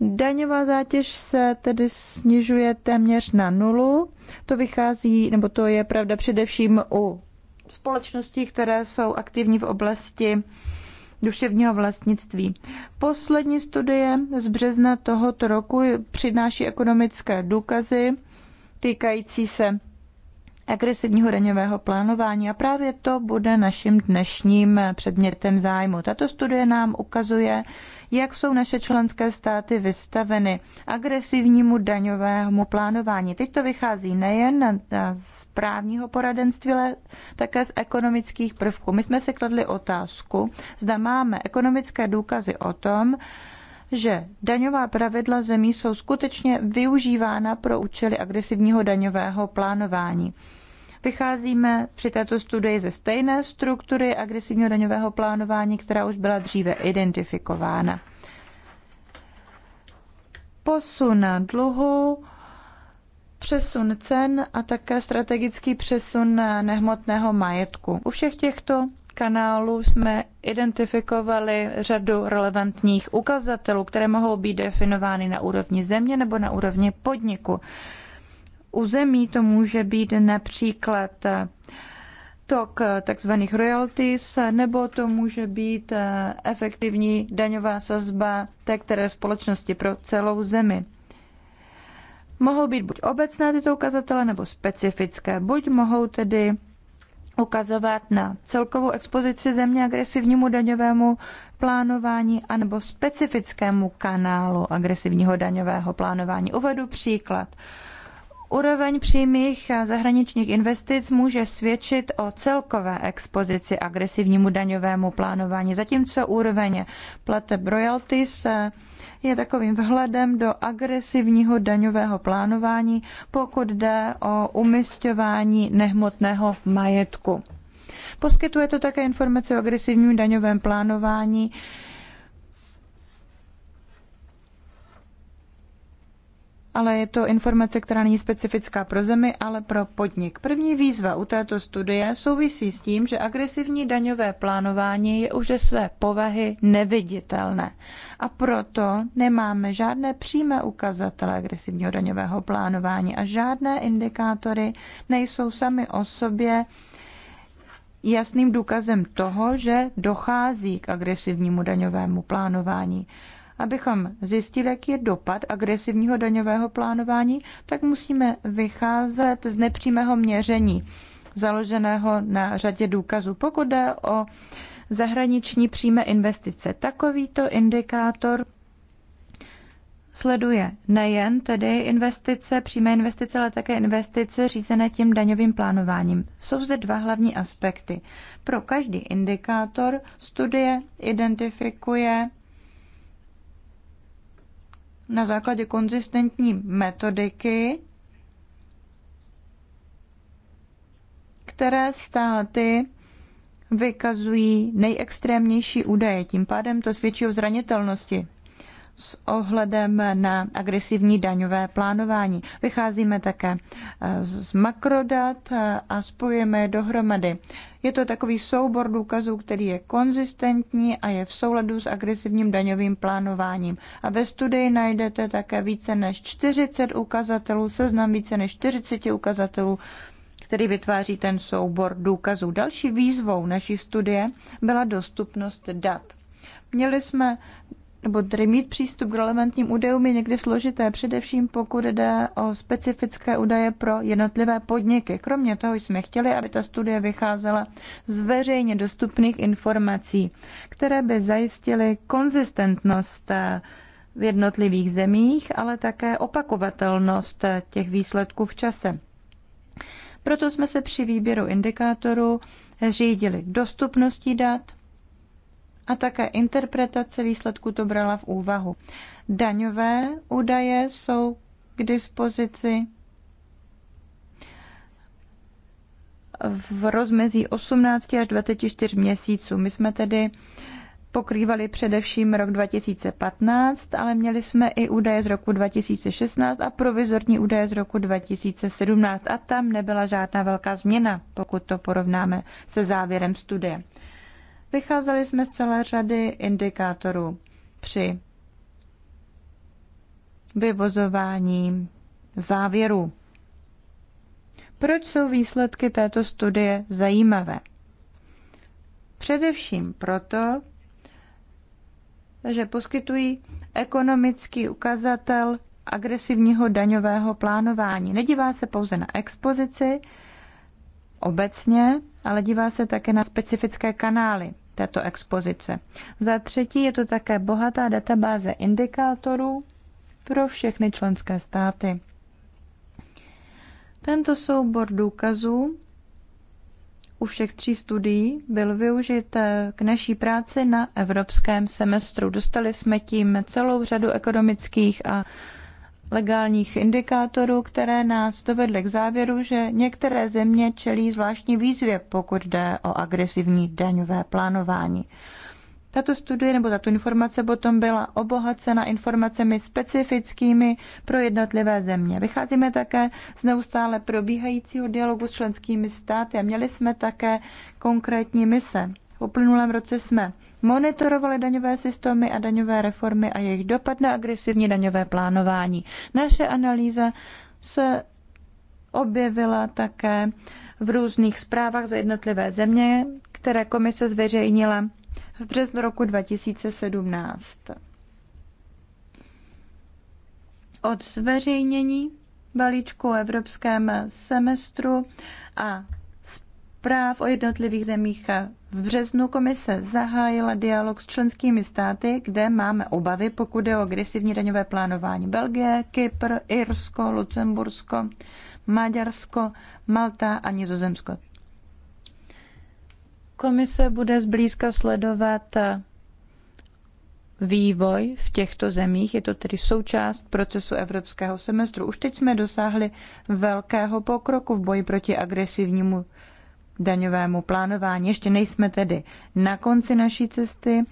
Daňová zátěž se tedy snižuje téměř na nulu. To vychází, nebo to je pravda především u společností, které jsou aktivní v oblasti duševního vlastnictví. Poslední studie z března tohoto roku přináší ekonomické důkazy týkající se agresivního daňového plánování a právě to bude naším dnešním předmětem zájmu. Tato studie nám ukazuje, jak jsou naše členské státy vystaveny agresivnímu daňovému plánování. Teď to vychází nejen z právního poradenství, ale také z ekonomických prvků. My jsme si kladli otázku, zda máme ekonomické důkazy o tom, že daňová pravidla zemí jsou skutečně využívána pro účely agresivního daňového plánování. Vycházíme při této studii ze stejné struktury agresivního daňového plánování, která už byla dříve identifikována. Posun dluhu přesun cen a také strategický přesun nehmotného majetku. U všech těchto kanálů jsme identifikovali řadu relevantních ukazatelů, které mohou být definovány na úrovni země nebo na úrovni podniku území to může být například tok tzv. royalties, nebo to může být efektivní daňová sazba té které společnosti pro celou zemi. Mohou být buď obecné tyto ukazatele, nebo specifické. Buď mohou tedy ukazovat na celkovou expozici země agresivnímu daňovému plánování anebo specifickému kanálu agresivního daňového plánování. Uvedu příklad. Úroveň přímých zahraničních investic může svědčit o celkové expozici agresivnímu daňovému plánování, zatímco úroveň plateb royalties je takovým vhledem do agresivního daňového plánování, pokud jde o umistování nehmotného majetku. Poskytuje to také informace o agresivním daňovém plánování, ale je to informace, která není specifická pro zemi, ale pro podnik. První výzva u této studie souvisí s tím, že agresivní daňové plánování je už ze své povahy neviditelné a proto nemáme žádné přímé ukazatele agresivního daňového plánování a žádné indikátory nejsou sami o sobě jasným důkazem toho, že dochází k agresivnímu daňovému plánování. Abychom zjistili, jaký je dopad agresivního daňového plánování, tak musíme vycházet z nepřímého měření založeného na řadě důkazů. Pokud jde o zahraniční přímé investice, takovýto indikátor sleduje nejen tedy investice, přímé investice, ale také investice řízené tím daňovým plánováním. Jsou zde dva hlavní aspekty. Pro každý indikátor studie identifikuje na základě konzistentní metodiky, které státy vykazují nejextrémnější údaje. Tím pádem to svědčí o zranitelnosti s ohledem na agresivní daňové plánování. Vycházíme také z makrodat a spojíme dohromady. Je to takový soubor důkazů, který je konzistentní a je v souladu s agresivním daňovým plánováním. A ve studii najdete také více než 40 ukazatelů, seznam více než 40 ukazatelů, který vytváří ten soubor důkazů. Další výzvou naší studie byla dostupnost dat. Měli jsme nebo tedy mít přístup k relevantním údajům je někdy složité, především pokud jde o specifické údaje pro jednotlivé podniky. Kromě toho jsme chtěli, aby ta studie vycházela z veřejně dostupných informací, které by zajistily konzistentnost eh, v jednotlivých zemích, ale také opakovatelnost eh, těch výsledků v čase. Proto jsme se při výběru indikátorů řídili dostupností dat, a také interpretace výsledku to brala v úvahu. Daňové údaje jsou k dispozici v rozmezí 18 až 24 měsíců. My jsme tedy pokrývali především rok 2015, ale měli jsme i údaje z roku 2016 a provizorní údaje z roku 2017 a tam nebyla žádná velká změna, pokud to porovnáme se závěrem studie. Vycházeli jsme z celé řady indikátorů při vyvozování závěrů. Proč jsou výsledky této studie zajímavé? Především proto, že poskytují ekonomický ukazatel agresivního daňového plánování. Nedívá se pouze na expozici obecně, ale dívá se také na specifické kanály této expozice. Za třetí je to také bohatá databáze indikátorů pro všechny členské státy. Tento soubor důkazů u všech tří studií byl využit eh, k naší práci na evropském semestru. Dostali jsme tím celou řadu ekonomických a legálních indikátorů, které nás dovedly k závěru, že některé země čelí zvláštní výzvě, pokud jde o agresivní daňové plánování. Tato studie nebo tato informace potom byla obohacena informacemi specifickými pro jednotlivé země. Vycházíme také z neustále probíhajícího dialogu s členskými státy a měli jsme také konkrétní mise v uplynulém roce jsme monitorovali daňové systémy a daňové reformy a jejich dopad na agresivní daňové plánování. Naše analýza se objevila také v různých zprávách za jednotlivé země, které komise zveřejnila v březnu roku 2017. Od zveřejnění balíčku o evropském semestru a práv o jednotlivých zemích. V březnu komise zahájila dialog s členskými státy, kde máme obavy, pokud je o agresivní daňové plánování. Belgie, Kypr, Irsko, Lucembursko, Maďarsko, Malta a Nizozemsko. Komise bude zblízka sledovat eh, vývoj v těchto zemích. Je to tedy součást procesu evropského semestru. Už teď jsme dosáhli velkého pokroku v boji proti agresivnímu daňovému plánování. Ještě nejsme tedy na konci naší cesty.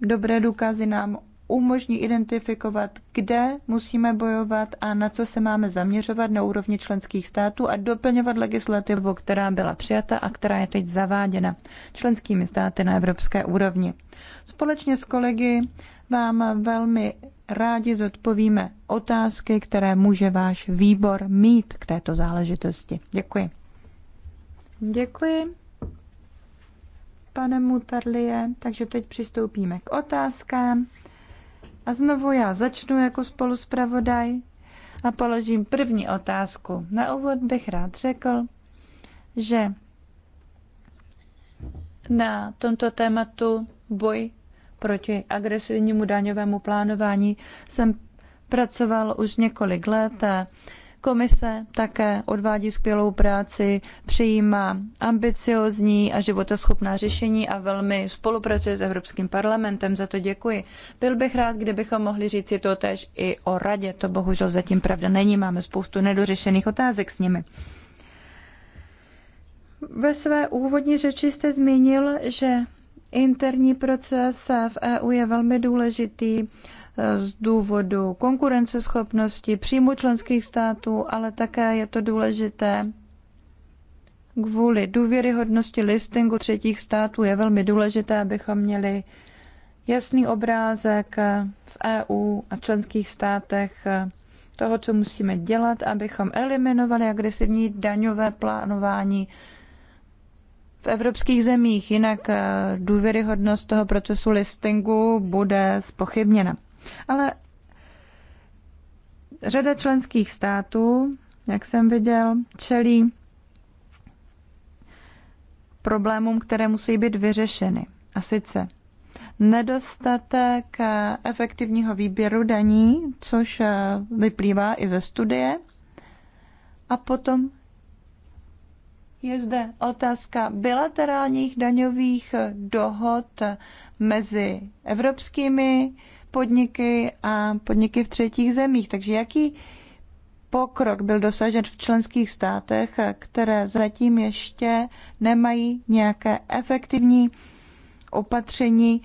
Dobré důkazy nám umožní identifikovat, kde musíme bojovat a na co se máme zaměřovat na úrovni členských států a doplňovat legislativu, která byla přijata a která je teď zaváděna členskými státy na evropské úrovni. Společně s kolegy vám velmi rádi zodpovíme otázky, které může váš výbor mít k této záležitosti. Děkuji. Děkuji, pane Mutarlie. Takže teď přistoupíme k otázkám. A znovu já začnu jako spoluspravodaj a položím první otázku. Na úvod bych rád řekl, že na tomto tématu boj proti agresivnímu daňovému plánování jsem pracoval už několik let. A Komise také odvádí skvělou práci, přijímá ambiciozní a životaschopná řešení a velmi spolupracuje s Evropským parlamentem. Za to děkuji. Byl bych rád, kdybychom mohli říct si to tež i o radě. To bohužel zatím pravda není. Máme spoustu nedořešených otázek s nimi. Ve své úvodní řeči jste zmínil, že interní proces v EU je velmi důležitý z důvodu konkurenceschopnosti příjmu členských států, ale také je to důležité kvůli důvěryhodnosti listingu třetích států. Je velmi důležité, abychom měli jasný obrázek v EU a v členských státech toho, co musíme dělat, abychom eliminovali agresivní daňové plánování v evropských zemích, jinak důvěryhodnost toho procesu listingu bude spochybněna. Ale řada členských států, jak jsem viděl, čelí problémům, které musí být vyřešeny. A sice nedostatek eh, efektivního výběru daní, což eh, vyplývá i ze studie. A potom je zde otázka bilaterálních daňových eh, dohod mezi evropskými podniky a podniky v třetích zemích. Takže jaký pokrok byl dosažen v členských státech, které zatím ještě nemají nějaké efektivní opatření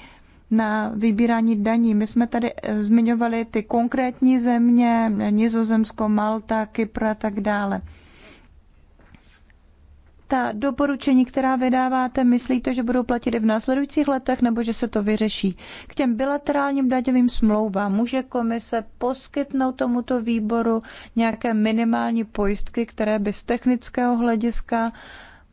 na vybírání daní. My jsme tady eh, zmiňovali ty konkrétní země, Nizozemsko, Malta, Kypr a tak dále ta doporučení, která vydáváte, myslíte, že budou platit i v následujících letech, nebo že se to vyřeší? K těm bilaterálním daňovým smlouvám může komise poskytnout tomuto výboru nějaké minimální pojistky, které by z technického hlediska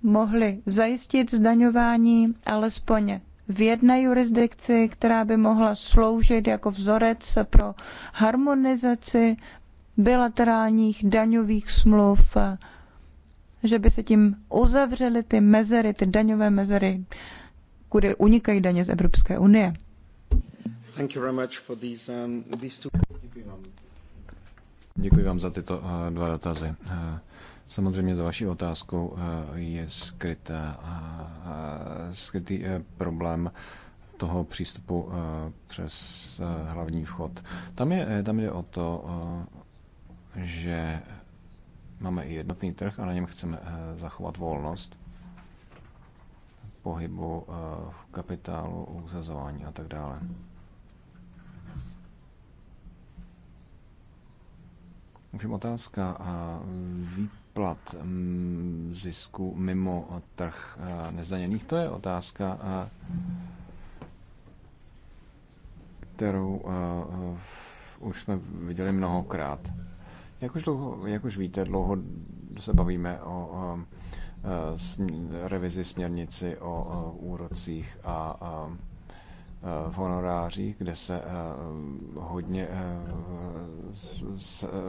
mohly zajistit zdaňování alespoň v jedné jurisdikci, která by mohla sloužit jako vzorec pro harmonizaci bilaterálních daňových smluv že by se tím uzavřely ty mezery, ty daňové mezery, kudy unikají daně z Evropské unie. Um, Děkuji vám. Děkuji vám za tyto uh, dva dotazy. Uh, samozřejmě za vaší otázkou uh, je skrytá, skrytý problém toho přístupu přes hlavní vchod. Tam, je, tam jde o to, že Máme i jednotný trh a na něm chceme eh, zachovat volnost pohybu eh, kapitálu, uzazování a tak dále. Můžeme otázka a eh, výplat mm, zisku mimo trh nezdaněných, to je otázka, kterou už jsme viděli mnohokrát. Jak už, dlouho, jak už víte, dlouho se bavíme o, o e, revizi směrnici o úrocích a e, v honorářích, kde se e, hodně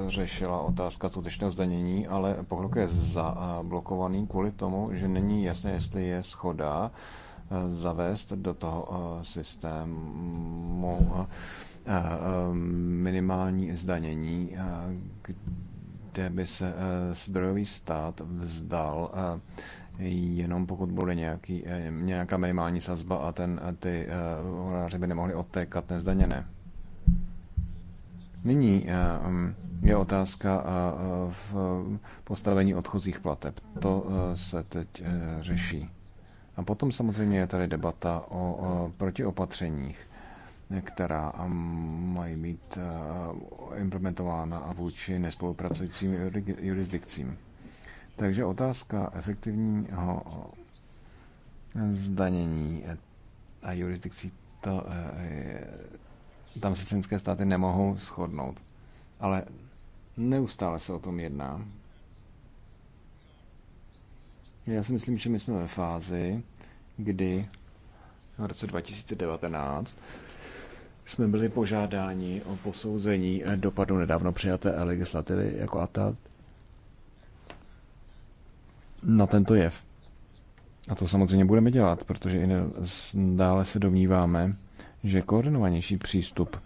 řešila otázka skutečného zdanění, ale pokrok je zablokovaný kvůli tomu, že není jasné, jestli je schoda zavést do toho systému minimální zdanění, kde by se zdrojový stát vzdal jenom pokud bude nějaký, e, nějaká minimální sazba a ten, ty e, honoráři by nemohli odtékat nezdaněné. Nyní e, je otázka v postavení odchozích plateb. To se teď řeší. A potom samozřejmě je tady debata o protiopatřeních která um, mají být uh, implementována a vůči nespolupracujícím jurisdikcím. Takže otázka efektivního zdanění a jurisdikcí, to, eh, tam se členské státy nemohou shodnout. Ale neustále se o tom jedná. Já si myslím, že my jsme ve fázi, kdy v roce 2019 jsme byli požádáni o posouzení eh, dopadu nedávno přijaté legislativy jako ATA na tento jev. A to samozřejmě budeme dělat, protože i dále se domníváme, že koordinovanější přístup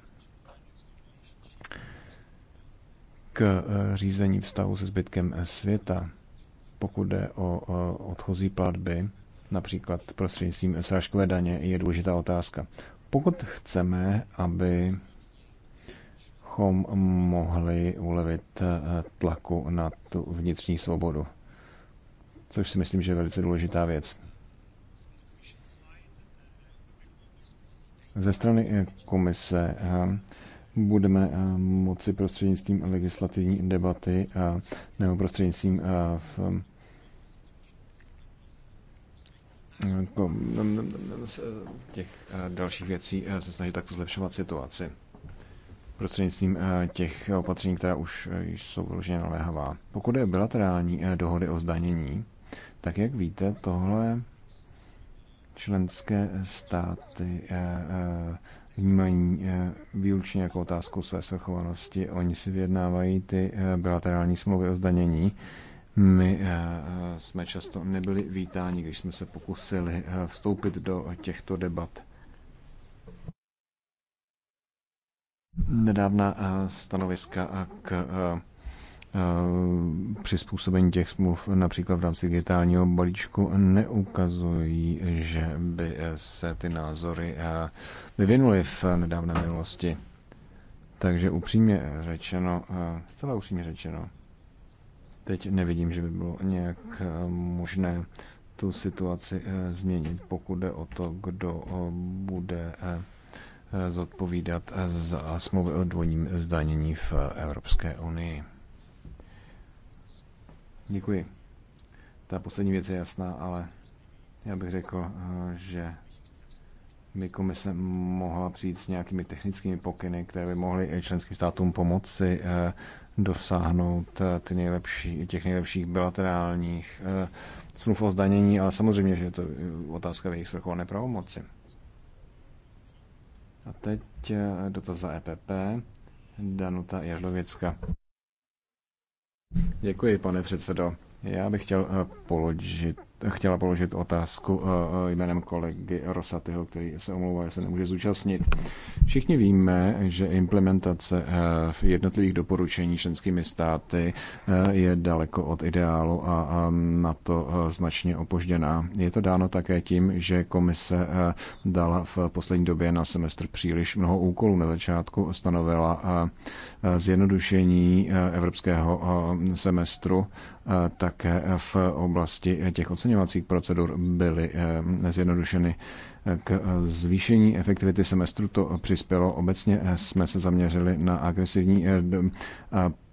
k eh, řízení vztahu se zbytkem eh, světa, pokud jde o odchozí platby, například prostřednictvím srážkové daně, je důležitá otázka. Pokud chceme, aby abychom mohli ulevit eh, tlaku na tu vnitřní svobodu, což si myslím, že je velice důležitá věc. Ze strany eh, komise eh, budeme moci prostřednictvím legislativní debaty nebo prostřednictvím Jako, mm, mm, mm, eh, těch eh, dalších věcí eh, se snažit takto zlepšovat situaci prostřednictvím těch opatření, která už jsou vyloženě naléhavá. Pokud je bilaterální dohody o zdanění, tak jak víte, tohle členské státy vnímají výlučně jako otázku své svrchovanosti. Oni si vyjednávají ty bilaterální smlouvy o zdanění my eh, eh, jsme často nebyli vítáni, když jsme se pokusili eh, vstoupit do těchto debat. Nedávna stanoviska k přizpůsobení těch smluv například v rámci digitálního balíčku neukazují, že by se ty názory vyvinuly v nedávné minulosti. Takže upřímně řečeno, zcela upřímně řečeno, Teď nevidím, že by bylo nějak eh, možné tu situaci eh, změnit, pokud jde o to, kdo eh, bude zodpovídat za smlouvy o dvojním zdanění v Evropské unii. Děkuji. Ta poslední věc je jasná, ale já bych řekl, že by komise mohla přijít s nějakými technickými pokyny, které by mohly členským státům pomoci dosáhnout eh, ty nejlepší, těch nejlepších bilaterálních eh, smluv o zdanění, ale samozřejmě, že je to eh, otázka v jejich svrchované pravomoci. A teď dotaz za EPP, Danuta Jažlověcka. Děkuji, pane předsedo. Já bych chtěl položit chtěla položit otázku eh, eh, jménem kolegy Rosatyho, který se omlouvá, že se nemůže zúčastnit. Všichni víme, že implementace eh, v jednotlivých doporučení členskými státy je daleko od ideálu a na to značně opožděná. Je to dáno také tím, že komise dala v poslední době na semestr příliš mnoho úkolů. Na začátku stanovila zjednodušení evropského semestru také v oblasti těch ocenění oceňovacích procedur byly eh, zjednodušeny. Eh, k eh, zvýšení efektivity semestru to přispělo. Obecně jsme se zaměřili na agresivní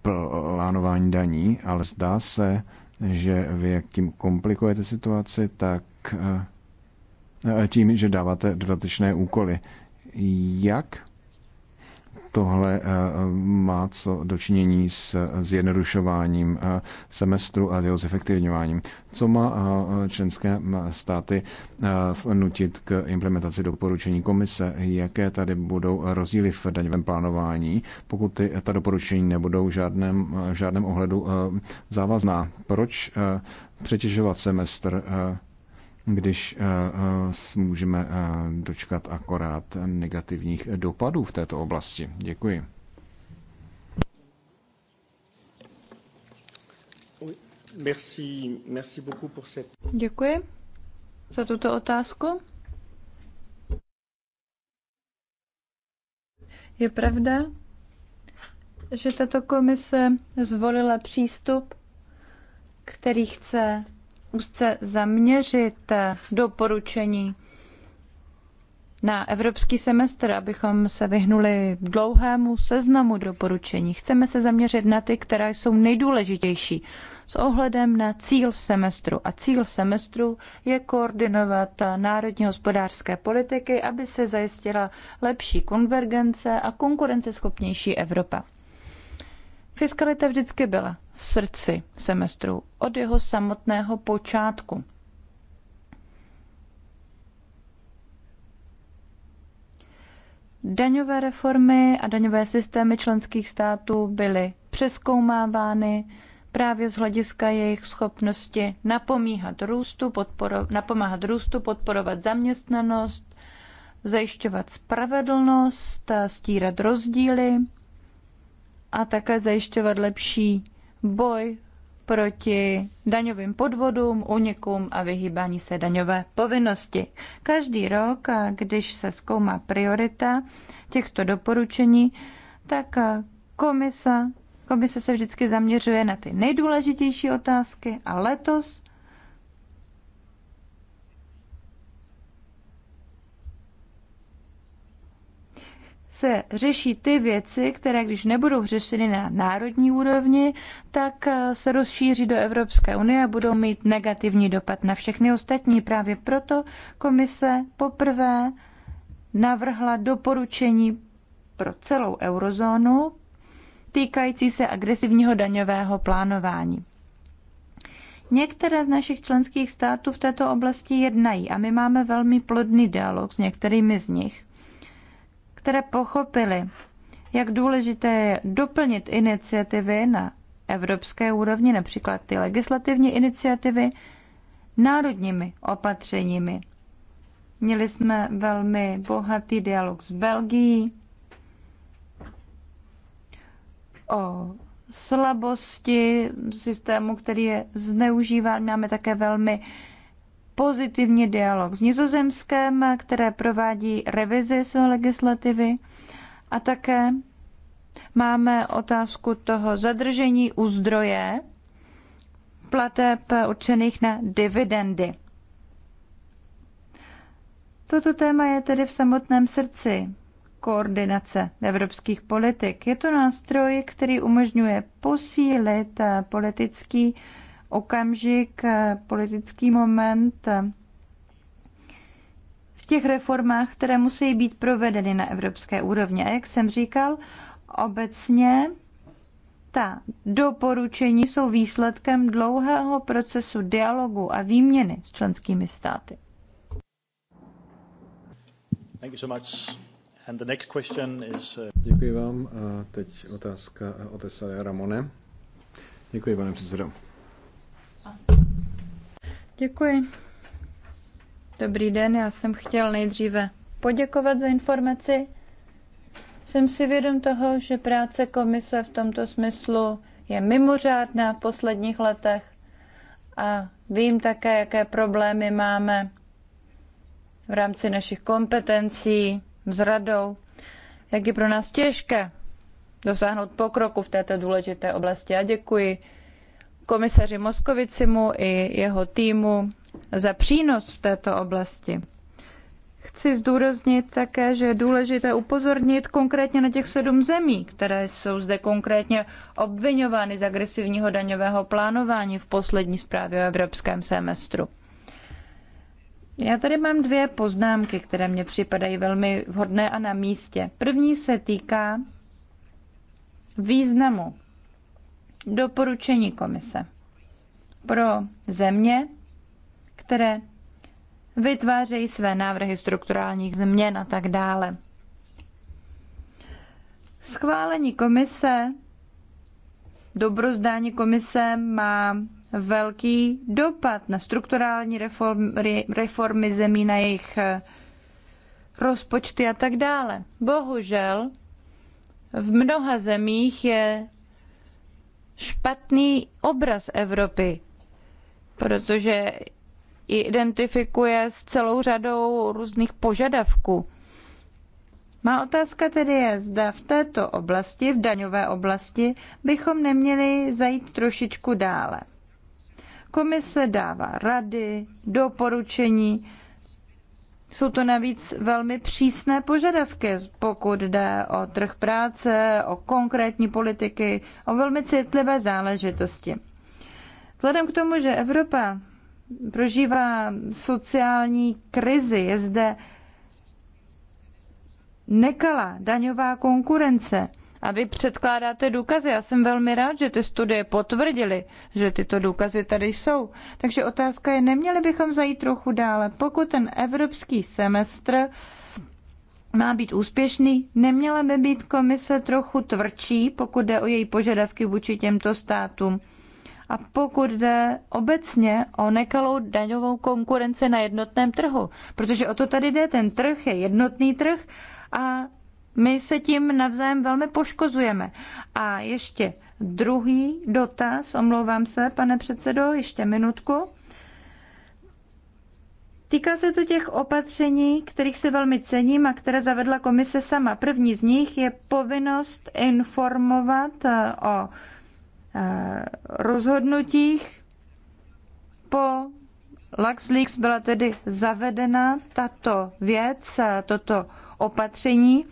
plánování daní, ale zdá se, že vy jak tím komplikujete situaci, tak tím, že dáváte dodatečné úkoly. Jak tohle eh, má co dočinění s zjednodušováním eh, semestru a jeho zefektivňováním. Co má eh, členské státy nutit k implementaci doporučení komise? Jaké tady budou rozdíly v daňovém plánování, pokud ty, ta doporučení nebudou v žádném, v žádném ohledu závazná? Proč přetěžovat semestr když eh, eh, můžeme eh, dočkat akorát negativních dopadů v této oblasti. Děkuji. Děkuji za tuto otázku. Je pravda, že tato komise zvolila přístup, který chce úzce zaměřit doporučení na evropský semestr, abychom se vyhnuli dlouhému seznamu doporučení. Chceme se zaměřit na ty, které jsou nejdůležitější s ohledem na cíl semestru. A cíl semestru je koordinovat národní hospodářské politiky, aby se zajistila lepší konvergence a konkurenceschopnější Evropa. Fiskalita vždycky byla v srdci semestru od jeho samotného počátku. Daňové reformy a daňové systémy členských států byly přeskoumávány právě z hlediska jejich schopnosti napomíhat růstu, podporo, napomáhat růstu, podporovat zaměstnanost, zajišťovat spravedlnost, stírat rozdíly a také zajišťovat lepší boj proti daňovým podvodům, unikům a vyhýbání se daňové povinnosti. Každý rok, když se zkoumá priorita těchto doporučení, tak komisa, komise se vždycky zaměřuje na ty nejdůležitější otázky a letos se řeší ty věci, které když nebudou řešeny na národní úrovni, tak eh, se rozšíří do Evropské unie a budou mít negativní dopad na všechny ostatní. Právě proto komise poprvé navrhla doporučení pro celou eurozónu týkající se agresivního daňového plánování. Některé z našich členských států v této oblasti jednají a my máme velmi plodný dialog s některými z nich které pochopili, jak důležité je doplnit iniciativy na evropské úrovni, například ty legislativní iniciativy, národními opatřeními. Měli jsme velmi bohatý dialog s Belgií o slabosti systému, který je zneužíván. Máme také velmi pozitivní dialog s Nizozemskem, které provádí revizi své legislativy a také máme otázku toho zadržení u zdroje plateb určených na dividendy. Toto téma je tedy v samotném srdci koordinace evropských politik. Je to nástroj, který umožňuje posílit politický okamžik, eh, politický moment eh, v těch reformách, které musí být provedeny na evropské úrovni. A jak jsem říkal, obecně ta doporučení jsou výsledkem dlouhého procesu dialogu a výměny s členskými státy. Thank you so much. And the next question is... Uh, Děkuji vám. A teď otázka od Ramone. Děkuji, pane předsedo. Děkuji. Dobrý den, já jsem chtěl nejdříve poděkovat za informaci. Jsem si vědom toho, že práce komise v tomto smyslu je mimořádná v posledních letech a vím také, jaké problémy máme v rámci našich kompetencí s radou, jak je pro nás těžké dosáhnout pokroku v této důležité oblasti. A děkuji komisaři Moskovicimu i jeho týmu za přínos v této oblasti. Chci zdůraznit také, že je důležité upozornit konkrétně na těch sedm zemí, které jsou zde konkrétně obvinovány z agresivního daňového plánování v poslední zprávě o evropském semestru. Já tady mám dvě poznámky, které mě připadají velmi vhodné a na místě. První se týká významu doporučení komise pro země, které vytvářejí své návrhy strukturálních změn a tak dále. Schválení komise, dobrozdání komise má velký dopad na strukturální reformy, reformy zemí, na jejich eh, rozpočty a tak dále. Bohužel v mnoha zemích je špatný obraz Evropy, protože identifikuje s celou řadou různých požadavků. Má otázka tedy je, zda v této oblasti, v daňové oblasti, bychom neměli zajít trošičku dále. Komise dává rady, doporučení, jsou to navíc velmi přísné požadavky, pokud jde o trh práce, o konkrétní politiky, o velmi citlivé záležitosti. Vzhledem k tomu, že Evropa prožívá sociální krizi, je zde nekalá daňová konkurence, a vy předkládáte důkazy. Já jsem velmi rád, že ty studie potvrdily, že tyto důkazy tady jsou. Takže otázka je, neměli bychom zajít trochu dále. Pokud ten evropský semestr má být úspěšný, neměla by být komise trochu tvrdší, pokud jde o její požadavky vůči těmto státům. A pokud jde obecně o nekalou daňovou konkurenci na jednotném trhu, protože o to tady jde, ten trh je jednotný trh a my se tím navzájem velmi poškozujeme. A ještě druhý dotaz, omlouvám se, pane předsedo, ještě minutku. Týká se to těch opatření, kterých si velmi cením a které zavedla komise sama. První z nich je povinnost informovat eh, o eh, rozhodnutích po LuxLeaks byla tedy zavedena tato věc, eh, toto opatření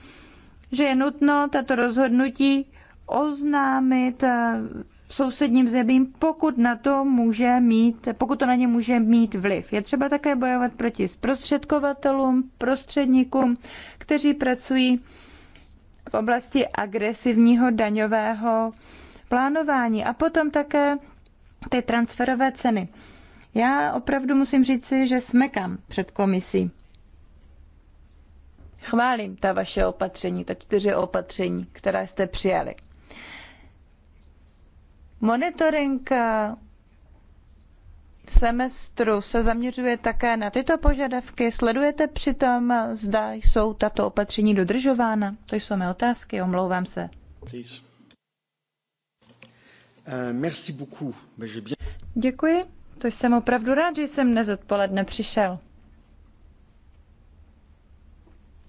že je nutno tato rozhodnutí oznámit eh, sousedním zemím, pokud na to může mít, pokud to na ně může mít vliv. Je třeba také bojovat proti zprostředkovatelům, prostředníkům, kteří pracují v oblasti agresivního daňového plánování a potom také ty transferové ceny. Já opravdu musím říci, že smekám před komisí chválím ta vaše opatření, ta čtyři opatření, která jste přijali. Monitoring eh, semestru se zaměřuje také na tyto požadavky. Sledujete přitom, zda jsou tato opatření dodržována? To jsou mé otázky, omlouvám se. Eh, Děkuji, to jsem opravdu rád, že jsem dnes odpoledne přišel.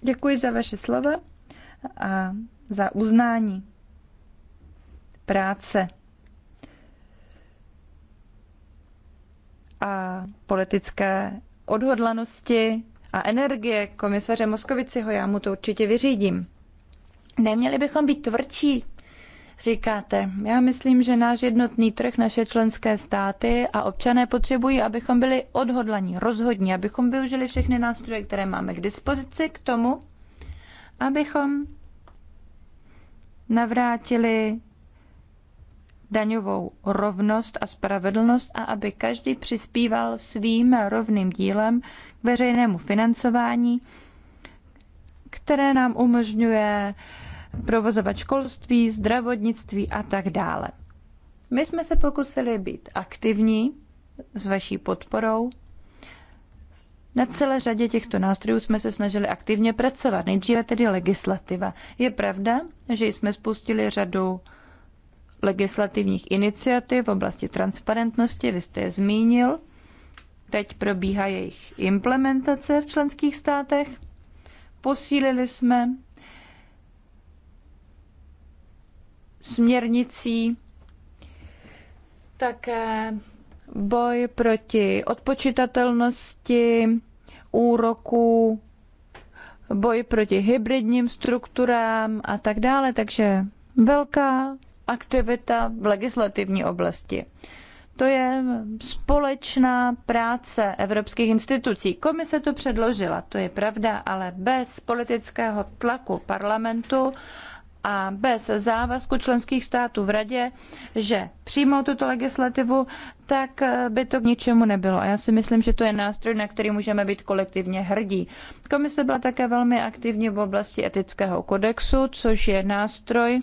Děkuji za vaše slova a za uznání práce a politické odhodlanosti a energie komisaře Moskoviciho. Já mu to určitě vyřídím. Neměli bychom být tvrdší říkáte. Já myslím, že náš jednotný trh, naše členské státy a občané potřebují, abychom byli odhodlaní, rozhodní, abychom využili všechny nástroje, které máme k dispozici k tomu, abychom navrátili daňovou rovnost a spravedlnost a aby každý přispíval svým rovným dílem k veřejnému financování, které nám umožňuje provozovat školství, zdravotnictví a tak dále. My jsme se pokusili být aktivní s vaší podporou. Na celé řadě těchto nástrojů jsme se snažili aktivně pracovat. Nejdříve tedy legislativa. Je pravda, že jsme spustili řadu legislativních iniciativ v oblasti transparentnosti, vy jste je zmínil. Teď probíhá jejich implementace v členských státech. Posílili jsme směrnicí, také boj proti odpočitatelnosti úroků, boj proti hybridním strukturám a tak dále. Takže velká aktivita v legislativní oblasti. To je společná práce evropských institucí. Komise to předložila, to je pravda, ale bez politického tlaku parlamentu a bez závazku členských států v radě, že přijmou tuto legislativu, tak eh, by to k ničemu nebylo. A já si myslím, že to je nástroj, na který můžeme být kolektivně hrdí. Komise byla také velmi aktivní v oblasti etického kodexu, což je nástroj,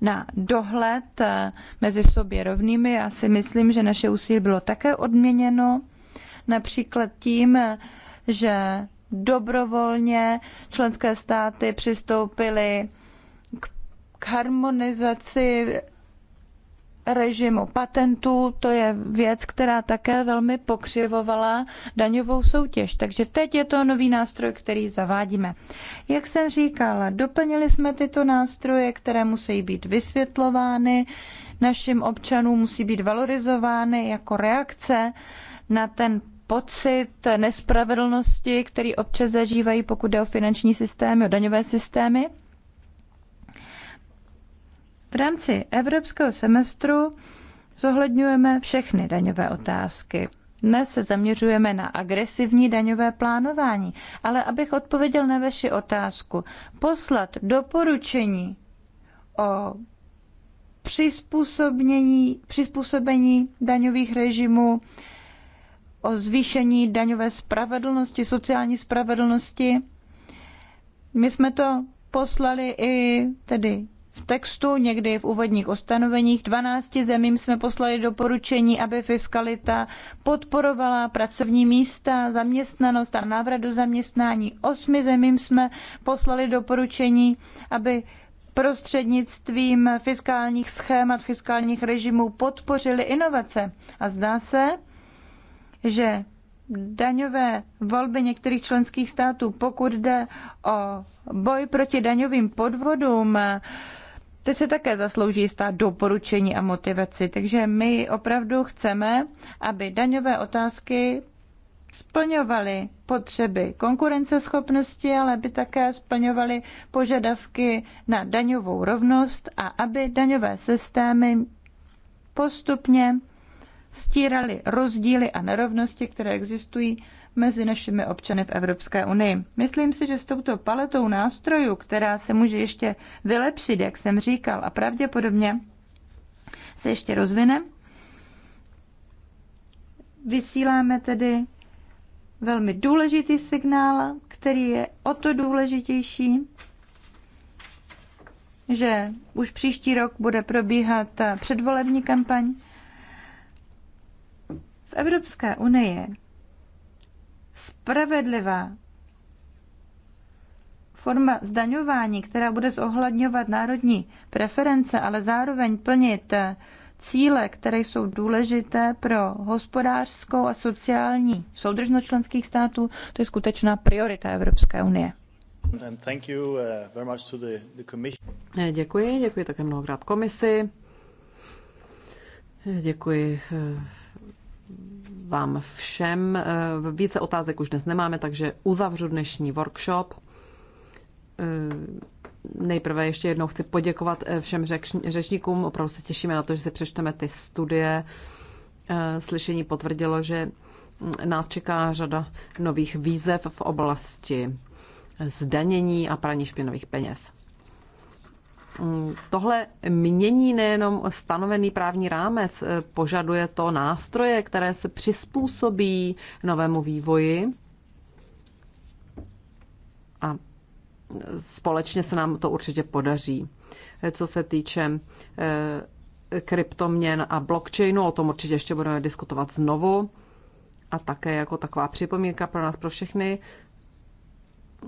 na dohled eh, mezi sobě rovnými. Já si myslím, že naše úsilí bylo také odměněno, například tím, eh, že dobrovolně členské státy přistoupily k harmonizaci režimu patentů, to je věc, která také velmi pokřivovala daňovou soutěž. Takže teď je to nový nástroj, který zavádíme. Jak jsem říkala, doplnili jsme tyto nástroje, které musí být vysvětlovány našim občanům, musí být valorizovány jako reakce na ten pocit nespravedlnosti, který občas zažívají, pokud jde o finanční systémy, o daňové systémy. V rámci evropského semestru zohledňujeme všechny daňové otázky. Dnes se zaměřujeme na agresivní daňové plánování, ale abych odpověděl na vaši otázku, poslat doporučení o přizpůsobení, přizpůsobení daňových režimů o zvýšení daňové spravedlnosti, sociální spravedlnosti. My jsme to poslali i tedy v textu, někdy v úvodních ustanoveních. 12 zemím jsme poslali doporučení, aby fiskalita podporovala pracovní místa, zaměstnanost a návrat do zaměstnání. Osmi zemím jsme poslali doporučení, aby prostřednictvím fiskálních schémat, fiskálních režimů podpořili inovace. A zdá se, že daňové volby některých členských států, pokud jde o boj proti daňovým podvodům, ty se také zaslouží stát doporučení a motivaci. Takže my opravdu chceme, aby daňové otázky splňovaly potřeby konkurenceschopnosti, ale aby také splňovaly požadavky na daňovou rovnost a aby daňové systémy postupně stírali rozdíly a nerovnosti, které existují mezi našimi občany v Evropské unii. Myslím si, že s touto paletou nástrojů, která se může ještě vylepšit, jak jsem říkal, a pravděpodobně se ještě rozvine, vysíláme tedy velmi důležitý signál, který je o to důležitější, že už příští rok bude probíhat předvolební kampaň Evropské unii spravedlivá forma zdaňování, která bude zohledňovat národní preference, ale zároveň plnit cíle, které jsou důležité pro hospodářskou a sociální soudržnost členských států, to je skutečná priorita Evropské unie. Uh, eh, děkuji, děkuji také mnohokrát komisi. Eh, děkuji eh, vám všem. Eh, více otázek už dnes nemáme, takže uzavřu dnešní workshop. Eh, nejprve ještě jednou chci poděkovat eh, všem řečníkům. Opravdu se těšíme na to, že si přečteme ty studie. Slyšení potvrdilo, že mm, nás čeká řada nových výzev v oblasti zdanění a praní špinových peněz. Mm, tohle mění nejenom stanovený právní rámec, eh, požaduje to nástroje, které se přizpůsobí novému vývoji. A společně se nám to určitě podaří. Eh, co se týče eh, kryptoměn a blockchainu, o tom určitě ještě budeme diskutovat znovu. A také jako taková připomínka pro nás, pro všechny,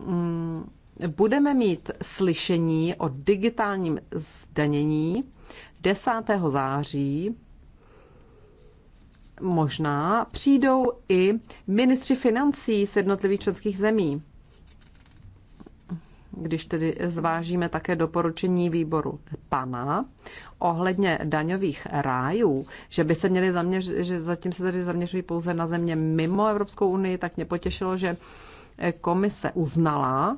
mm, budeme mít slyšení o digitálním zdanění 10. září. Možná přijdou i ministři financí z jednotlivých členských zemí, když tedy zvážíme také doporučení výboru pana ohledně daňových rájů, že by se měli zaměřit, že zatím se tady zaměřují pouze na země mimo Evropskou unii, tak mě potěšilo, že komise uznala,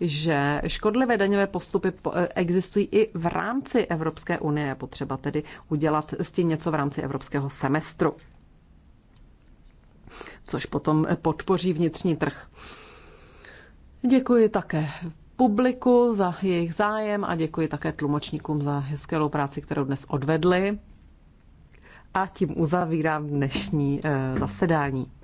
že škodlivé daňové postupy existují i v rámci Evropské unie. potřeba tedy udělat s tím něco v rámci evropského semestru, což potom podpoří vnitřní trh. Děkuji také publiku za jejich zájem a děkuji také tlumočníkům za hezkou práci, kterou dnes odvedli. A tím uzavírám dnešní eh, zasedání.